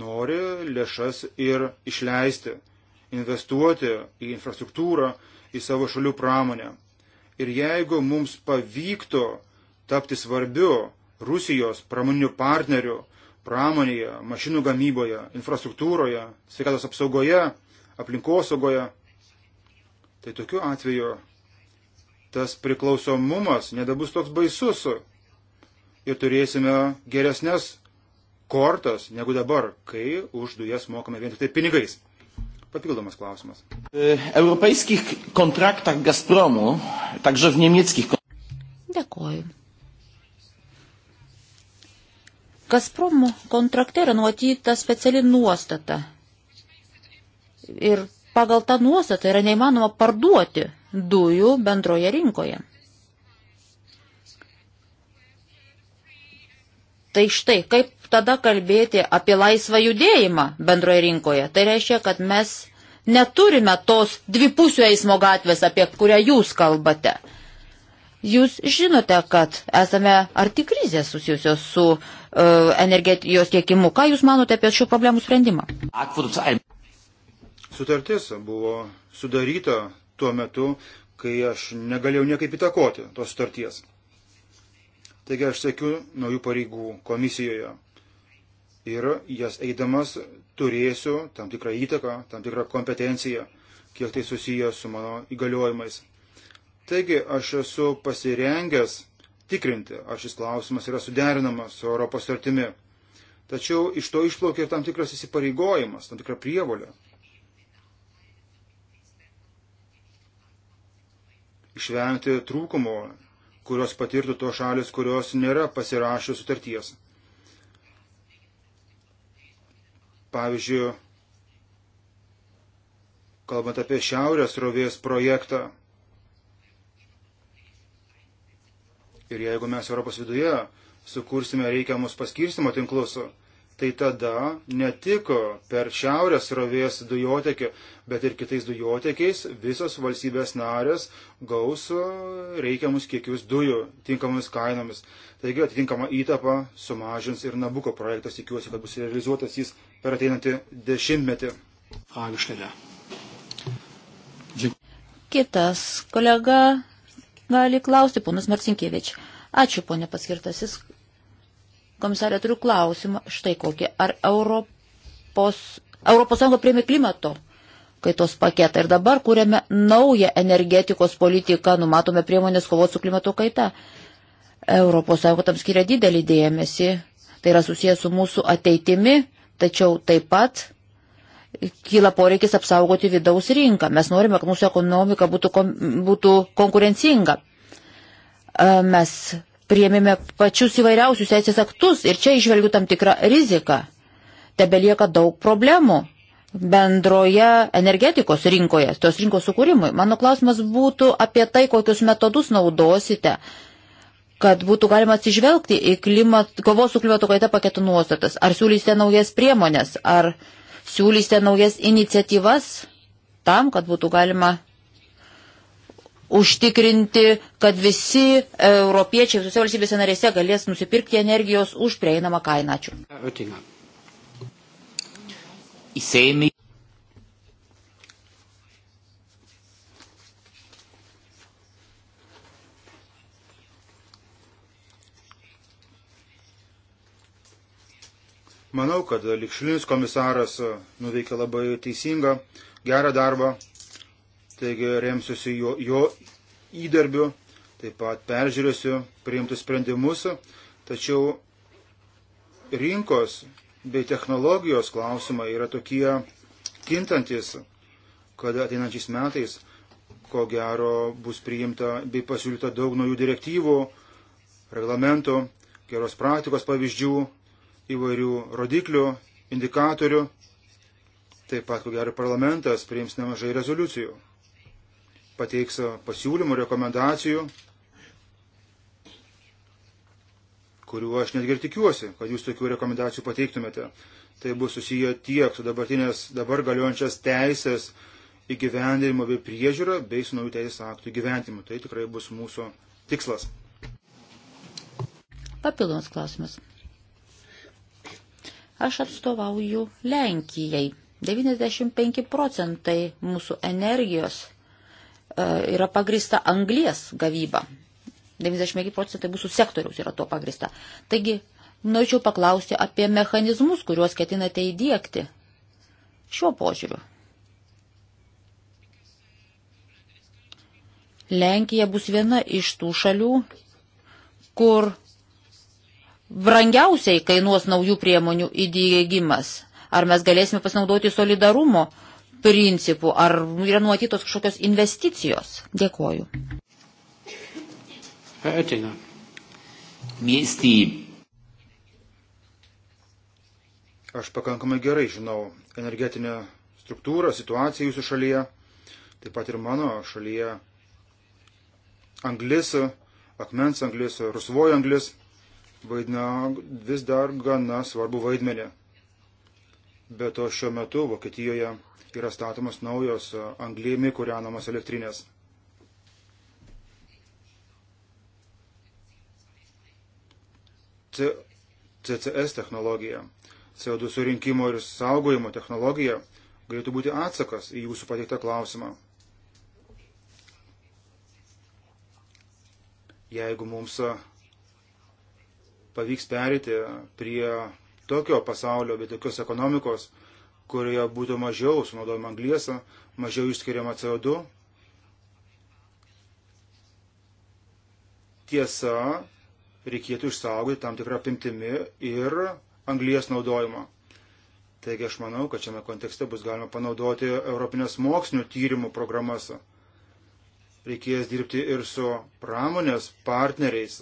nori lėšas ir išleisti, investuoti į infrastruktūrą, į savo šalių pramonę. Ir jeigu mums pavyktų tapti svarbiu Rusijos pramoniniu partneriu pramonėje, mašinų gamyboje, infrastruktūroje, sveikatos apsaugoje, aplinkosaugoje, tai tokiu atveju tas priklausomumas nebebus toks baisus ir turėsime geresnės kortas negu dabar, kai už dujas mokame vien tik tai pinigais. Papildomas klausimas. E, europejskich kontraktach Gazpromu, także w niemieckich. Dėkuoju. Gazpromo kontrakte yra nuotyta speciali nuostata. Ir pagal tą nuostatą yra neįmanoma parduoti dujų bendroje rinkoje. Tai štai, kaip tada kalbėti apie laisvą judėjimą bendroje rinkoje? Tai reiškia, kad mes neturime tos dvipusių eismo gatvės, apie kurią jūs kalbate. Jūs žinote, kad esame arti krizės susijusios su uh, energetijos tiekimu. Ką Jūs manote apie šių problemų sprendimą? Sutartis buvo sudaryta tuo metu, kai aš negalėjau niekaip įtakoti tos sutarties. Taigi aš sėkiu naujų pareigų komisijoje. Ir jas eidamas turėsiu tam tikrą įtaką, tam tikrą kompetenciją, kiek tai susiję su mano įgaliojimais. Taigi aš esu pasirengęs tikrinti, ar šis klausimas yra suderinamas su Europos sartimi. Tačiau iš to išplaukia ir tam tikras įsipareigojimas, tam tikra prievolė. išvengti trūkumo, kurios patirtų to šalis, kurios nėra pasirašę sutarties. Pavyzdžiui, kalbant apie šiaurės rovės projektą. Ir jeigu mes Europos viduje sukursime reikiamus paskirstimo tinklus, tai tada ne tik per šiaurės rovės dujotekį, bet ir kitais dujotekiais visos valstybės narės gaus reikiamus kiekius dujų tinkamomis kainomis. Taigi atitinkama įtapa sumažins ir Nabuko projektas, tikiuosi, kad bus realizuotas jis per ateinantį dešimtmetį. Kitas kolega gali klausti, ponas Marcinkievič. Ačiū, ponė paskirtasis Komisarė, turiu klausimą štai kokį. Ar Europos, Europos Sąjunga priemi klimato kaitos paketą ir dabar kūrėme naują energetikos politiką, numatome priemonės kovoti su klimato kaita. Europos Sąjunga tam skiria didelį dėmesį, tai yra susijęs su mūsų ateitimi, tačiau taip pat kyla poreikis apsaugoti vidaus rinką. Mes norime, kad mūsų ekonomika būtų, kom, būtų konkurencinga. Mes priėmėme pačius įvairiausius teisės aktus ir čia išvelgiu tam tikrą riziką. Tebelieka daug problemų bendroje energetikos rinkoje, tos rinkos sukūrimui. Mano klausimas būtų apie tai, kokius metodus naudosite, kad būtų galima atsižvelgti į klimat, kovos su klimato kaita paketų nuostatas. Ar siūlysite naujas priemonės, ar siūlysite naujas iniciatyvas tam, kad būtų galima užtikrinti, kad visi europiečiai visose valstybėse narėse galės nusipirkti energijos už prieinamą kainą. Ačiū. Manau, kad likšlinis komisaras nuveikė labai teisingą, gerą darbą taigi remsiuosi jo, jo įdarbiu, taip pat peržiūrėsiu priimtus sprendimus, tačiau rinkos bei technologijos klausimai yra tokie kintantis, kad ateinančiais metais, ko gero, bus priimta bei pasiūlyta daug naujų direktyvų, reglamentų, geros praktikos pavyzdžių, įvairių rodiklių, indikatorių. Taip pat, ko gero, parlamentas priims nemažai rezoliucijų pateiks pasiūlymų, rekomendacijų, kuriuo aš netgi ir tikiuosi, kad jūs tokių rekomendacijų pateiktumėte. Tai bus susiję tiek su dabartinės dabar galiojančias teisės įgyvendinimo bei priežiūra, bei su naujų teisės aktų įgyvendinimu. Tai tikrai bus mūsų tikslas. Papildomas klausimas. Aš atstovauju Lenkijai. 95 procentai mūsų energijos E, yra pagrista anglies gavyba. 95 procentai mūsų sektoriaus yra tuo pagrista. Taigi, norėčiau paklausti apie mechanizmus, kuriuos ketinate įdėkti šiuo požiūriu. Lenkija bus viena iš tų šalių, kur brangiausiai kainuos naujų priemonių įdėgymas. Ar mes galėsime pasinaudoti solidarumo uh, principų, ar yra nuotytos kažkokios investicijos. Dėkoju. Aš pakankamai gerai žinau energetinę struktūrą, situaciją jūsų šalyje, taip pat ir mano šalyje anglis, akmens anglis, rusvoji anglis vaidina vis dar gana svarbu vaidmenį. Be to šiuo metu Vokietijoje yra statomos naujos anglimi kūrenamos elektrinės. CCS technologija, CO2 surinkimo ir saugojimo technologija galėtų būti atsakas į jūsų pateiktą klausimą. Jeigu mums pavyks perėti prie tokio pasaulio, bet tokios ekonomikos, kurioje būtų mažiau sunaudojama angliesa, mažiau išskiriama CO2. Tiesa, reikėtų išsaugoti tam tikrą pimtimi ir anglies naudojimą. Taigi aš manau, kad šiame kontekste bus galima panaudoti Europinės mokslinio tyrimų programas. Reikės dirbti ir su pramonės partneriais,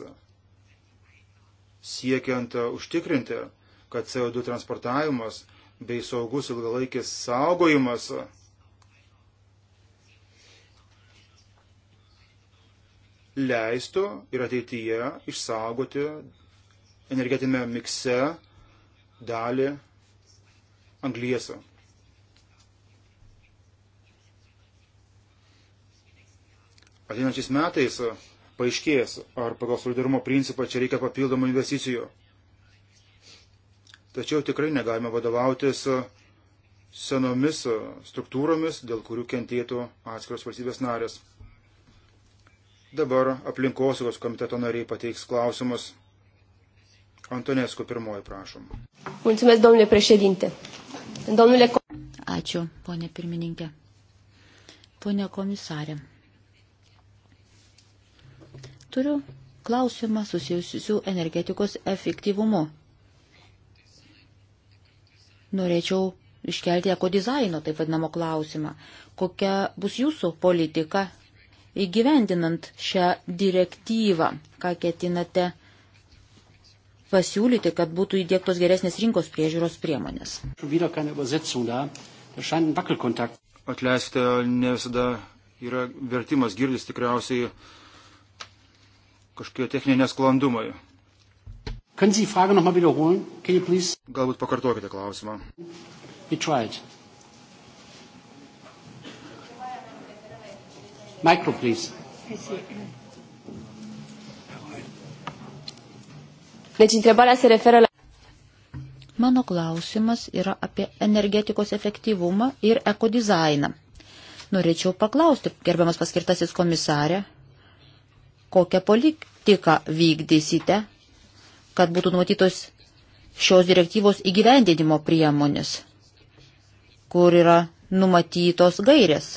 siekiant užtikrinti, kad CO2 transportavimas bei saugus ilgalaikis saugojimas leistų ir ateityje išsaugoti energetinėme mikse dalį angliesą. Ateinančiais metais paaiškės, ar pagal solidarumo principą čia reikia papildomų investicijų. Tačiau tikrai negalime vadovautis senomis struktūromis, dėl kurių kentėtų atskiros valstybės narės. Dabar aplinkosaugos komiteto nariai pateiks klausimus. Antonescu pirmoji, prašom. Mulțumesc, domnule președinte. Domnule... Ačiū, ponė pirmininkė. Pone komisarė. Turiu klausimą susijusiu su energetikos efektyvumu norėčiau iškelti ekodizaino, taip vadinamo, klausimą. Kokia bus jūsų politika įgyvendinant šią direktyvą? Ką ketinate pasiūlyti, kad būtų įdėktos geresnės rinkos priežiūros priemonės? Atleiskite, ne visada yra vertimas girdis tikriausiai kažkokie techniniai nesklandumai. Können Sie die Frage nochmal wiederholen? Can you please? Galbūt pakartokite klausimą. We tried. Micro, please. Deci întrebarea se referă la... Mano klausimas yra apie energetikos efektyvumą ir ekodizainą. Norėčiau paklausti, gerbiamas paskirtasis komisarė, kokią politiką vykdysite kad būtų numatytos šios direktyvos įgyvendinimo priemonės, kur yra numatytos gairės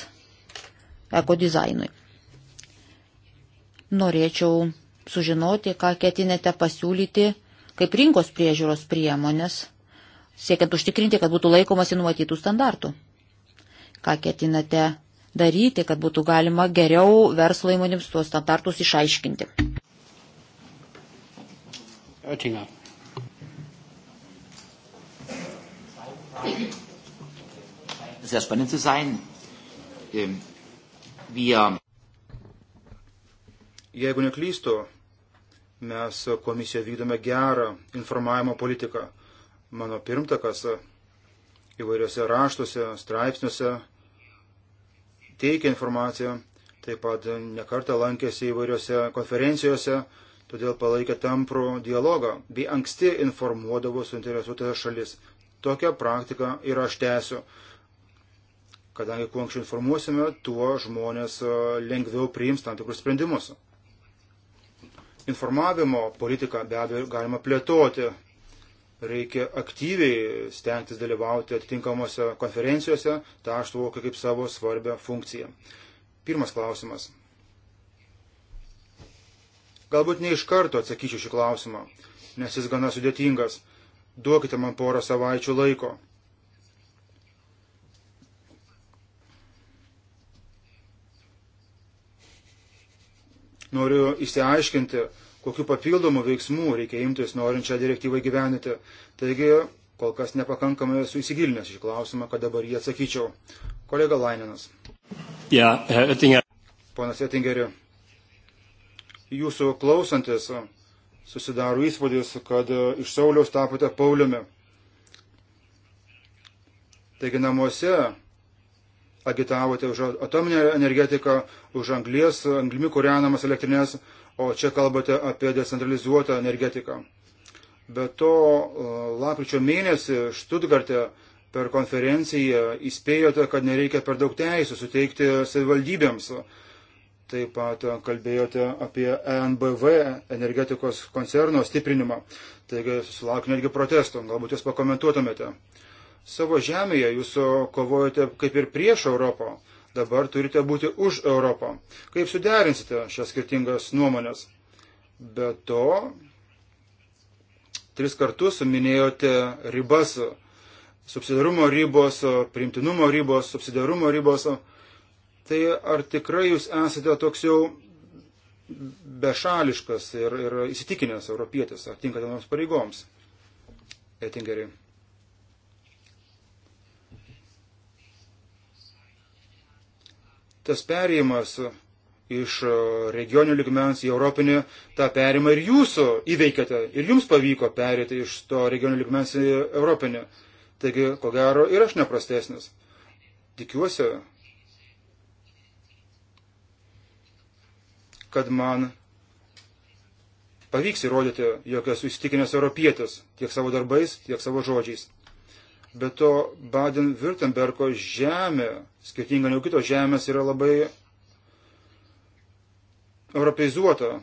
ekodizainui. Norėčiau sužinoti, ką ketinete pasiūlyti kaip rinkos priežiūros priemonės, siekiant užtikrinti, kad būtų laikomasi numatytų standartų. Ką ketinate daryti, kad būtų galima geriau verslo įmonėms tuos standartus išaiškinti. Oettinger. Sehr spannend zu sein. Ähm, Wir ähm, Jeigu neklystu, mes komisiją vykdome gerą informavimo politiką. Mano pirmtakas įvairiuose raštuose, straipsniuose teikia informaciją, taip pat nekartą lankėsi įvairiuose konferencijose, todėl palaikė tamprų dialogą bei anksti informuodavo suinteresuotas šalis. Tokią praktiką ir aš tęsiu, kadangi kuo anksčiau informuosime, tuo žmonės e, lengviau priims tam tikrus sprendimus. Informavimo politiką be abejo galima plėtoti. Reikia aktyviai stengtis dalyvauti atitinkamose konferencijose, tą aš suvokiu kaip savo svarbę funkciją. Pirmas klausimas Galbūt ne iš karto atsakysiu šį klausimą, nes jis gana sudėtingas. Duokite man porą savaičių laiko. Noriu įsiaiškinti, kokiu papildomu veiksmu reikia imtis norint šią direktyvą gyveninti. Taigi, kol kas nepakankamai esu įsigilinęs šį klausimą, kad dabar jį atsakyčiau. Kolega Laininas. Ja, Ponas Ettingeri, jūsų klausantis susidaro įspūdis, kad iš Sauliaus tapote Pauliumi. Taigi namuose agitavote už atominę energetiką, už anglies, anglimi kūrenamas elektrinės, o čia kalbate apie decentralizuotą energetiką. Be to, lapkričio mėnesį Štutgarte per konferenciją įspėjote, kad nereikia per daug teisų suteikti savivaldybėms Taip pat kalbėjote apie e NBV energetikos koncerno stiprinimą. Taigi susilaukė netgi protestų. Galbūt jūs pakomentuotumėte. Savo žemėje jūs kovojate kaip ir prieš Europą. Dabar turite būti už Europą. Kaip suderinsite šias skirtingas nuomonės? Be to, tris kartus minėjote ribas. Subsidarumo ribos, priimtinumo ribos, subsidarumo ribos. ribos tai ar tikrai jūs esate toks jau bešališkas ir, ir įsitikinęs europietis, ar tinkate nors pareigoms? Etingeriai. Tas perėjimas iš regionių ligmens į europinį, tą perimą ir jūsų įveikėte, ir jums pavyko perėti iš to regionių ligmens į europinį. Taigi, ko gero, ir aš neprastesnis. Tikiuosi, kad man pavyks įrodyti, jog esu įsitikinęs europietis tiek savo darbais, tiek savo žodžiais. Be to, Baden-Württembergo žemė, skirtinga negu kitos žemės, yra labai europeizuota.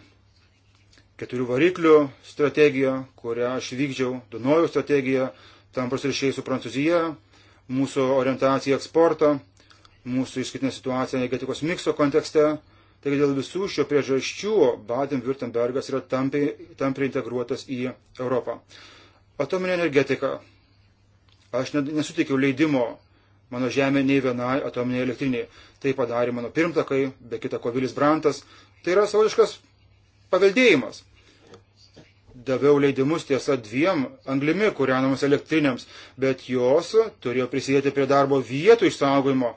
Keturių variklių strategija, kurią aš vykdžiau, Dunojų strategija, tampros ryšiai su Prancūzija, mūsų orientacija eksportą, mūsų išskirtinė situacija energetikos mikso kontekste, Taigi dėl visų šio priežasčių Baden-Württembergas yra tampriai, tampriai integruotas į Europą. Atominė energetika. Aš nesuteikiau leidimo mano žemė nei vienai atominiai elektriniai. Tai padarė mano pirmtakai, be kita ko Vilis Brantas. Tai yra savotiškas paveldėjimas. Daviau leidimus tiesa dviem anglimi kūrenamos elektrinėms, bet jos turėjo prisidėti prie darbo vietų išsaugojimo,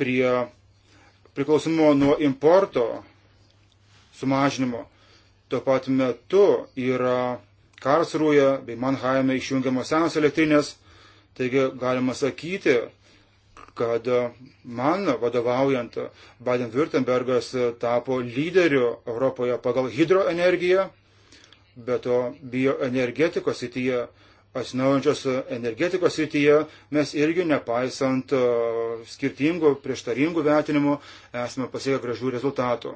prie priklausomumo nuo importo sumažinimo. Tuo pat metu yra Karlsrūje bei Mannheime išjungiamos senos elektrinės, taigi galima sakyti, kad man vadovaujant Baden-Württembergas tapo lyderiu Europoje pagal hidroenergiją, bet to bioenergetikos įtyje atsinaujančios e, energetikos srityje mes irgi nepaisant e, skirtingų, prieštaringų vertinimų esame pasiekę gražių rezultatų.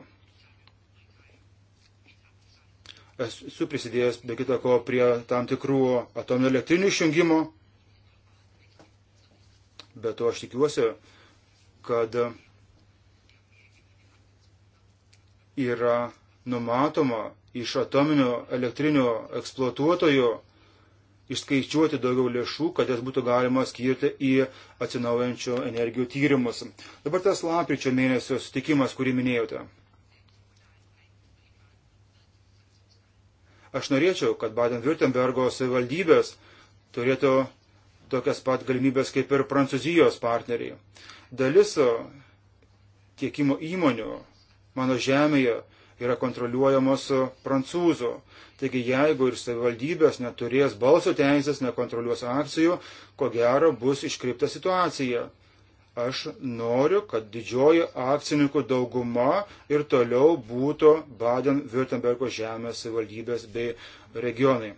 Esu prisidėjęs be kita ko prie tam tikrų atominio elektrinių išjungimo, bet to aš tikiuosi, kad yra numatoma iš atominio elektrinio eksploatuotojų išskaičiuoti daugiau lėšų, kad jas būtų galima skirti į atsinaujančių energijų tyrimus. Dabar tas lapkričio mėnesio sutikimas, kurį minėjote. Aš norėčiau, kad Baden-Württembergo savivaldybės turėtų tokias pat galimybės kaip ir Prancūzijos partneriai. Dalis uh, tiekimo įmonių mano žemėje yra kontroliuojamos prancūzų. Taigi jeigu ir savivaldybės neturės balso teisės, nekontroliuos akcijų, ko gero bus iškreipta situacija. Aš noriu, kad didžioji akcininkų dauguma ir toliau būtų Baden-Württembergo žemės savivaldybės bei regionai.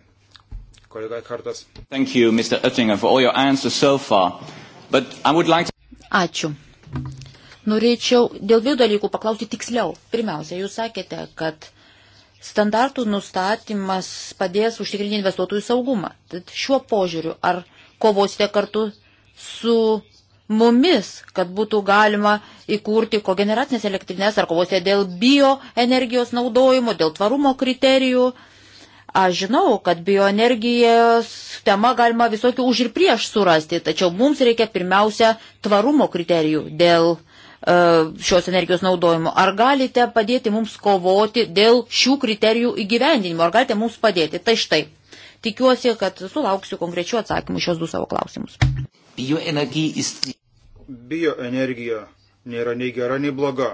Kolega Kartas. Thank you, Mr. Oettinger, for all your answers so far. But I would like to... Ačiū. Norėčiau dėl dviejų dalykų paklausti tiksliau. Pirmiausia, jūs sakėte, kad standartų nustatymas padės užtikrinti investuotojų saugumą. Tad šiuo požiūriu, ar kovosite kartu su mumis, kad būtų galima įkurti kogeneracinės elektrinės, ar kovosite dėl bioenergijos naudojimo, dėl tvarumo kriterijų? Aš žinau, kad bioenergijos tema galima visokių už ir prieš surasti, tačiau mums reikia pirmiausia tvarumo kriterijų dėl E, šios energijos naudojimo. Ar galite padėti mums kovoti dėl šių kriterijų įgyvendinimo? Ar galite mums padėti? Tai štai. Tikiuosi, kad sulauksiu konkrečių atsakymų šios du savo klausimus. Bioenergija nėra nei gera, nei bloga.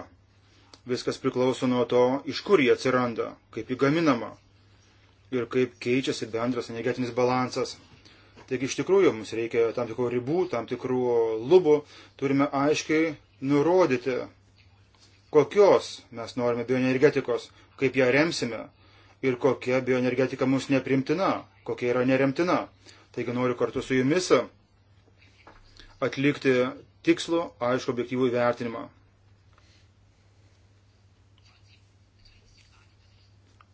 Viskas priklauso nuo to, iš kur jie atsiranda, kaip jį gaminama ir kaip keičiasi bendras energetinis balansas. Taigi iš tikrųjų mums reikia tam tikrų ribų, tam tikrų lubų, turime aiškiai nurodyti, kokios mes norime bioenergetikos, kaip ją remsime ir kokia bioenergetika mums neprimtina, kokia yra neremtina. Taigi noriu kartu su jumis atlikti tikslų, aišku, objektyvų įvertinimą.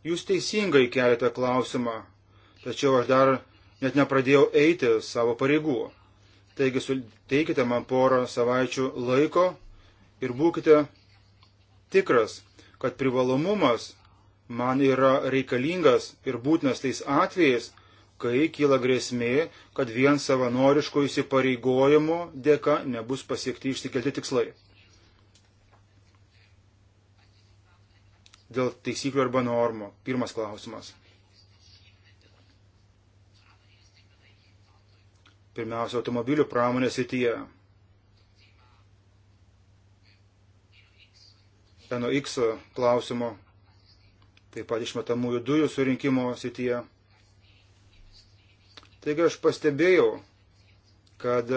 Jūs teisingai keliate klausimą, tačiau aš dar net nepradėjau eiti savo pareigų. Taigi suteikite man porą savaičių laiko ir būkite tikras, kad privalomumas man yra reikalingas ir būtinas tais atvejais, kai kyla grėsmė, kad vien savanoriško įsipareigojimo dėka nebus pasiekti išsikelti tikslai. Dėl taisyklių arba normų. Pirmas klausimas. pirmiausia, automobilių pramonės įtyje. NOX klausimo, taip pat išmetamųjų dujų surinkimo sityje. Taigi aš pastebėjau, kad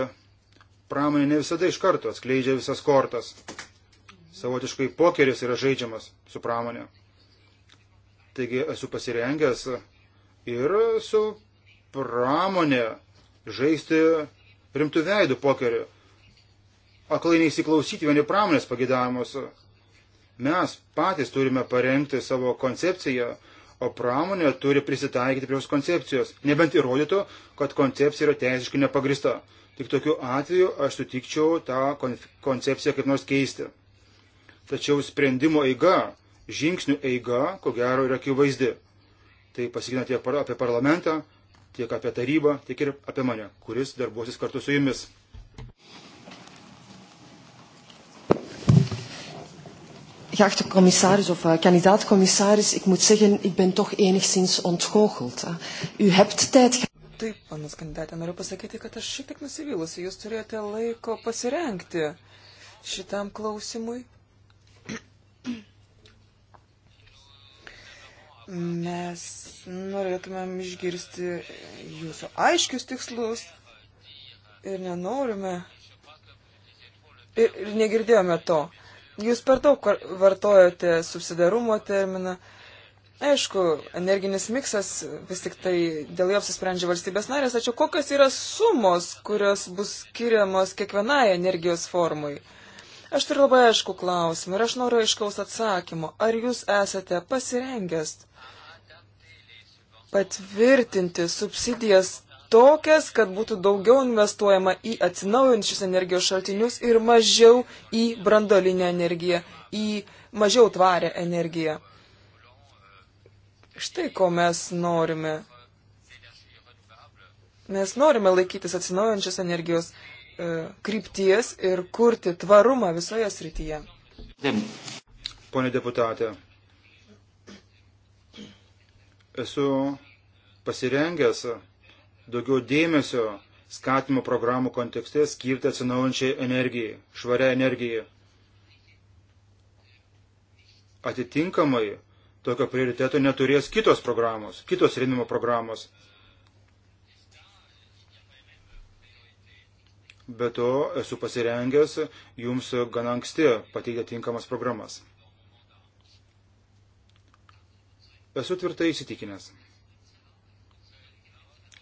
pramonė ne visada iš karto atskleidžia visas kortas. Savotiškai pokeris yra žaidžiamas su pramonė. Taigi esu pasirengęs ir su pramonė žaisti rimtų veidų pokerį, aklai neįsiklausyti vieni pramonės pagėdavimus. Mes patys turime parengti savo koncepciją, o pramonė turi prisitaikyti prie jos koncepcijos, nebent įrodytų, kad koncepcija yra teisiškai nepagrista. Tik tokiu atveju aš sutikčiau tą koncepciją kaip nors keisti. Tačiau sprendimo eiga, žingsnių eiga, ko gero, yra akivaizdi. Tai pasigina apie parlamentą, tiek apie tarybą, tiek ir apie mane, kuris darbuosis kartu su jumis. Geachte commissaris of uh, eh, kandidaat commissaris, ik moet zeggen, ik ben toch enigszins ontgoocheld. Uh, u hebt tijd. Taip, panas kandidatė, noriu pasakyti, kad aš šiek tiek nusivylusi. Jūs turėjote laiko pasirenkti šitam klausimui. Mes norėtumėm išgirsti jūsų aiškius tikslus ir nenorime. Ir, ir negirdėjome to. Jūs per daug vartojate subsidarumo terminą. Aišku, energinis miksas vis tik tai dėl jo apsisprendžia valstybės narės, tačiau kokios yra sumos, kurios bus skiriamos kiekvienai energijos formai? Aš turiu labai aišku klausimą ir aš noriu aiškaus atsakymo. Ar jūs esate pasirengęs patvirtinti subsidijas tokias, kad būtų daugiau investuojama į atsinaujinčius energijos šaltinius ir mažiau į brandolinę energiją, į mažiau tvarę energiją. Štai ko mes norime. Mes norime laikytis atsinaujančios energijos e, krypties ir kurti tvarumą visoje srityje. Pone deputate, esu pasirengęs daugiau dėmesio skatimo programų kontekste skirti atsinaujančiai energijai, švaria energijai. Atitinkamai tokio prioriteto neturės kitos programos, kitos rėmimo programos. Be to esu pasirengęs jums gan anksti pateikti tinkamas programas. Esu tvirtai įsitikinęs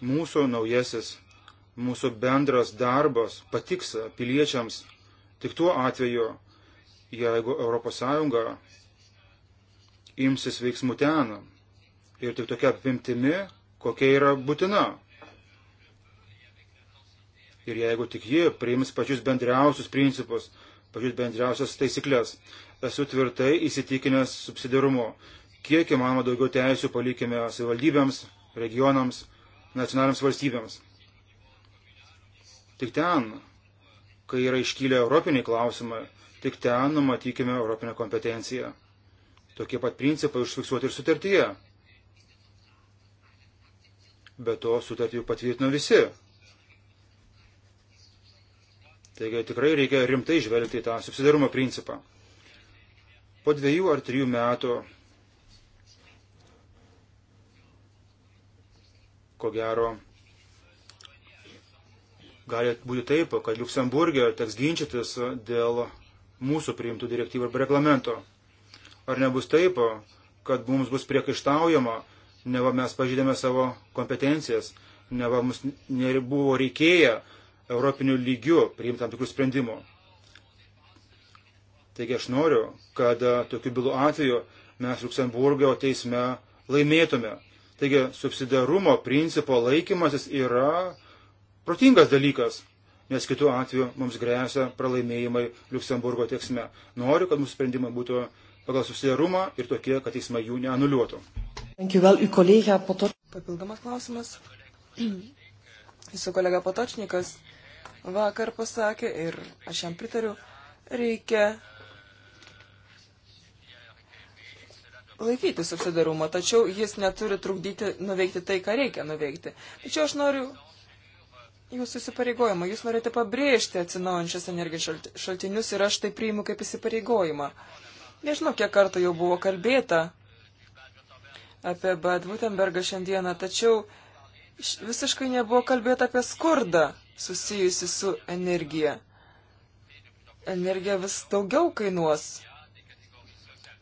mūsų naujasis, mūsų bendras darbas patiks piliečiams tik tuo atveju, jeigu ES imsis veiksmų ten ir tik tokia apimtimi, kokia yra būtina. Ir jeigu tik ji priims pačius bendriausius principus, pačius bendriausias taisyklės, esu tvirtai įsitikinęs subsidiarumu. Kiek įmanoma daugiau teisų palikime savivaldybėms, regionams, nacionaliniams valstybėms. Tik ten, kai yra iškylę europiniai klausimai, tik ten numatykime europinę kompetenciją. Tokie pat principai užfiksuoti ir sutartyje. Be to sutartį jau patvirtino visi. Taigi tikrai reikia rimtai žvelgti į tą subsidarumo principą. Po dviejų ar trijų metų ko gero, gali būti taip, kad Luksemburgė teks ginčytis dėl mūsų priimtų direktyvų arba reglamento. Ar nebus taip, kad mums bus priekaištaujama, neva mes pažydėme savo kompetencijas, neva mums nebuvo reikėję europinių lygių priimti tam tikrų sprendimų. Taigi aš noriu, kad tokių bylų atveju mes Luksemburgo teisme laimėtume Taigi subsidiarumo principo laikymasis yra protingas dalykas, nes kitu atveju mums grėsia pralaimėjimai Luksemburgo teksme. Noriu, kad mūsų sprendimai būtų pagal subsidiarumą ir tokie, kad teismai jų neanuliuotų. Papildomas klausimas. Jūsų kolega Patočnikas vakar pasakė ir aš jam pritariu, reikia laikyti subsidarumo, tačiau jis neturi trukdyti nuveikti tai, ką reikia nuveikti. Tačiau aš noriu jūsų įsipareigojimą. Jūs norite pabrėžti atsinaujančias energijos šaltinius ir aš tai priimu kaip įsipareigojimą. Nežinau, kiek kartų jau buvo kalbėta apie Bad Württembergą šiandieną, tačiau visiškai nebuvo kalbėta apie skurdą susijusi su energija. Energija vis daugiau kainuos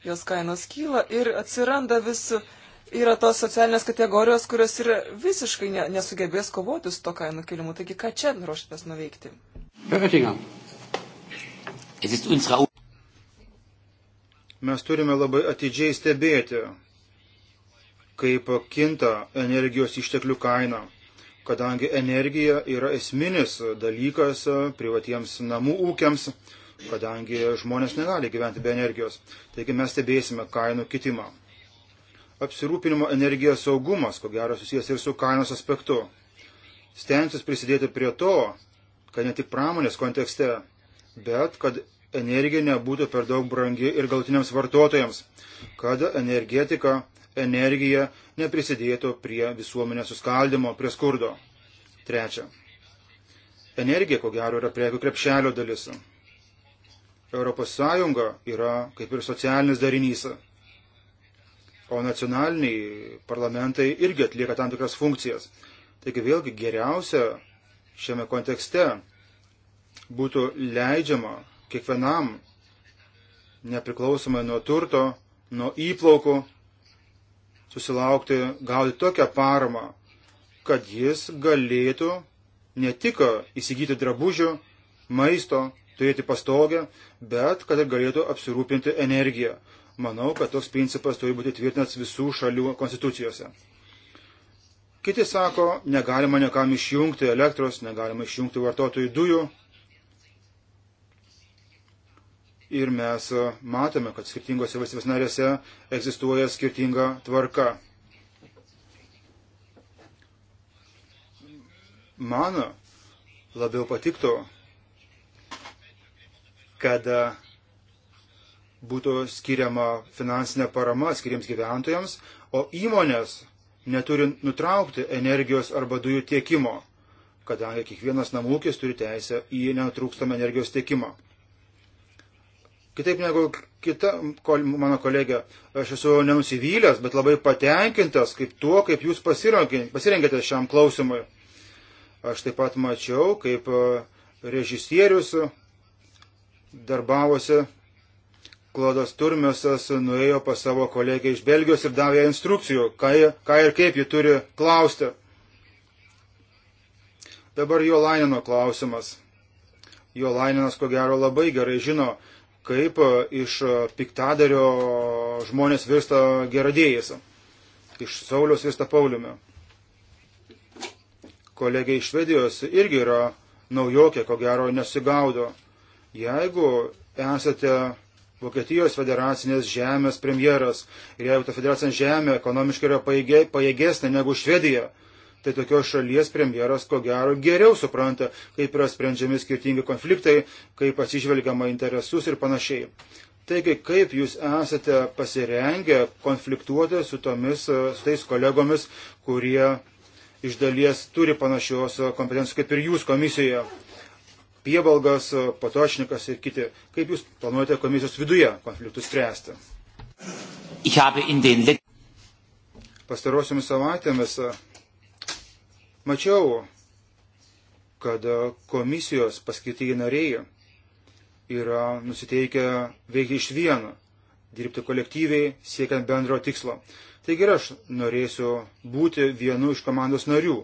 jos kainos kyla ir atsiranda vis, yra tos socialinės kategorijos, kurios ir visiškai ne, nesugebės kovoti su to kainų kilimu. Taigi, ką čia ruošitės nuveikti? Mes turime labai atidžiai stebėti, kaip kinta energijos išteklių kaina, kadangi energija yra esminis dalykas privatiems namų ūkiams kadangi žmonės negali gyventi be energijos. Taigi mes stebėsime kainų kitimą. Apsirūpinimo energijos saugumas, ko gero, susijęs ir su kainos aspektu. Stengsis prisidėti prie to, kad ne tik pramonės kontekste, bet kad energija nebūtų per daug brangi ir galtiniams vartotojams, kad energetika, energija neprisidėtų prie visuomenės suskaldimo, prie skurdo. Trečia. Energija, ko gero, yra prekių krepšelio dalis. ES yra kaip ir socialinis darinys, o nacionaliniai parlamentai irgi atlieka tam tikras funkcijas. Taigi vėlgi geriausia šiame kontekste būtų leidžiama kiekvienam, nepriklausomai nuo turto, nuo įplaukų, susilaukti, gauti tokią paramą, kad jis galėtų ne tik įsigyti drabužių, maisto, turėti pastogę, bet kad ir galėtų apsirūpinti energiją. Manau, kad toks principas turi būti tvirtintas visų šalių konstitucijose. Kiti sako, negalima niekam išjungti elektros, negalima išjungti vartotojų dujų. Ir mes matome, kad skirtingose valstybės narėse egzistuoja skirtinga tvarka. Man labiau patiktų, kad e, būtų skiriama finansinė parama skiriems gyventojams, o įmonės neturi nutraukti energijos arba dujų tiekimo, kadangi kiekvienas namūkis turi teisę į nenutrūkstamą energijos tiekimą. Kitaip negu kita kol, mano kolegė, aš esu nenusivylęs, bet labai patenkintas kaip tuo, kaip jūs pasirengėte šiam klausimui. Aš taip pat mačiau, kaip e, režisierius darbavosi, Klodas Turmiosas nuėjo pas savo kolegę iš Belgijos ir davė instrukcijų, ką, ką ir kaip ji turi klausti. Dabar jo Lainino klausimas. Jo Laininas ko gero labai gerai žino, kaip iš piktadario žmonės virsta geradėjais. Iš Sauliaus virsta Pauliumi. Kolegė iš Švedijos irgi yra naujokė, ko gero nesigaudo Jeigu esate Vokietijos federacinės žemės premjeras ir jeigu ta federacinė žemė ekonomiškai yra paėgė, pajėgesnė negu Švedija, tai tokios šalies premjeras ko gero geriau supranta, kaip yra sprendžiami skirtingi konfliktai, kaip atsižvelgiama interesus ir panašiai. Taigi, kaip jūs esate pasirengę konfliktuoti su, tomis, su tais kolegomis, kurie iš dalies turi panašios kompetencijos kaip ir jūs komisijoje? Piebalgas, Patošnikas ir kiti. Kaip Jūs planuojate komisijos viduje konfliktus spręsti? Pastarosiomis savaitėmis e, mačiau, kad e, komisijos paskirtieji nariai yra nusiteikę veikti iš vieno, dirbti kolektyviai, siekiant bendro tikslo. Taigi ir aš norėsiu būti vienu iš komandos narių,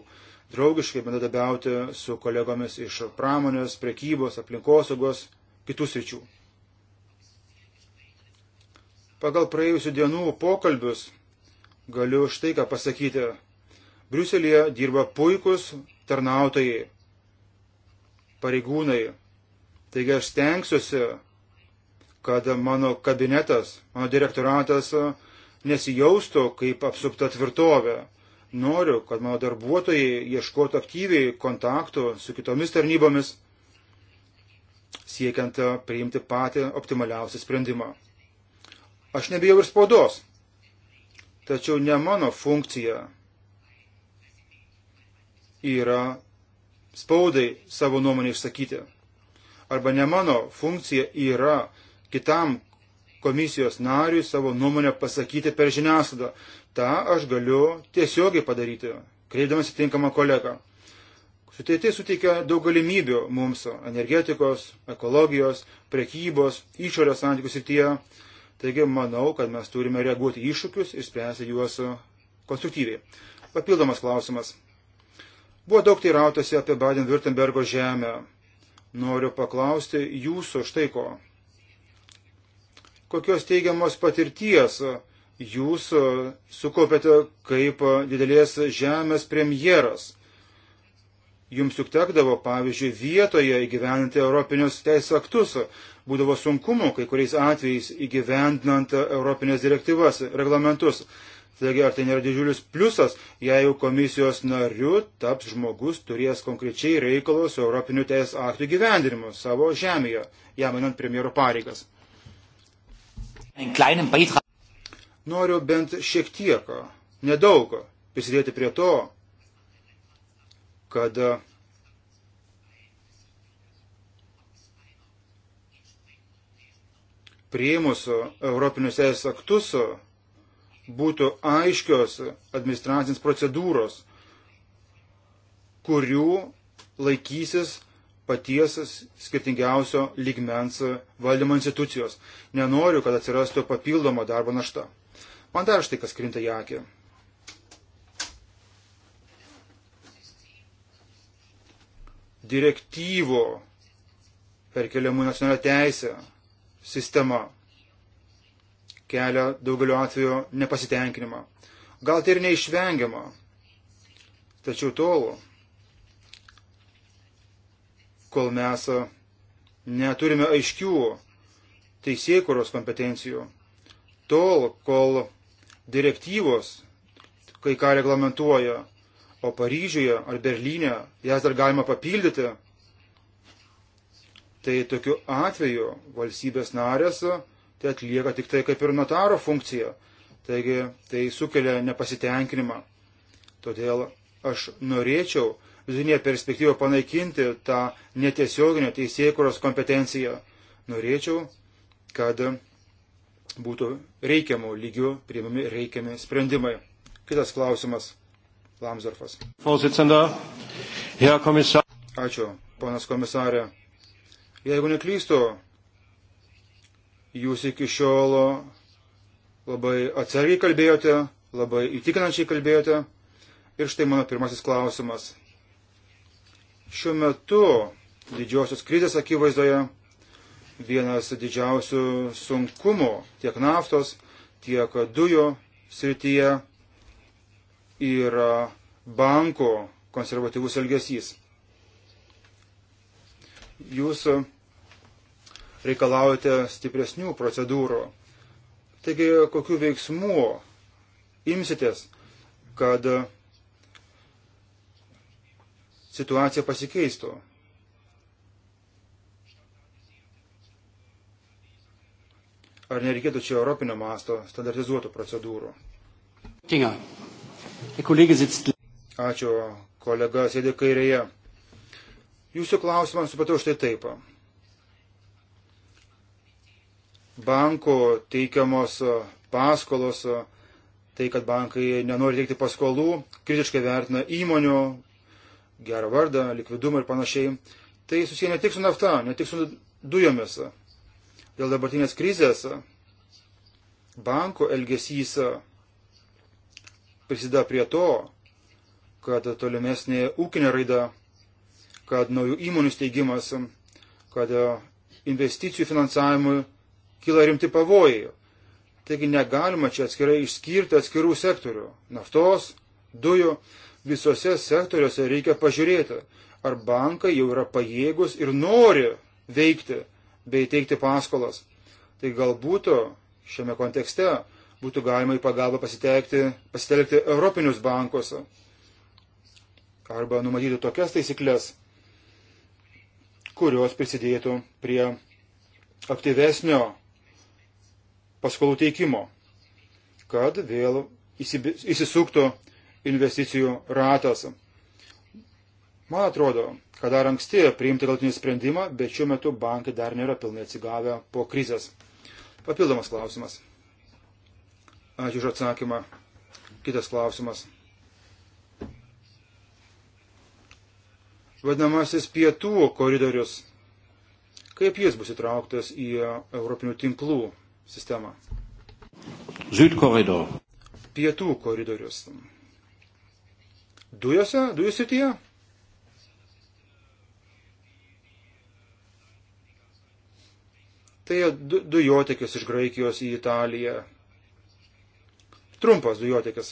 draugiškai bendradabiauti su kolegomis iš pramonės, prekybos, aplinkosaugos, kitų sričių. Pagal praėjusių dienų pokalbius galiu štai ką pasakyti. Briuselėje dirba puikus tarnautojai, pareigūnai. Taigi aš stengsiuosi, kad mano kabinetas, mano direktoratas nesijaustų kaip apsupta tvirtovė Noriu, kad mano darbuotojai ieškotų aktyviai kontaktų su kitomis tarnybomis, siekiant e, priimti patį optimaliausią sprendimą. Aš nebijau ir spaudos, tačiau ne mano funkcija yra spaudai savo nuomonę išsakyti. Arba ne mano funkcija yra kitam komisijos nariui savo nuomonę pasakyti per žiniasklaidą. Ta aš galiu tiesiogiai padaryti, kreipdamas į tinkamą kolegą. Suteitė suteikia daug galimybių mums energetikos, ekologijos, prekybos, išorės santykių srityje. Taigi manau, kad mes turime reaguoti iššūkius ir spręsti juos konstruktyviai. Papildomas klausimas. Buvo daug teirautasi apie Baden-Württembergo žemę. Noriu paklausti jūsų štai ko kokios teigiamos patirties jūs sukaupėte kaip didelės žemės premjeras. Jums juk tekdavo, pavyzdžiui, vietoje įgyveninti Europinius teisės aktus. Būdavo sunkumų kai kuriais atvejais įgyvendinant Europinės direktyvas, reglamentus. Taigi, ar tai nėra didžiulis pliusas, jeigu komisijos nariu taps žmogus, turės konkrečiai reikalus Europinių teisės aktų gyvendinimu savo žemėje, jam einant premjero pareigas. Noriu bent šiek tiek, nedaug prisidėti prie to, kad prieimus Europinius teisės aktus būtų aiškios administracinės procedūros, kurių laikysis paties skirtingiausio lygmens valdymo institucijos. Nenoriu, kad atsirastų papildoma darbo našta. Man dar štai kas krinta į akį. Direktyvo perkeliamų nacionalinę teisę sistema kelia daugeliu atveju nepasitenkinimą. Gal tai ir neišvengiama. Tačiau tol, kol mes neturime aiškių teisėkuros kompetencijų, tol, kol direktyvos kai ką reglamentuoja, o Paryžiuje ar Berlyne jas dar galima papildyti, tai tokiu atveju valstybės narės tai atlieka tik tai kaip ir notaro funkcija. Taigi tai sukelia nepasitenkinimą. Todėl aš norėčiau, vidutinėje perspektyvoje panaikinti tą netiesioginio teisėkuros kompetenciją. Norėčiau, kad būtų reikiamų lygių priimami reikiami sprendimai. Kitas klausimas. Lamsdorfas. Ačiū, ponas komisarė. Jeigu neklystu, jūs iki šiol labai atsargiai kalbėjote, labai įtikinančiai kalbėjote. Ir štai mano pirmasis klausimas. Šiuo metu didžiosios krizės akivaizdoje vienas didžiausių sunkumų tiek naftos, tiek dujų srityje yra banko konservatyvus elgesys. Jūs reikalaujate stipresnių procedūrų. Taigi, kokiu veiksmu imsitės, kad situacija pasikeistų. Ar nereikėtų čia Europinio masto standartizuotų procedūrų? Ačiū, kolega sėdė kairėje. Jūsų klausimą supratau štai taip. Banko teikiamos paskolos, tai kad bankai nenori teikti paskolų, kritiškai vertina įmonių gerą vardą, likvidumą ir panašiai, tai susiję ne tik su nafta, ne tik su dujomis. Dėl dabartinės krizės banko elgesys prisideda prie to, kad tolimesnė ūkinė raida, kad naujų įmonių steigimas, kad investicijų finansavimui kyla rimti pavojai. Taigi negalima čia atskirai išskirti atskirų sektorių - naftos, dujų visose sektoriuose reikia pažiūrėti, ar bankai jau yra pajėgus ir nori veikti bei teikti paskolas. Tai galbūt šiame kontekste būtų galima į pagalbą pasitelkti Europinius bankus arba numatyti tokias taisyklės, kurios prisidėtų prie aktyvesnio paskolų teikimo, kad vėl įsisuktų investicijų ratas. Man atrodo, kad dar anksti priimti galtinį sprendimą, bet šiuo metu bankai dar nėra pilnai atsigavę po krizės. Papildomas klausimas. Ačiū už atsakymą. Kitas klausimas. Vadinamasis pietų koridorius. Kaip jis bus įtrauktas į Europinių tinklų sistemą? Südkoridor. Pietų koridorius dujose, dujų srityje. Tai du, dujotekis iš Graikijos į Italiją. Trumpas dujotekis.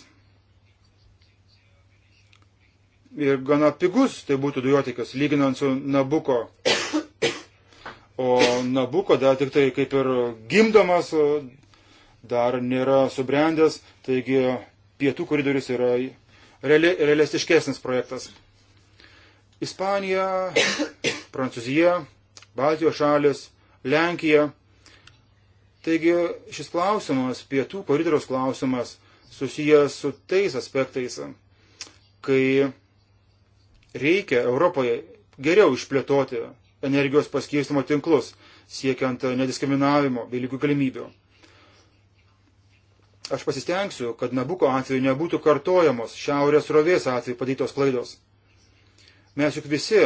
Ir gana pigus tai būtų dujotekis, lyginant su Nabuko. O Nabuko dar tik tai kaip ir gimdomas, dar nėra subrendęs, taigi pietų koridorius yra reali, realistiškesnis projektas. Ispanija, Prancūzija, Baltijos šalis, Lenkija. Taigi šis klausimas, pietų koridoriaus klausimas, susijęs su tais aspektais, kai reikia Europoje geriau išplėtoti energijos paskirstimo tinklus, siekiant nediskriminavimo bei lygių galimybių. Aš pasistengsiu, kad Nabuko atveju nebūtų kartojamos šiaurės rovės atveju padarytos klaidos. Mes juk visi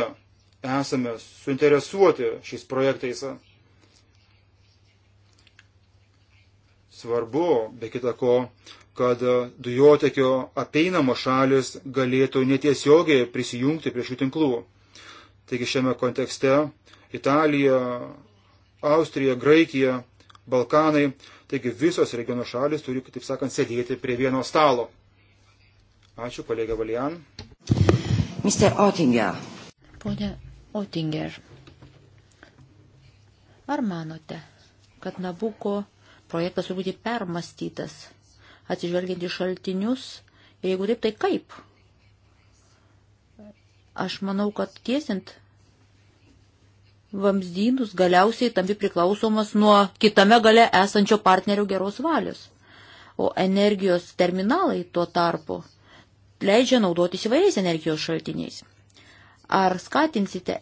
esame suinteresuoti šiais projektais. Svarbu, be kita ko, kad dujotekio apeinamos šalis galėtų netiesiogiai prisijungti prie šių tinklų. Taigi šiame kontekste Italija, Austrija, Graikija, Balkanai Taigi visos regiono šalis turi, taip sakant, sėdėti prie vieno stalo. Ačiū, kolega Valian. Mr. Oettinger. Pone Oettinger, ar manote, kad Nabuko projektas turi būti permastytas, atsižvelgiant į šaltinius ir jeigu taip, tai kaip? Aš manau, kad tiesint vamzdynus galiausiai tampi priklausomas nuo kitame gale esančio partnerio geros valios. O energijos terminalai tuo tarpu leidžia naudotis įvairiais energijos šaltiniais. Ar skatinsite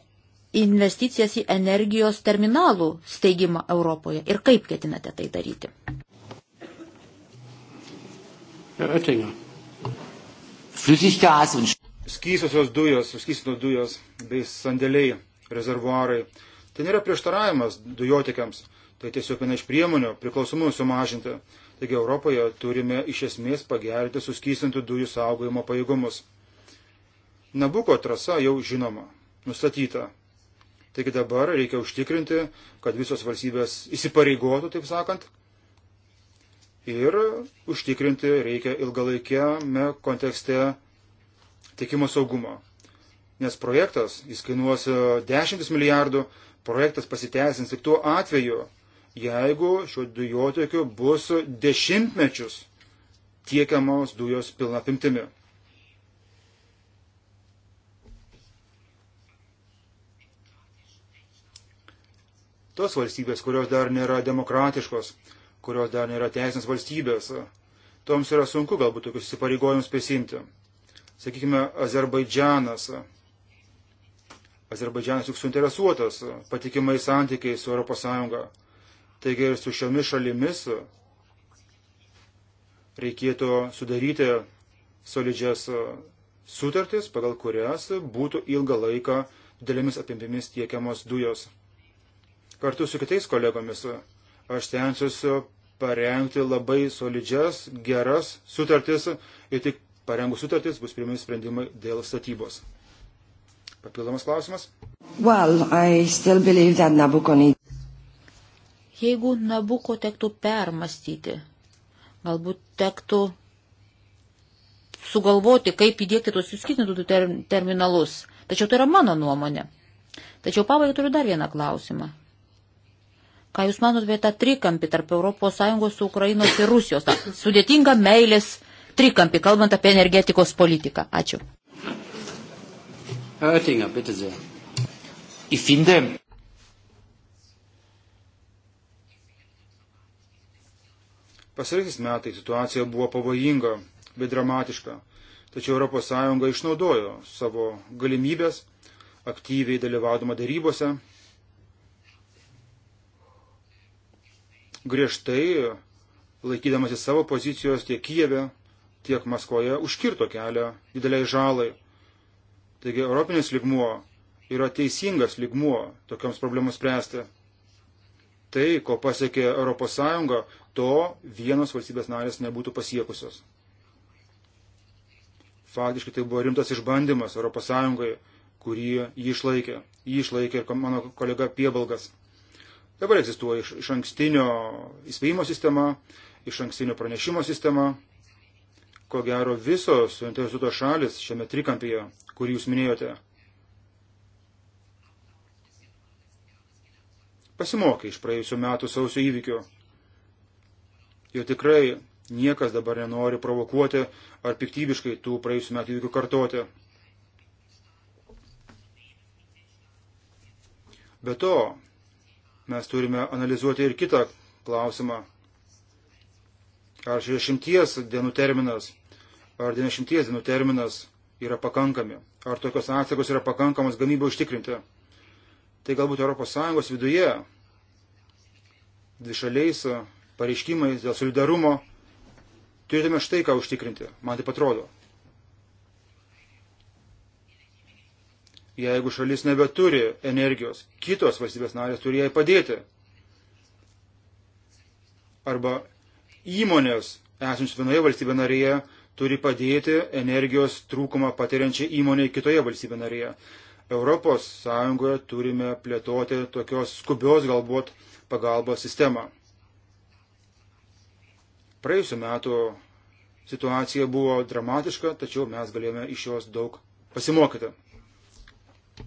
investicijas į energijos terminalų steigimą Europoje ir kaip ketinate tai daryti? Skysiosios dujos, skysiosios dujos bei sandėliai rezervuarai. Tai nėra prieštaravimas dujotikiams, tai tiesiog viena iš priemonių priklausomumui sumažinti. Taigi Europoje turime iš esmės pagerinti suskystintų dujų saugojimo pajėgumus. Nabuko trasa jau žinoma, nustatyta. Taigi dabar reikia užtikrinti, kad visos valstybės įsipareigotų, taip sakant, ir užtikrinti reikia ilgalaikiame kontekste tiekimo saugumą nes projektas, jis kainuos e, dešimtis milijardų, projektas pasiteisins tik tuo atveju, jeigu šiuo dujotekiu bus dešimtmečius tiekiamos dujos pilna pimtimi. Tos valstybės, kurios dar nėra demokratiškos, kurios dar nėra teisinės valstybės, toms yra sunku galbūt tokius įsipareigojimus prisimti. Sakykime, Azerbaidžianas Azerbaidžianas juk suinteresuotas patikimais santykiais su ES. Taigi ir su šiomis šalimis reikėtų sudaryti solidžias sutartis, pagal kurias būtų ilgą laiką didelėmis apimtimis tiekiamos dujos. Kartu su kitais kolegomis aš tensiuosiu parengti labai solidžias, geras sutartis ir tik parengus sutartis bus priimami sprendimai dėl statybos. Papildomas klausimas. Well, Nabucco need... Jeigu Nabuko tektų permastyti, galbūt tektų sugalvoti, kaip įdėkti tos įskaitintų ter terminalus. Tačiau tai yra mano nuomonė. Tačiau pabaigai turiu dar vieną klausimą. Ką Jūs manot apie tą trikampį tarp ES, Ukrainos ir Rusijos? Ta sudėtinga meilės trikampį, kalbant apie energetikos politiką. Ačiū. Herr Oettinger, bitte sehr. Ich finde. Pasaraisiais metais situacija buvo pavojinga bei dramatiška, tačiau ES išnaudojo savo galimybės aktyviai dalyvaudama darybose, griežtai laikydamasi savo pozicijos tiek Kijeve, tiek Maskvoje užkirto kelią dideliai žalai Taigi europinis ligmuo yra teisingas ligmuo tokioms problemams spręsti. Tai, ko pasiekė ES, to vienos valstybės narės nebūtų pasiekusios. Faktiškai tai buvo rimtas išbandymas ES, kurį jį išlaikė. Jį išlaikė ir mano kolega Piebalgas. Dabar egzistuoja iš, iš ankstinio įspėjimo sistema, iš ankstinio pranešimo sistema. Ko gero visos suinteresuotos šalis šiame trikampyje kurį jūs minėjote, pasimokė iš praėjusių metų sausio įvykių. Jo tikrai niekas dabar nenori provokuoti ar piktybiškai tų praėjusių metų įvykių kartoti. Be to, mes turime analizuoti ir kitą klausimą. Ar 60 dienų terminas, ar 90 dienų terminas yra pakankami, ar tokios atsargos yra pakankamos gamybą užtikrinti. Tai galbūt ES viduje dvišaliais e, pareiškimais dėl solidarumo turėtume štai ką užtikrinti, man tai patrodo. Jeigu šalis nebeturi energijos, kitos valstybės narės turi jai padėti. Arba įmonės esančios vienoje valstybė narėje turi padėti energijos trūkumą patiriančiai įmoniai kitoje valstybė narėje. Europos Sąjungoje turime plėtoti tokios skubios galbūt pagalbos sistemą. Praėjusiu metu situacija buvo dramatiška, tačiau mes galėjome iš jos daug pasimokyti.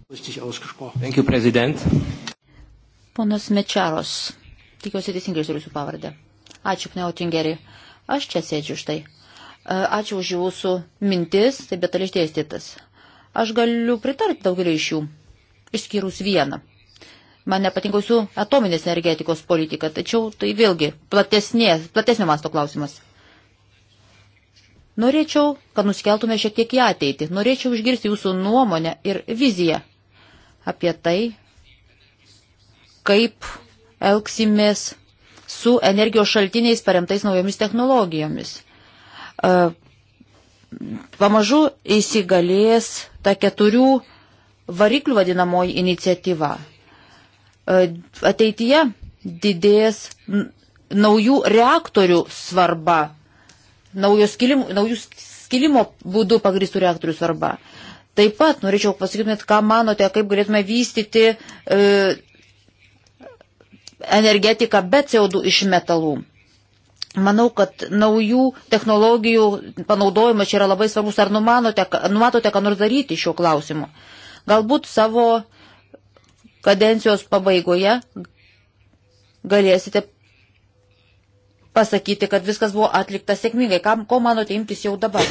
You, Ponas Mečiaros, tikiuosi teisingai žiūriu jūsų pavardę. Ačiū, Pneutingeri. Aš čia sėdžiu štai. E, ačiū už jūsų mintis, tai betaliai išdėstytas. Aš galiu pritarti daugelį iš jų, išskyrus vieną. Man nepatinka jūsų atominės energetikos politika, tačiau tai vėlgi platesnė, platesnio masto klausimas. Norėčiau, kad nuskeltume šiek tiek į ateitį. Norėčiau išgirsti jūsų nuomonę ir viziją apie tai, kaip elgsimės su energijos šaltiniais paremtais naujomis technologijomis pamažu įsigalės ta keturių variklių vadinamoji iniciatyva. Ateityje didės naujų reaktorių svarba, skilimo, naujų skilimo būdų pagristų reaktorių svarba. Taip pat norėčiau pasakytumėt, ką manote, kaip galėtume vystyti e, energetiką be CO2 iš metalų. Manau, kad naujų technologijų panaudojimas čia yra labai svarbus. Ar numanote, numatote, ką nors daryti šiuo klausimu? Galbūt savo kadencijos pabaigoje galėsite pasakyti, kad viskas buvo atlikta sėkmingai. Kam, ko manote imtis jau dabar?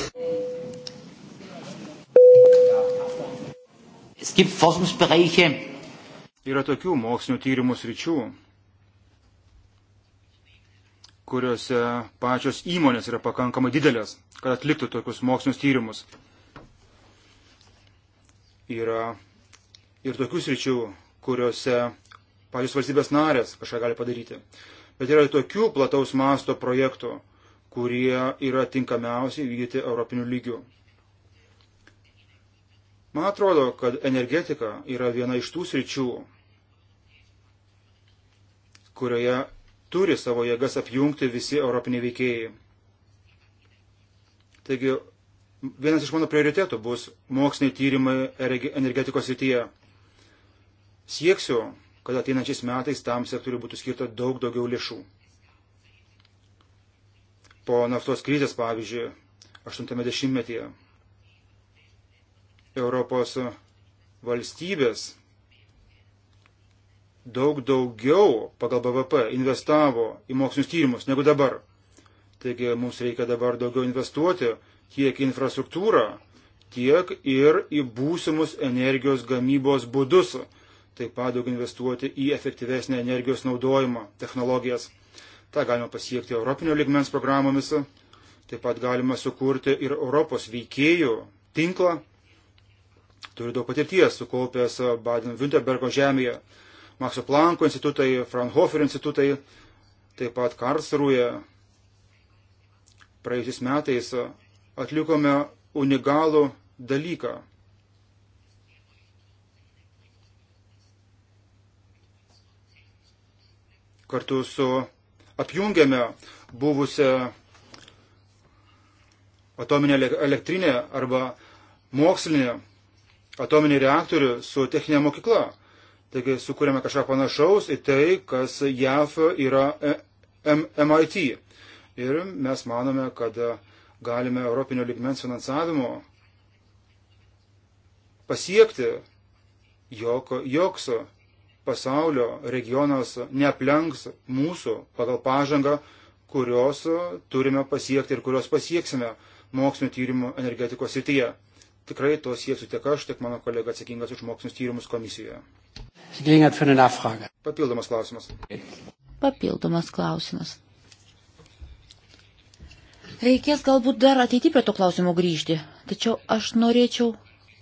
Yra tokių mokslinių tyrimų sričių, kuriuose pačios įmonės yra pakankamai didelės, kad atliktų tokius mokslinius tyrimus. Yra ir tokių sričių, kuriuose pačios valstybės narės kažką gali padaryti. Bet yra ir tokių plataus masto projektų, kurie yra tinkamiausiai vykdyti europinių lygių. Man atrodo, kad energetika yra viena iš tų sričių, kurioje turi savo jėgas apjungti visi europiniai veikėjai. Taigi, vienas iš mano prioritėtų bus moksliniai tyrimai energetikos srityje. Sieksiu, kad ateinančiais metais tam sektoriu būtų skirta daug daugiau lėšų. Po naftos krizės, pavyzdžiui, 80-metyje Europos valstybės daug daugiau pagal BVP investavo į mokslinius tyrimus negu dabar. Taigi mums reikia dabar daugiau investuoti tiek į infrastruktūrą, tiek ir į būsimus energijos gamybos būdus. Taip pat daug investuoti į efektyvesnę energijos naudojimą, technologijas. Ta galima pasiekti Europinio ligmens programomis. Taip pat galima sukurti ir Europos veikėjų tinklą. Turiu daug patirties sukaupęs Baden-Württembergo žemėje. Makso Planko institutai, Fraunhofer institutai, taip pat Karlsruje. Praėjusiais metais atlikome unikalų dalyką. Kartu su apjungėme buvusią atominę elektrinę arba mokslinį atominį reaktorių su techninė mokykla. Taigi sukūrėme kažką panašaus į tai, kas JAF yra e, MIT. Ir mes manome, kad e, galime Europinio ligmens finansavimo pasiekti, jog joks pasaulio regionas neaplenks mūsų pagal pažangą, kurios turime pasiekti ir kurios pasieksime mokslinio tyrimo energetikos srityje tikrai to sieksiu tiek aš, tiek mano kolega atsakingas už mokslinius tyrimus komisijoje. Papildomas klausimas. Papildomas klausimas. Reikės galbūt dar ateity prie to klausimo grįžti, tačiau aš norėčiau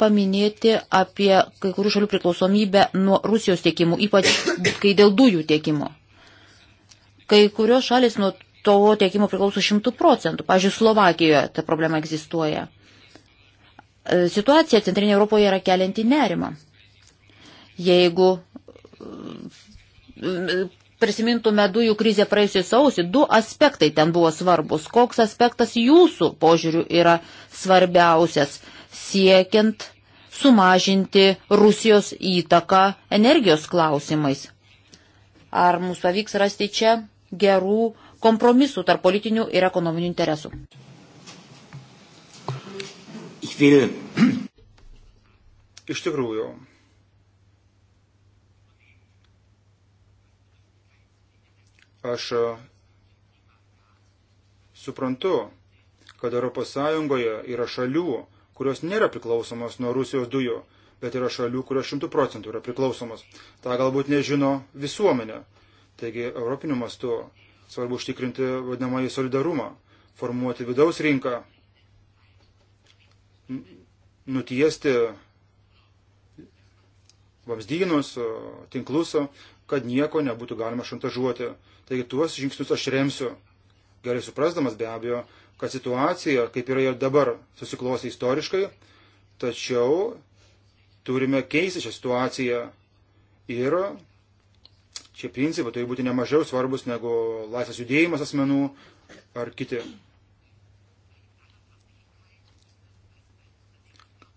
paminėti apie kai kurių šalių priklausomybę nuo Rusijos tiekimų, ypač kai dėl dujų tiekimo. Kai kurios šalis nuo to tiekimo priklauso šimtų procentų. Pavyzdžiui, Slovakijoje ta problema egzistuoja. E, situacija Centrinė Europoje yra kelianti nerimą. Jeigu e, prisimintume dujų krizę praėjusį sausį, du aspektai ten buvo svarbus. Koks aspektas jūsų požiūrių yra svarbiausias siekiant sumažinti Rusijos įtaką energijos klausimais? Ar mums pavyks rasti čia gerų kompromisų tarp politinių ir ekonominių interesų? will. Iš tikrųjų. Aš e, suprantu, kad ES yra šalių, kurios nėra priklausomos nuo Rusijos dujų, bet yra šalių, kurios šimtų procentų yra priklausomos. Ta galbūt nežino visuomenė. Taigi, europiniu mastu svarbu užtikrinti vadinamąjį solidarumą, formuoti vidaus rinką nutiesti vamzdynus, tinklus, kad nieko nebūtų galima šantažuoti. Taigi tuos žingsnius aš remsiu, gerai suprasdamas be abejo, kad situacija, kaip yra ir dabar, susiklosi istoriškai, tačiau turime keisti šią situaciją ir šie principai turi būti nemažiau svarbus negu laisvas judėjimas asmenų ar kiti.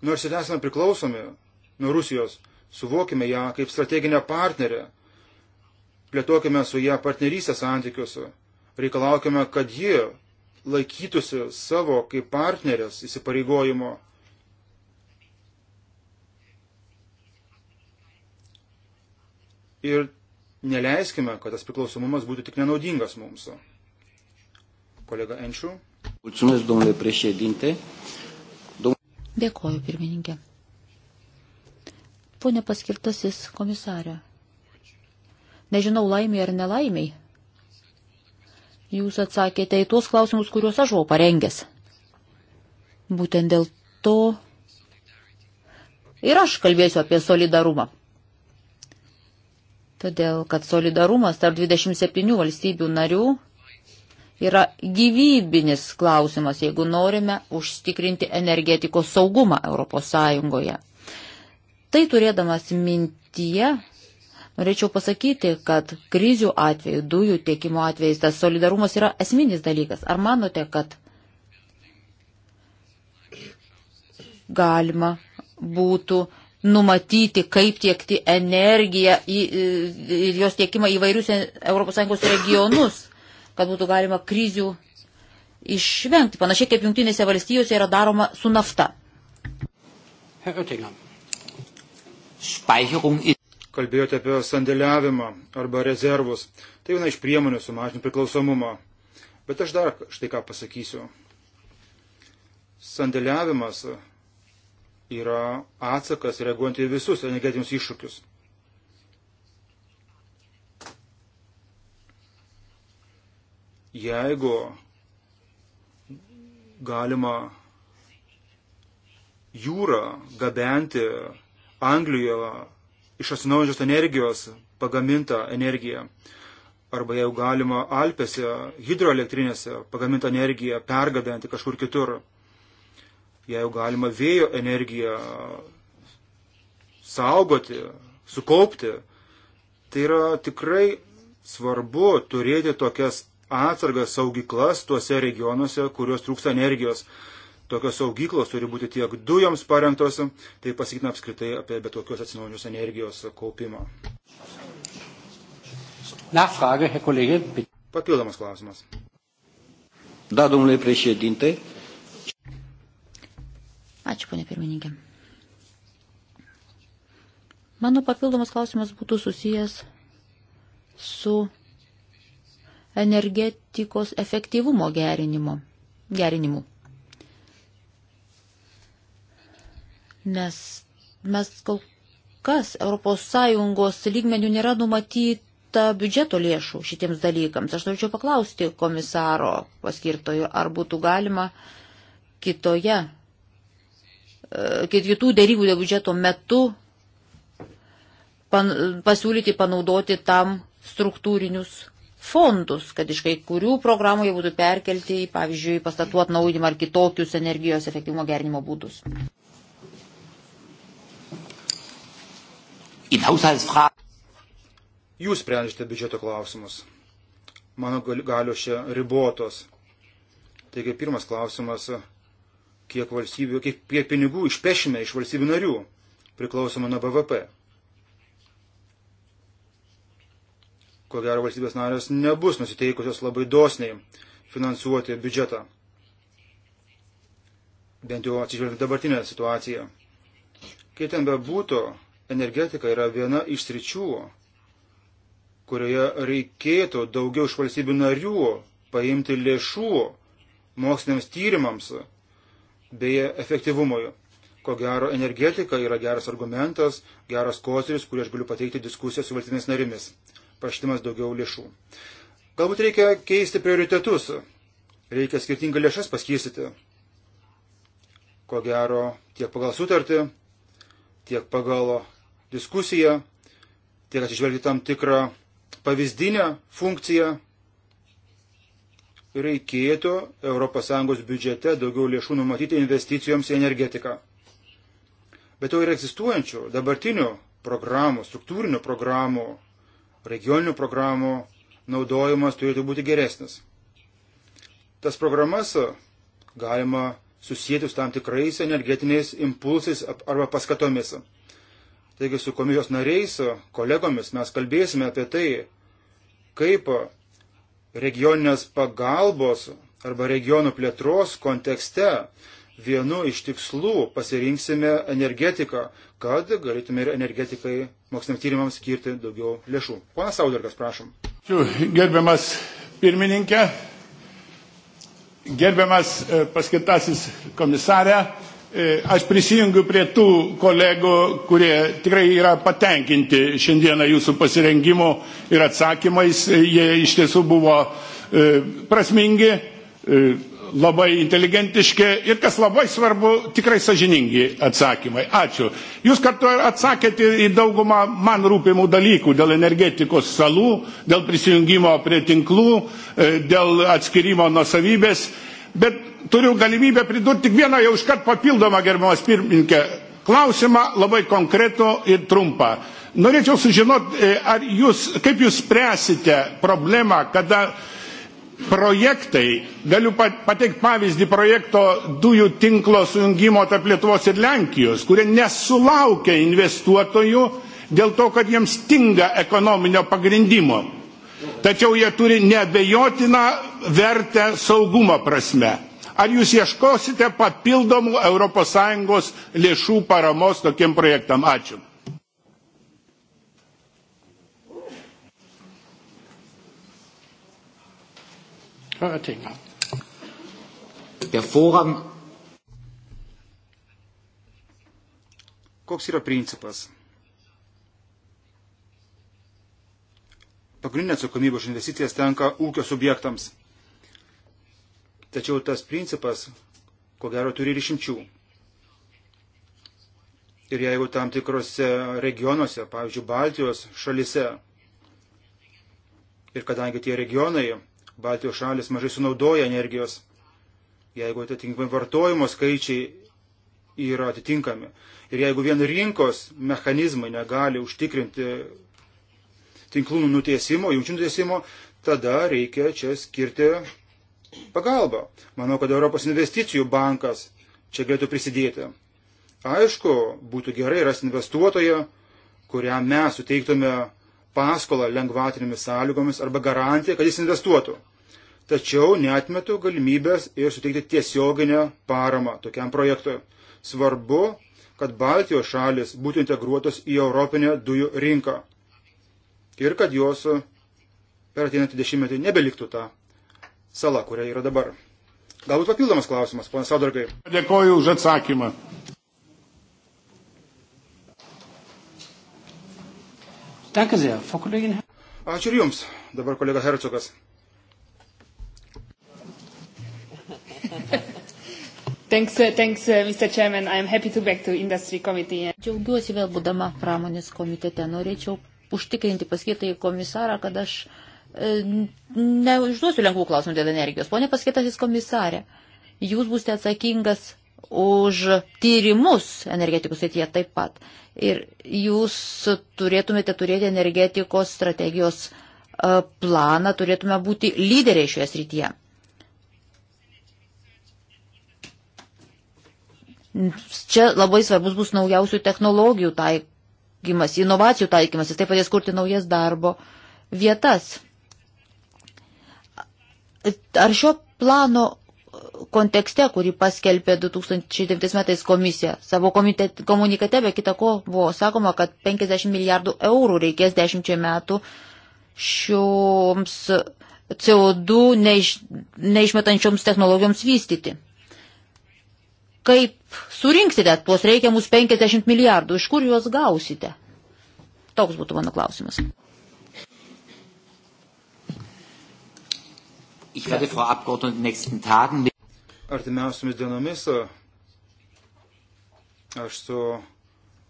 Nors ir esame priklausomi nuo Rusijos, suvokime ją kaip strateginę partnerę, plėtokime su ją partnerystės santykius, reikalaukime, kad ji laikytųsi savo kaip partnerės įsipareigojimo. Ir neleiskime, kad tas priklausomumas būtų tik nenaudingas mums. Kolega Enčių. Mulțumesc, domnule președinte. Uh, Dėkoju, pirmininkė. Pone paskirtasis komisarė, nežinau laimiai ar nelaimiai, jūs atsakėte į tuos klausimus, kuriuos aš buvau parengęs. Būtent dėl to ir aš kalbėsiu apie solidarumą. Todėl, kad solidarumas tarp 27 valstybių narių yra gyvybinis klausimas, jeigu norime užtikrinti energetikos saugumą ES. Tai turėdamas mintyje, norėčiau pasakyti, kad krizių atveju, dujų tiekimo atvejais tas solidarumas yra esminis dalykas. Ar manote, kad galima būtų numatyti, kaip tiekti energiją ir jos tiekimą įvairius ES regionus kad būtų galima krizių išvengti, panašiai kaip jungtinėse valstijose yra daroma su nafta. Kalbėjote apie sandėliavimą arba rezervus. Tai viena iš priemonių sumažinti priklausomumą. Bet aš dar štai ką pasakysiu. Sandėliavimas yra atsakas reaguojant į visus energetinius iššūkius. jeigu galima jūrą gabenti Anglijoje iš atsinaujančios energijos pagamintą energiją, arba jeigu galima Alpėse, hidroelektrinėse pagamintą energiją pergabenti kažkur kitur, jeigu galima vėjo energiją saugoti, sukaupti, tai yra tikrai svarbu turėti tokias atsargas saugyklas tuose regionuose, kuriuos trūksta energijos. Tokios saugyklos turi būti tiek dujoms parengtos, tai pasakytume apskritai apie bet kokios atsinaujinančios energijos kaupimą. Nachfrage, Herr Kollege. Papildomas klausimas. Da, domnule președinte. Ačiū, ponė pirmininkė. Mano papildomas klausimas būtų susijęs su energetikos efektyvumo gerinimo, gerinimu. Nes mes kol kas ES lygmenių nėra numatyta biudžeto lėšų šitiems dalykams. Aš norėčiau paklausti komisaro paskirtojo, ar būtų galima kitoje, e, kitų dėrybų dėl biudžeto metu pan, pasiūlyti panaudoti tam struktūrinius fondus, kad iš kai kurių programų jie būtų perkelti, pavyzdžiui, pastatų atnaujimą ar kitokius energijos efektyvumo gerinimo būdus. Jūs sprendžiate biudžeto klausimus. Mano galios čia ribotos. Taigi pirmas klausimas, kiek, valstybių, kiek, kiek pinigų išpešime iš valstybių narių priklausomai nuo BVP. ko gero valstybės narės nebus nusiteikusios labai dosniai finansuoti biudžetą. Bent jau atsižvelgiant dabartinę situaciją. Kaip ten bebūtų, energetika yra viena iš sričių, kurioje reikėtų daugiau iš valstybių narių paimti lėšų moksliniams tyrimams bei efektyvumui. Ko gero, energetika yra geras argumentas, geras koziris, kurį aš galiu pateikti diskusiją su valstybės narimis paštimas daugiau lėšų. Galbūt reikia keisti prioritetus, reikia skirtingą lėšas paskirstyti. Ko gero, tiek pagal sutartį, tiek pagal diskusiją, tiek atsižvelgti tam tikrą pavyzdinę funkciją. Reikėtų ES biudžete daugiau lėšų numatyti investicijoms į energetiką. Bet jau ir egzistuojančių dabartinių programų, struktūrinių programų regioninių programų naudojimas turėtų būti geresnis. Tas programas e, galima susijęti su tam tikrais energetiniais impulsais arba paskatomis. Taigi su komisijos nariais, e, kolegomis mes kalbėsime apie tai, kaip e, regioninės pagalbos arba regionų plėtros kontekste vienu iš tikslų pasirinksime energetiką, kad galėtume ir energetikai moksliniam tyrimams skirti daugiau lėšų. Ponas Saudargas, prašom. Gerbiamas pirmininkė, gerbiamas e, paskirtasis komisarė, e, aš prisijungiu prie tų kolegų, kurie tikrai yra patenkinti šiandieną jūsų pasirengimu ir atsakymais. E, jie iš tiesų buvo prasmingi labai inteligentiški ir, kas labai svarbu, tikrai sažiningi atsakymai. Ačiū. Jūs kartu atsakėte į daugumą man rūpimų dalykų dėl energetikos salų, dėl prisijungimo prie tinklų, e, dėl atskirimo nusavybės, bet turiu galimybę pridurti tik vieną jau iškart papildomą gerbiamas pirmininkę klausimą, labai konkretų ir trumpą. Norėčiau sužinoti, e, ar jūs, kaip jūs spręsite problemą, kada projektai, galiu pateikti pavyzdį projekto dujų tinklo sujungimo tarp Lietuvos ir Lenkijos, kurie nesulaukia investuotojų dėl to, kad jiems stinga ekonominio pagrindimo. Tačiau jie turi nebejotiną vertę saugumo prasme. Ar jūs ieškosite papildomų ES lėšų paramos tokiem projektam? Ačiū. Frau Oettinger. Der Vorrang. Koks yra principas? Pagrindinė atsakomybė už investicijas tenka ūkio subjektams. Tačiau tas principas, ko gero, turi ir išimčių. Ir jeigu tam tikrose regionuose, pavyzdžiui, Baltijos šalise, ir kadangi tie regionai Baltijos šalis mažai sunaudoja energijos, jeigu atitinkami vartojimo skaičiai yra atitinkami. Ir jeigu vien rinkos mechanizmai negali užtikrinti tinklų nutiesimo, jungčių nutiesimo, tada reikia čia skirti pagalbą. Manau, kad Europos investicijų bankas čia galėtų prisidėti. Aišku, būtų gerai rasti investuotoją, kuriam mes suteiktume paskolą lengvatinėmis sąlygomis arba garantiją, kad jis investuotų. Tačiau netmetu galimybės ir suteikti tiesioginę paramą tokiam projektui. Svarbu, kad Baltijos šalis būtų integruotos į Europinę dujų rinką ir kad jos per ateinantį dešimtmetį nebeliktų tą salą, kuria yra dabar. Galbūt papildomas klausimas, ponas Saudargai. Dėkoju už atsakymą. Danke sehr, Frau Kollegin. Ačiū ir Jums. Dabar kolega Hercogas. Thanks, uh, thanks, uh, Mr. Chairman. I'm happy to back to Industry Committee. Džiaugiuosi vėl būdama pramonės komitete. Norėčiau užtikrinti paskirtąjį komisarą, kad aš e, neužduosiu lengvų klausimų dėl energijos. Pone paskirtasis komisarė, jūs būsite atsakingas už tyrimus energetikos srityje taip pat. Ir jūs turėtumėte turėti energetikos strategijos e, planą, turėtume būti lyderiai šioje srityje. Čia labai svarbus bus naujausių technologijų taikymas, inovacijų taikymas, jis taip padės kurti naujas darbo vietas. Ar šio plano kontekste, kurį paskelbė 2009 metais komisija. Savo komitet, komunikate be kita ko buvo sakoma, kad 50 milijardų eurų reikės 10 metų šioms CO2 neiš, neišmetančioms technologijoms vystyti. Kaip surinksite tuos reikiamus 50 milijardų, iš kur juos gausite? Toks būtų mano klausimas. Ich werde Frau Abgeordnete in den nächsten Tagen Artimiausiamis dienomis aš su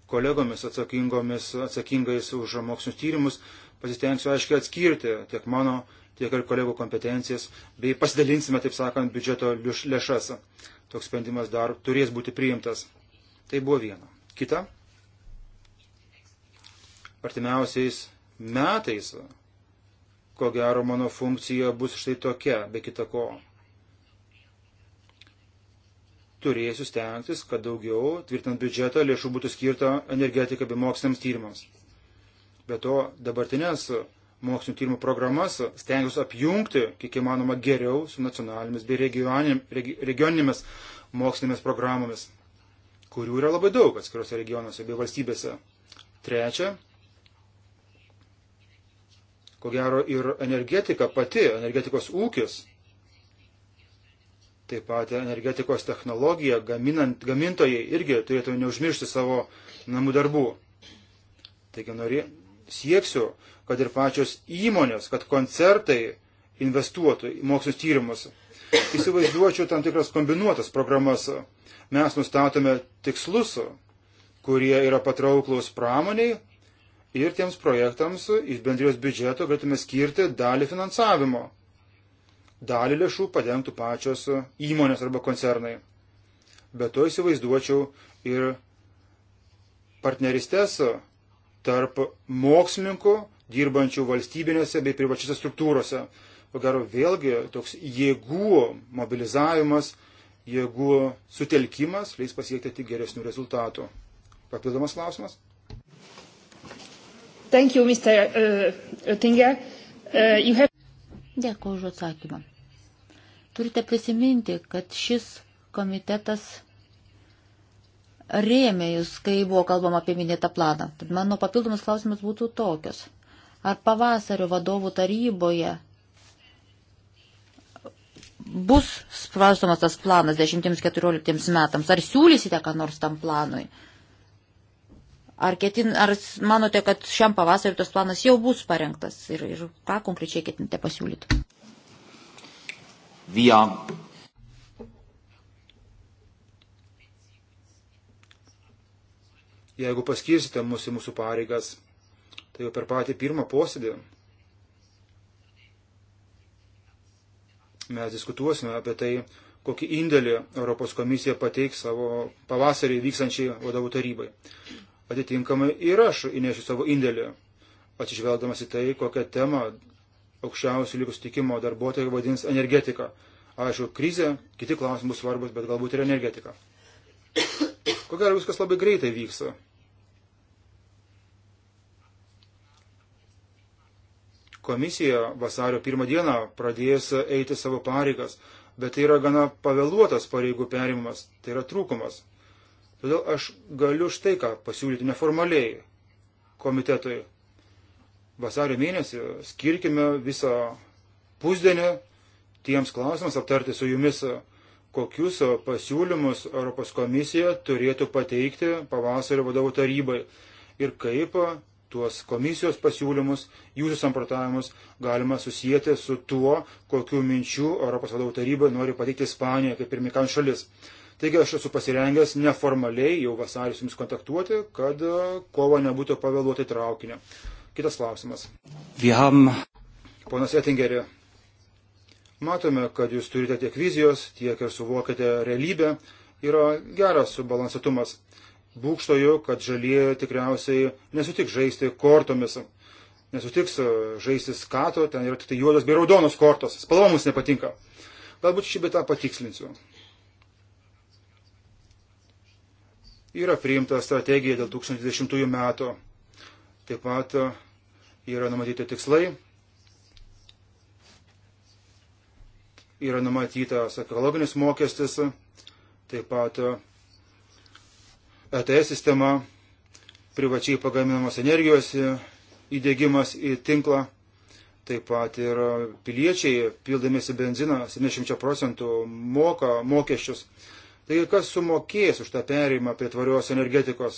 kolegomis atsakingomis, atsakingais už mokslinius tyrimus pasistengsiu aiškiai atskirti tiek mano, tiek ir kolegų kompetencijas, bei pasidalinsime, taip sakant, biudžeto lėšas. Toks sprendimas dar turės būti priimtas. Tai buvo viena. Kita. Artimiausiais metais, ko gero, mano funkcija bus štai tokia, be kita ko turėsiu stengtis, kad daugiau, tvirtinant biudžetą, lėšų būtų skirta energetikai bei moksliniams tyrimams. Be to, dabartinės mokslinio tyrimų programas stengiuosi apjungti, kiek įmanoma, geriau su nacionalinėmis bei regioninėmis mokslinėmis programomis, kurių yra labai daug atskiriuose regionuose bei valstybėse. Trečia, ko gero ir energetika pati, energetikos ūkis Taip pat energetikos technologija, gaminant, gamintojai irgi turėtų neužmiršti savo namų darbų. Taigi nori, sieksiu, kad ir pačios įmonės, kad koncertai investuotų į mokslinius tyrimus. Įsivaizduočiau tam tikras kombinuotas programas. Mes nustatome tikslus, kurie yra patrauklaus pramoniai ir tiems projektams iš bendrijos biudžeto galėtume skirti dalį finansavimo dalį lėšų padengtų pačios įmonės arba koncernai. Bet to įsivaizduočiau ir partneristės tarp mokslininkų, dirbančių valstybinėse bei privačiose struktūrose. O gero vėlgi toks jėgų mobilizavimas, jėgų sutelkimas leis pasiekti tik geresnių rezultatų. Papildomas klausimas? Thank you, Mr. Uh, Oettinger. Uh, you have... Dėkuoju už atsakymą. Turite prisiminti, kad šis komitetas rėmė jūs, kai buvo kalbama apie minėtą planą. Tad mano papildomas klausimas būtų tokios. Ar pavasario vadovų taryboje bus svarstomas tas planas 10-14 metams? Ar siūlysite ką nors tam planui? Ar, ketin, ar manote, kad šiam pavasariu tas planas jau bus parengtas ir, ir ką konkrečiai ketinate pasiūlyti? Wir Jeigu paskirsite mūsų mūsų pareigas, tai jau per patį pirmą posėdį mes diskutuosime apie tai, kokį indėlį Europos komisija pateiks savo pavasarį vykstančiai vadovų tarybai. Atitinkamai ir aš įnešiu savo indėlį, atsižvelgdamas į tai, kokią temą aukščiausių lygų sutikimo darbuotojai vadins energetika. Aišku, krizė, kiti klausimai bus svarbus, bet galbūt ir energetika. Ko gero viskas labai greitai vyksta. Komisija vasario pirmą dieną pradės eiti savo pareigas, bet tai yra gana pavėluotas pareigų perimimas, tai yra trūkumas. Todėl aš galiu štai ką pasiūlyti neformaliai komitetui vasario mėnesį skirkime visą pusdienį tiems klausimams aptarti su jumis, kokius pasiūlymus Europos komisija turėtų pateikti pavasario vadovų tarybai ir kaip tuos komisijos pasiūlymus, jūsų samprotavimus galima susijęti su tuo, kokiu minčiu Europos vadovų tarybai nori pateikti Ispanija kaip pirmikant šalis. Taigi aš esu pasirengęs neformaliai jau vasaris jums kontaktuoti, kad e, kovo nebūtų pavėluoti traukinio. Kitas klausimas. Viham. Ponas Ettingeri, matome, kad jūs turite tiek vizijos, tiek ir suvokite realybę. Yra geras subalansuotumas. Būkštoju, kad žalieji tikriausiai nesutik žaisti kortomis. Nesutiks žaisti skato, ten yra tik tai juodos bei raudonos kortos. Spalva mums nepatinka. Galbūt šį bitą patikslinsiu. Yra priimta strategija dėl 2010 metų Taip pat yra numatyti tikslai, yra numatytas ekologinis mokestis, taip pat ETS sistema, privačiai pagaminamos energijos įdėgymas į tinklą, taip pat ir piliečiai, pildamėsi benziną, 70 procentų moka mokesčius. Tai kas sumokės už tą perėjimą prie tvarios energetikos?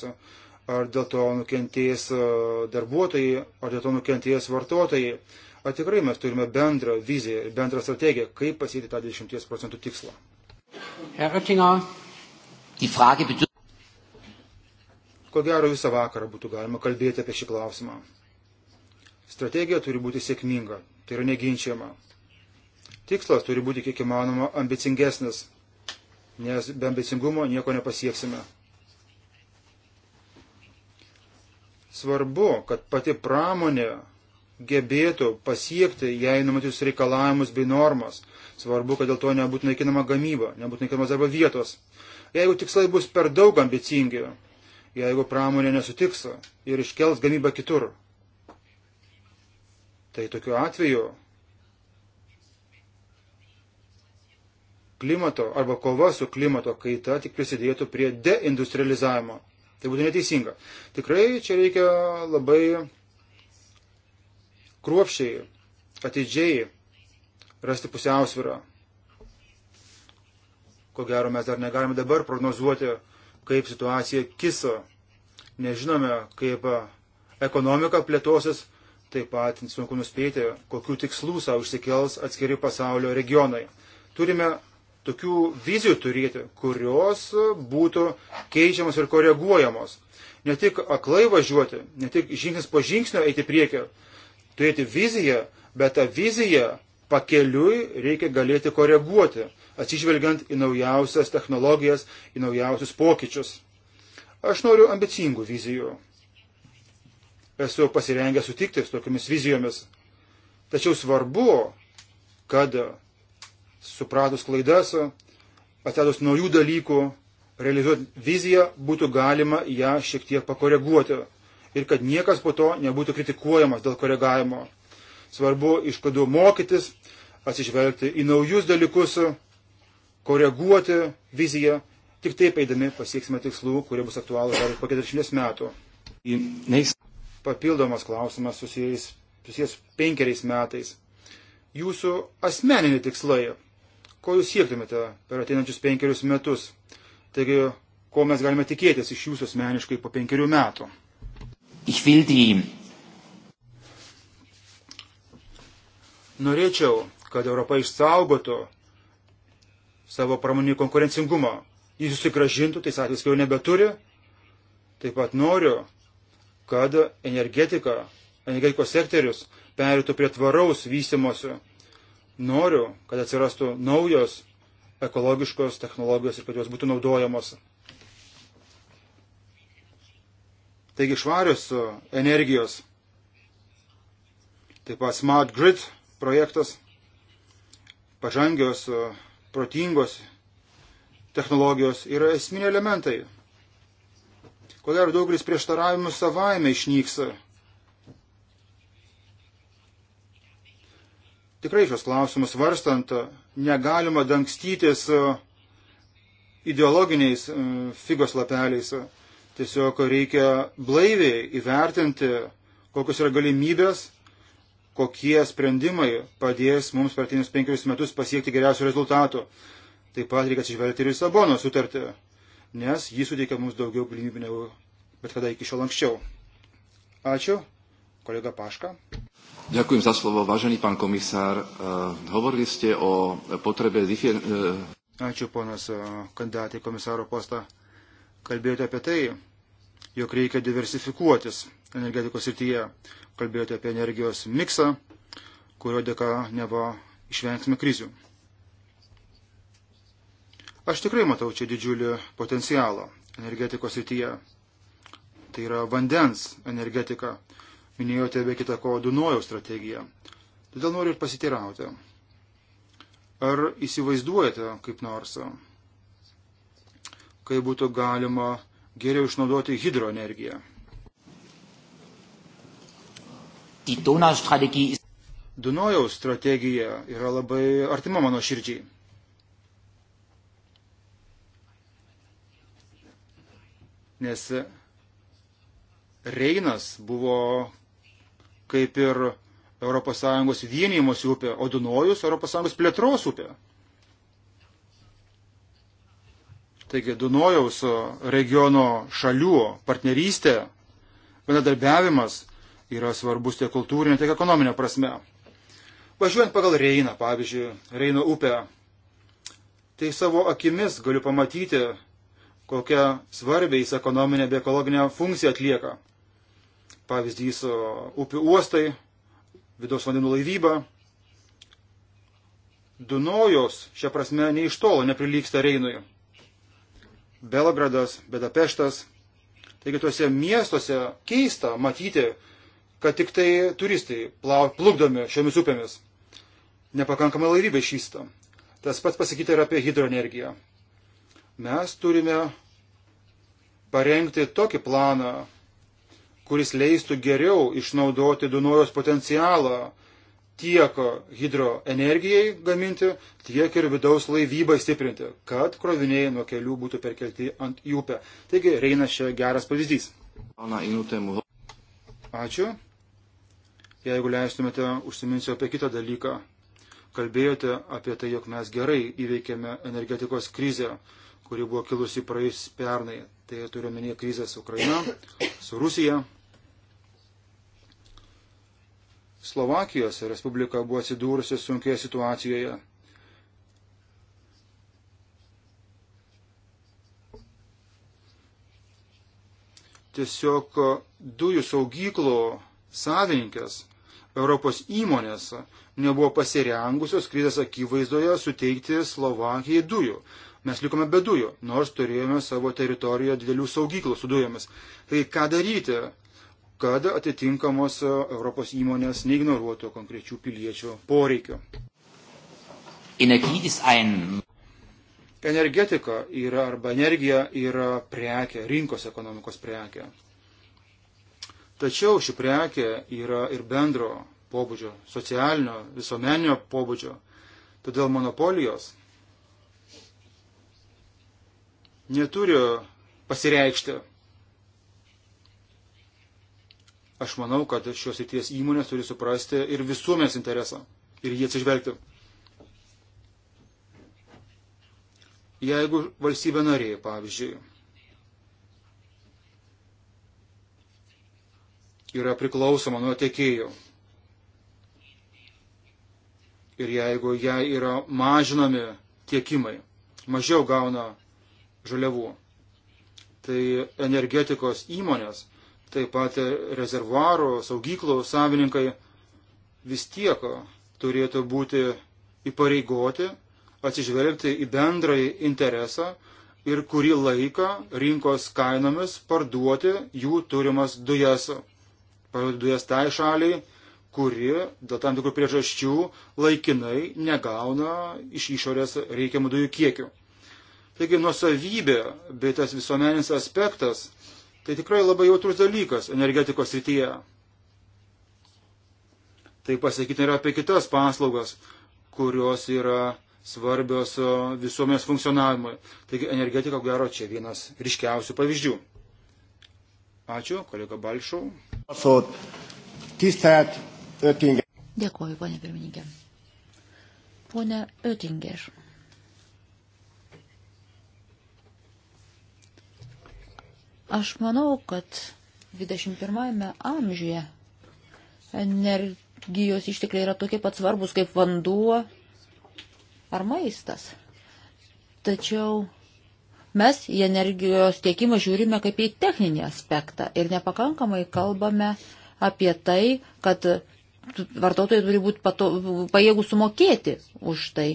ar dėl to nukentės e, darbuotojai, ar dėl to nukentės vartotojai. Ar tikrai mes turime bendrą viziją, bendrą strategiją, kaip pasiekti tą 20 procentų tikslą? Ko gero visą vakarą būtų galima kalbėti apie šį klausimą. Strategija turi būti sėkminga, tai yra neginčiama. Tikslas turi būti kiek įmanoma ambicingesnis, nes be ambicingumo nieko nepasieksime. Svarbu, kad pati pramonė gebėtų pasiekti jai numatytus reikalavimus bei normas. Svarbu, kad dėl to nebūtų naikinama gamyba, nebūtų naikinamas darbo vietos. Jeigu tikslai bus per daug ambicingi, jeigu pramonė nesutiks ir iškels gamybą kitur, tai tokiu atveju klimato arba kova su klimato kaita tik prisidėtų prie deindustrializavimo. Tai būtų neteisinga. Tikrai čia reikia labai kruopščiai, atidžiai rasti pusiausvyrą. Ko gero mes dar negalime dabar prognozuoti, kaip situacija kiso. Nežinome, kaip ekonomika plėtosis, taip pat sunku nuspėti, kokiu tikslų savo išsikels atskiri pasaulio regionai. Turime tokių vizijų turėti, kurios būtų keičiamos ir koreguojamos. Ne tik aklai važiuoti, ne tik žingsnis po žingsnio eiti priekio, turėti viziją, bet tą viziją pakeliui reikia galėti koreguoti, atsižvelgiant į naujausias technologijas, į naujausius pokyčius. Aš noriu ambicingų vizijų. Esu pasirengęs sutikti su tokiamis vizijomis. Tačiau svarbu, kad supratus klaidas, atradus naujų dalykų, realizuoti viziją, būtų galima ją šiek tiek pakoreguoti ir kad niekas po to nebūtų kritikuojamas dėl koregavimo. Svarbu iš klaidų mokytis, atsižvelgti į naujus dalykus, koreguoti viziją, tik taip eidami pasieksime tikslų, kurie bus aktualūs dar po 40 metų. Papildomas klausimas susijęs, susijęs penkeriais metais. Jūsų asmeniniai tikslai ko jūs siektumėte per ateinančius penkerius metus? Taigi, ko mes galime tikėtis iš jūsų asmeniškai po penkerių metų? Norėčiau, kad Europa išsaugotų savo pramoninį konkurencingumą. Jis susigražintų, tais atvejais, kai jau nebeturi. Taip pat noriu, kad energetika, energetikos sektorius perėtų prie tvaraus vystimosi noriu, kad atsirastų naujos ekologiškos technologijos ir kad jos būtų naudojamos. Taigi švarios energijos, taip pat Smart Grid projektas, pažangios, e, protingos technologijos yra esminiai elementai. Ko gero daugelis prieštaravimų savaime išnyks tikrai šios klausimus varstant negalima dangstytis e, ideologiniais e, figos lapeliais. Tiesiog reikia blaiviai įvertinti, kokios yra galimybės, kokie sprendimai padės mums per tinius penkerius metus pasiekti geriausių rezultatų. Taip pat reikia atsižvelgti ir į Sabono sutartį, nes ji suteikia mums daugiau galimybių negu bet kada iki šiol anksčiau. Ačiū. Kolega Páška. Ďakujem za slovo, vážený pán komisár. Eh, hovorili ste o potrebe... Eh, Ačiū, ponas eh, kandidatė komisaro postą. Kalbėjote apie tai, jog reikia diversifikuotis energetikos srityje. Kalbėjote apie energijos miksą, kurio dėka neva išvengsime krizių. Aš tikrai matau čia didžiulį potencialą energetikos srityje. Tai yra vandens energetika. Minėjote be kita ko Dunojaus strategiją. Todėl noriu ir pasiteirauti. Ar įsivaizduojate kaip nors, kai būtų galima geriau išnaudoti hidroenergiją? Dunojaus strategija yra labai artima mano širdžiai. Nes Reinas buvo kaip ir ES vienijimosi upė, o Dunojus ES plėtros upė. Taigi Dunojaus regiono šalių partnerystė, bendradarbiavimas yra svarbus tiek kultūrinė, tiek ekonominė prasme. Važiuojant pagal Reiną, pavyzdžiui, Reino upę, tai savo akimis galiu pamatyti, kokią svarbę jis ekonominę bei ekologinę funkciją atlieka pavyzdys upių uostai, vidaus vandenų laivyba. Dunojos šią prasme nei iš tolo neprilyksta Reinui. Belgradas, Bedapeštas. Taigi tuose miestuose keista matyti, kad tik tai turistai plukdomi šiomis upėmis. Nepakankamai laivybė šysta. Tas pats pasakyti ir apie hidroenergiją. Mes turime parengti tokį planą, kuris leistų geriau išnaudoti Dunojos potencialą tiek hidroenergijai gaminti, tiek ir vidaus laivybai stiprinti, kad kroviniai nuo kelių būtų perkelti ant į upę. Taigi Reinas čia geras pavyzdys. Ačiū. Jeigu leistumėte, užsiminsiu apie kitą dalyką. Kalbėjote apie tai, jog mes gerai įveikėme energetikos krizę, kuri buvo kilusi praėjus pernai. Tai turiu menį krizę su Ukraina, su Rusija. Slovakijos Respublika buvo atsidūrusi sunkioje situacijoje. Tiesiog dujų saugyklų savininkės Europos įmonės nebuvo pasirengusios krizės akivaizdoje suteikti Slovakijai dujų. Mes likome be dujų, nors turėjome savo teritorijoje didelių saugyklų su dujomis. Tai ką daryti? kad atitinkamos e, Europos įmonės neignoruotų konkrečių piliečių poreikių. Energetika yra arba energija yra prekė, rinkos ekonomikos prekė. Tačiau ši prekė yra ir bendro pobūdžio, socialinio, visuomeninio pobūdžio. Todėl monopolijos neturi pasireikšti Aš manau, kad šios įties įmonės turi suprasti ir visuomės interesą ir jį atsižvelgti. Jeigu valstybė narė, pavyzdžiui, yra priklausoma nuo tiekėjų ir jeigu jai yra mažinami tiekimai, mažiau gauna žaliavų, tai energetikos įmonės taip pat rezervuarų, saugyklų savininkai vis tiek turėtų būti įpareigoti atsižvelgti į bendrąjį interesą ir kurį laiką rinkos kainomis parduoti jų turimas dujas. Parduoti dujas tai šaliai, kuri dėl tam tikrų priežasčių laikinai negauna iš išorės reikiamų dujų kiekių. Taigi nuosavybė bei tas visuomeninis aspektas Tai tikrai labai jautrus dalykas energetikos srityje. Tai pasakyti yra apie kitas paslaugas, kurios yra svarbios visuomenės funkcionavimui. Taigi energetika, gero, čia vienas ryškiausių pavyzdžių. Ačiū, kolega Balšau. Dėkuoju, ponė pirmininkė. Pone Oettinger. Aš manau, kad 21 amžiuje energijos ištekliai yra tokie pat svarbus kaip vanduo ar maistas. Tačiau mes į energijos tiekimą žiūrime kaip į techninį aspektą ir nepakankamai kalbame apie tai, kad vartotojai turi būti pato, pajėgų sumokėti už tai.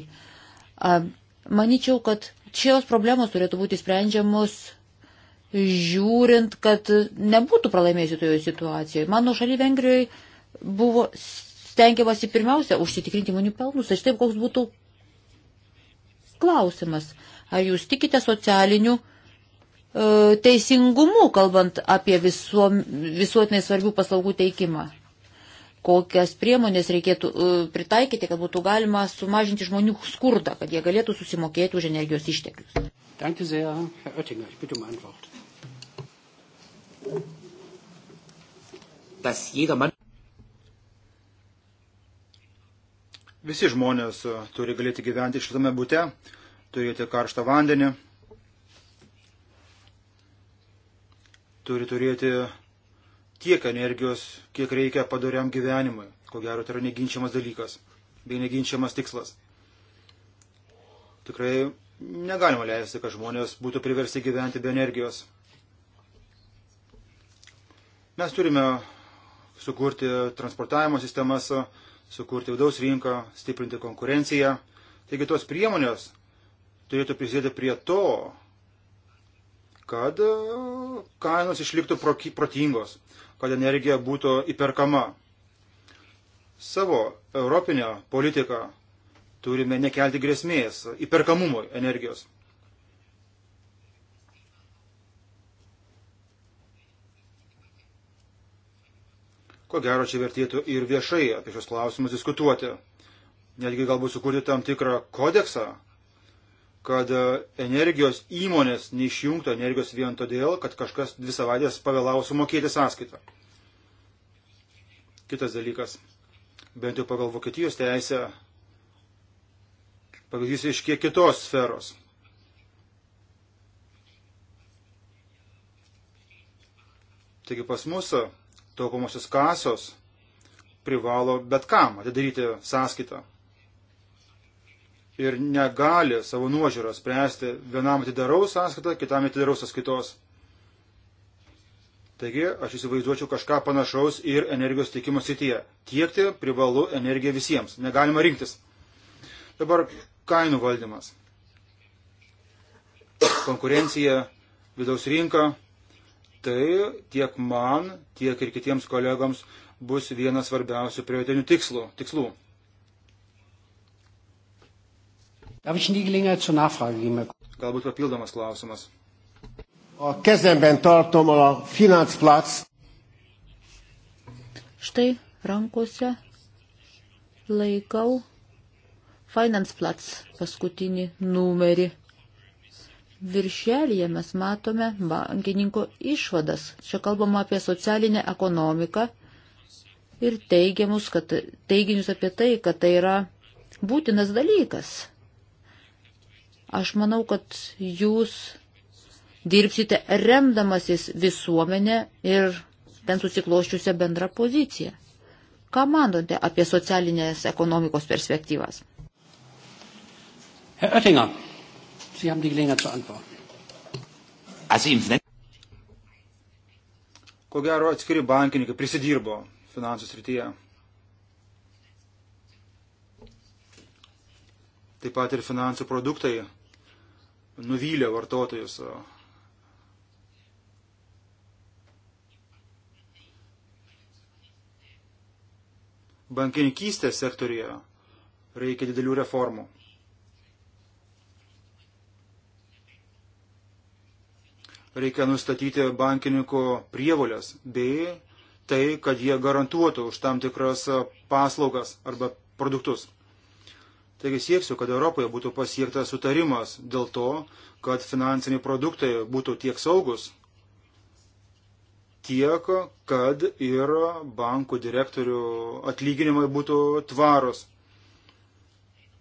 A, manyčiau, kad šios problemos turėtų būti sprendžiamos žiūrint, kad nebūtų pralaimėjusi toje situacijoje. Mano šaly Vengrijoje buvo stengiamasi pirmiausia užsitikrinti įmonių pelnus. Aš taip, koks būtų klausimas. Ar jūs tikite socialiniu e, teisingumu, kalbant apie visuo, visuotinai svarbių paslaugų teikimą? Kokias priemonės reikėtų e, pritaikyti, kad būtų galima sumažinti žmonių skurdą, kad jie galėtų susimokėti už energijos išteklius? Danke sehr, Herr Oettinger. Ich bitte um Antwort dass jeder Mann. Visi žmonės uh, turi galėti gyventi šitame būte, turėti karštą vandenį, turi turėti tiek energijos, kiek reikia padariam gyvenimui. Ko gero, tai yra neginčiamas dalykas bei neginčiamas tikslas. Tikrai negalima leisti, kad žmonės būtų priversti gyventi be energijos. Mes turime sukurti transportavimo sistemas, sukurti vidaus rinką, stiprinti konkurenciją. Taigi tos priemonės turėtų prisidėti prie to, kad e, kainos išliktų protingos, kad energija būtų įperkama. Savo europinę politiką turime nekelti grėsmės įperkamumui energijos. Ko gero, čia vertėtų ir viešai apie šios klausimus diskutuoti. Netgi galbūt sukurti tam tikrą kodeksą, kad e, energijos įmonės neišjungtų energijos vien todėl, kad kažkas dvi savaitės pavėlavo sumokėti sąskaitą. Kitas dalykas. Bent jau pagal Vokietijos teisę pavyzdys iš kiek kitos sferos. Taigi pas mus taupomosios kasos privalo bet kam atidaryti sąskaitą. Ir negali savo nuožiūros spręsti vienam atidarau sąskaitą, kitam atidarau sąskaitos. Taigi aš įsivaizduočiau kažką panašaus ir energijos tiekimo srityje. Tiekti privalu energiją visiems, negalima rinktis. Dabar kainų valdymas. Konkurencija, vidaus rinka, tai tiek man, tiek ir kitiems kolegams bus vienas svarbiausių prioritinių tikslų. tikslų. Galbūt papildomas klausimas. A kezemben tartom a finanszplac. Štai rankose laikau finansplatz paskutinį numerį viršelėje mes matome bankininko išvadas. Čia kalbama apie socialinę ekonomiką ir teigiamus, kad, teiginius apie tai, kad tai yra būtinas dalykas. Aš manau, kad jūs dirbsite remdamasis visuomenę ir ten susikloščiusią bendrą poziciją. Ką manote apie socialinės ekonomikos perspektyvas? Herr Oettinger. Sie haben die Gelegenheit zu antworten. Ko gero atskiri bankininkai prisidirbo finansų srityje. Taip pat ir finansų produktai nuvylė vartotojus. Bankininkystės sektorija reikia didelių reformų. reikia nustatyti bankininko prievolės bei tai, kad jie garantuotų už tam tikras paslaugas arba produktus. Taigi sieksiu, kad Europoje būtų pasiektas sutarimas dėl to, kad finansiniai produktai būtų tiek saugus, tiek, kad ir bankų direktorių atlyginimai būtų tvarus.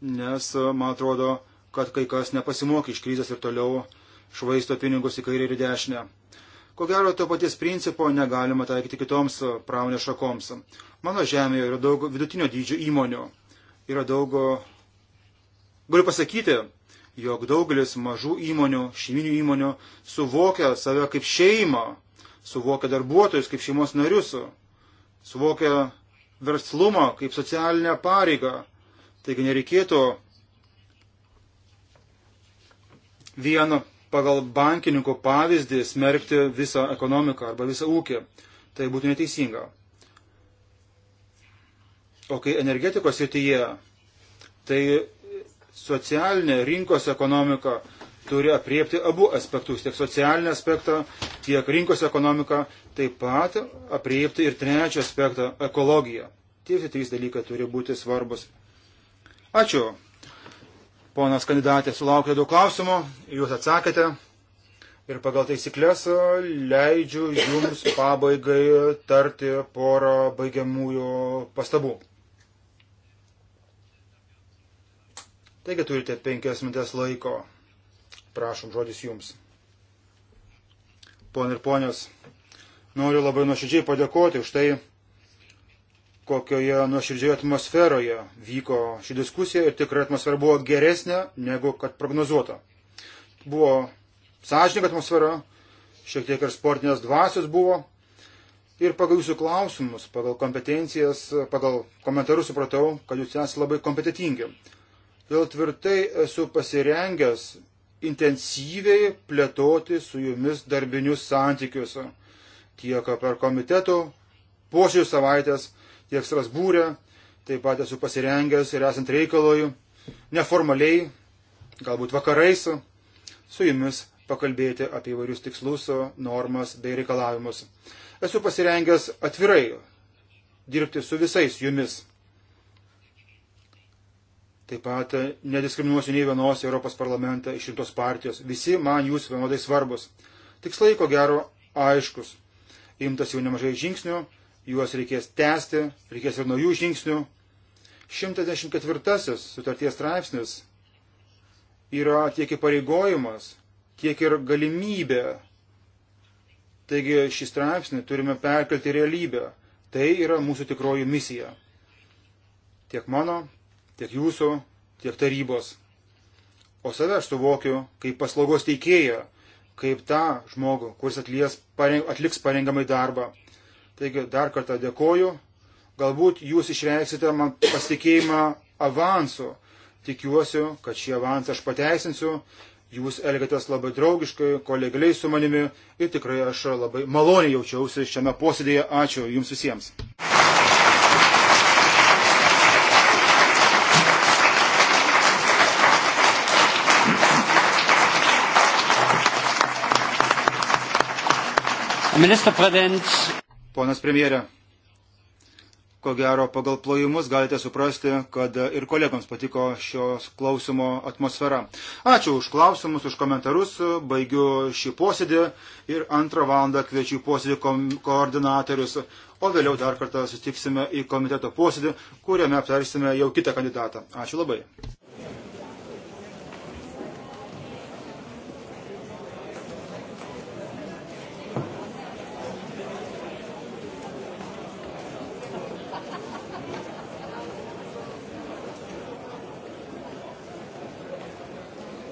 Nes man atrodo, kad kai kas nepasimokė iš krizės ir toliau švaisto pinigus į kairę ir į dešinę. Ko gero, to paties principo negalima taikyti kitoms pramonės šakoms. Mano žemėje yra daug vidutinio dydžio įmonių. Yra daug. Galiu pasakyti, jog daugelis mažų įmonių, šeiminių įmonių suvokia save kaip šeimą, suvokia darbuotojus kaip šeimos narius, suvokia verslumą kaip socialinę pareigą. Taigi nereikėtų vien pagal bankininko pavyzdį smerkti visą ekonomiką arba visą ūkį. Tai būtų neteisinga. O kai energetikos srityje, tai socialinė rinkos ekonomika turi apriepti abu aspektus, tiek socialinį aspektą, tiek rinkos ekonomiką, taip pat apriepti ir trečią aspektą - ekologiją. Tie visi trys dalykai turi būti svarbus. Ačiū. Ponas kandidatė sulaukė daug klausimų, jūs atsakėte ir pagal taisyklės leidžiu jums pabaigai tarti porą baigiamųjų pastabų. Taigi turite penkias minutės laiko. Prašom, žodis jums. Pone ir ponios, noriu labai nuoširdžiai padėkoti už tai, kokioje nuoširdžioje atmosferoje vyko ši diskusija ir tikrai atmosfera buvo geresnė negu kad prognozuota. Buvo sąžininkai atmosfera, šiek tiek ir sportinės dvasios buvo. Ir pagal jūsų klausimus, pagal kompetencijas, pagal komentarus supratau, kad jūs esate labai kompetitingi. Todėl tvirtai esu pasirengęs intensyviai plėtoti su jumis darbinius santykius tiek per komiteto posėdžių savaitės, tiek Strasbūrė, taip pat esu pasirengęs ir esant reikalui, neformaliai, galbūt vakarais, su jumis pakalbėti apie įvairius tikslus, normas bei reikalavimus. Esu pasirengęs atvirai dirbti su visais jumis. Taip pat nediskriminuosiu nei vienos Europos parlamentą išrinktos partijos. Visi man jūs vienodai svarbus. Tikslai, ko gero, aiškus. Imtas jau nemažai žingsnių, juos reikės tęsti, reikės ir naujų žingsnių. 114 sutarties straipsnis yra tiek įpareigojimas, tiek ir galimybė. Taigi šį straipsnį turime perkelti realybę. Tai yra mūsų tikroji misija. Tiek mano, tiek jūsų, tiek tarybos. O save aš suvokiu kaip paslaugos teikėją, kaip tą žmogų, kuris atlies, atliks parengamai darbą. Taigi dar kartą dėkoju. Galbūt jūs išreiksite man pasitikėjimą avansu. Tikiuosi, kad šį avansą aš pateisinsiu. Jūs elgėtės labai draugiškai, kolegialiai su manimi ir tikrai aš labai maloniai jaučiausi šiame posėdėje. Ačiū Jums visiems. Ministerpräsident Ponas premjerė, ko gero pagal plojimus galite suprasti, kad ir kolegams patiko šios klausimo atmosfera. Ačiū už klausimus, už komentarus. Baigiu šį posėdį ir antrą valandą kviečiu į posėdį koordinatorius, o vėliau dar kartą sustiksime į komiteto posėdį, kuriame aptarsime jau kitą kandidatą. Ačiū labai.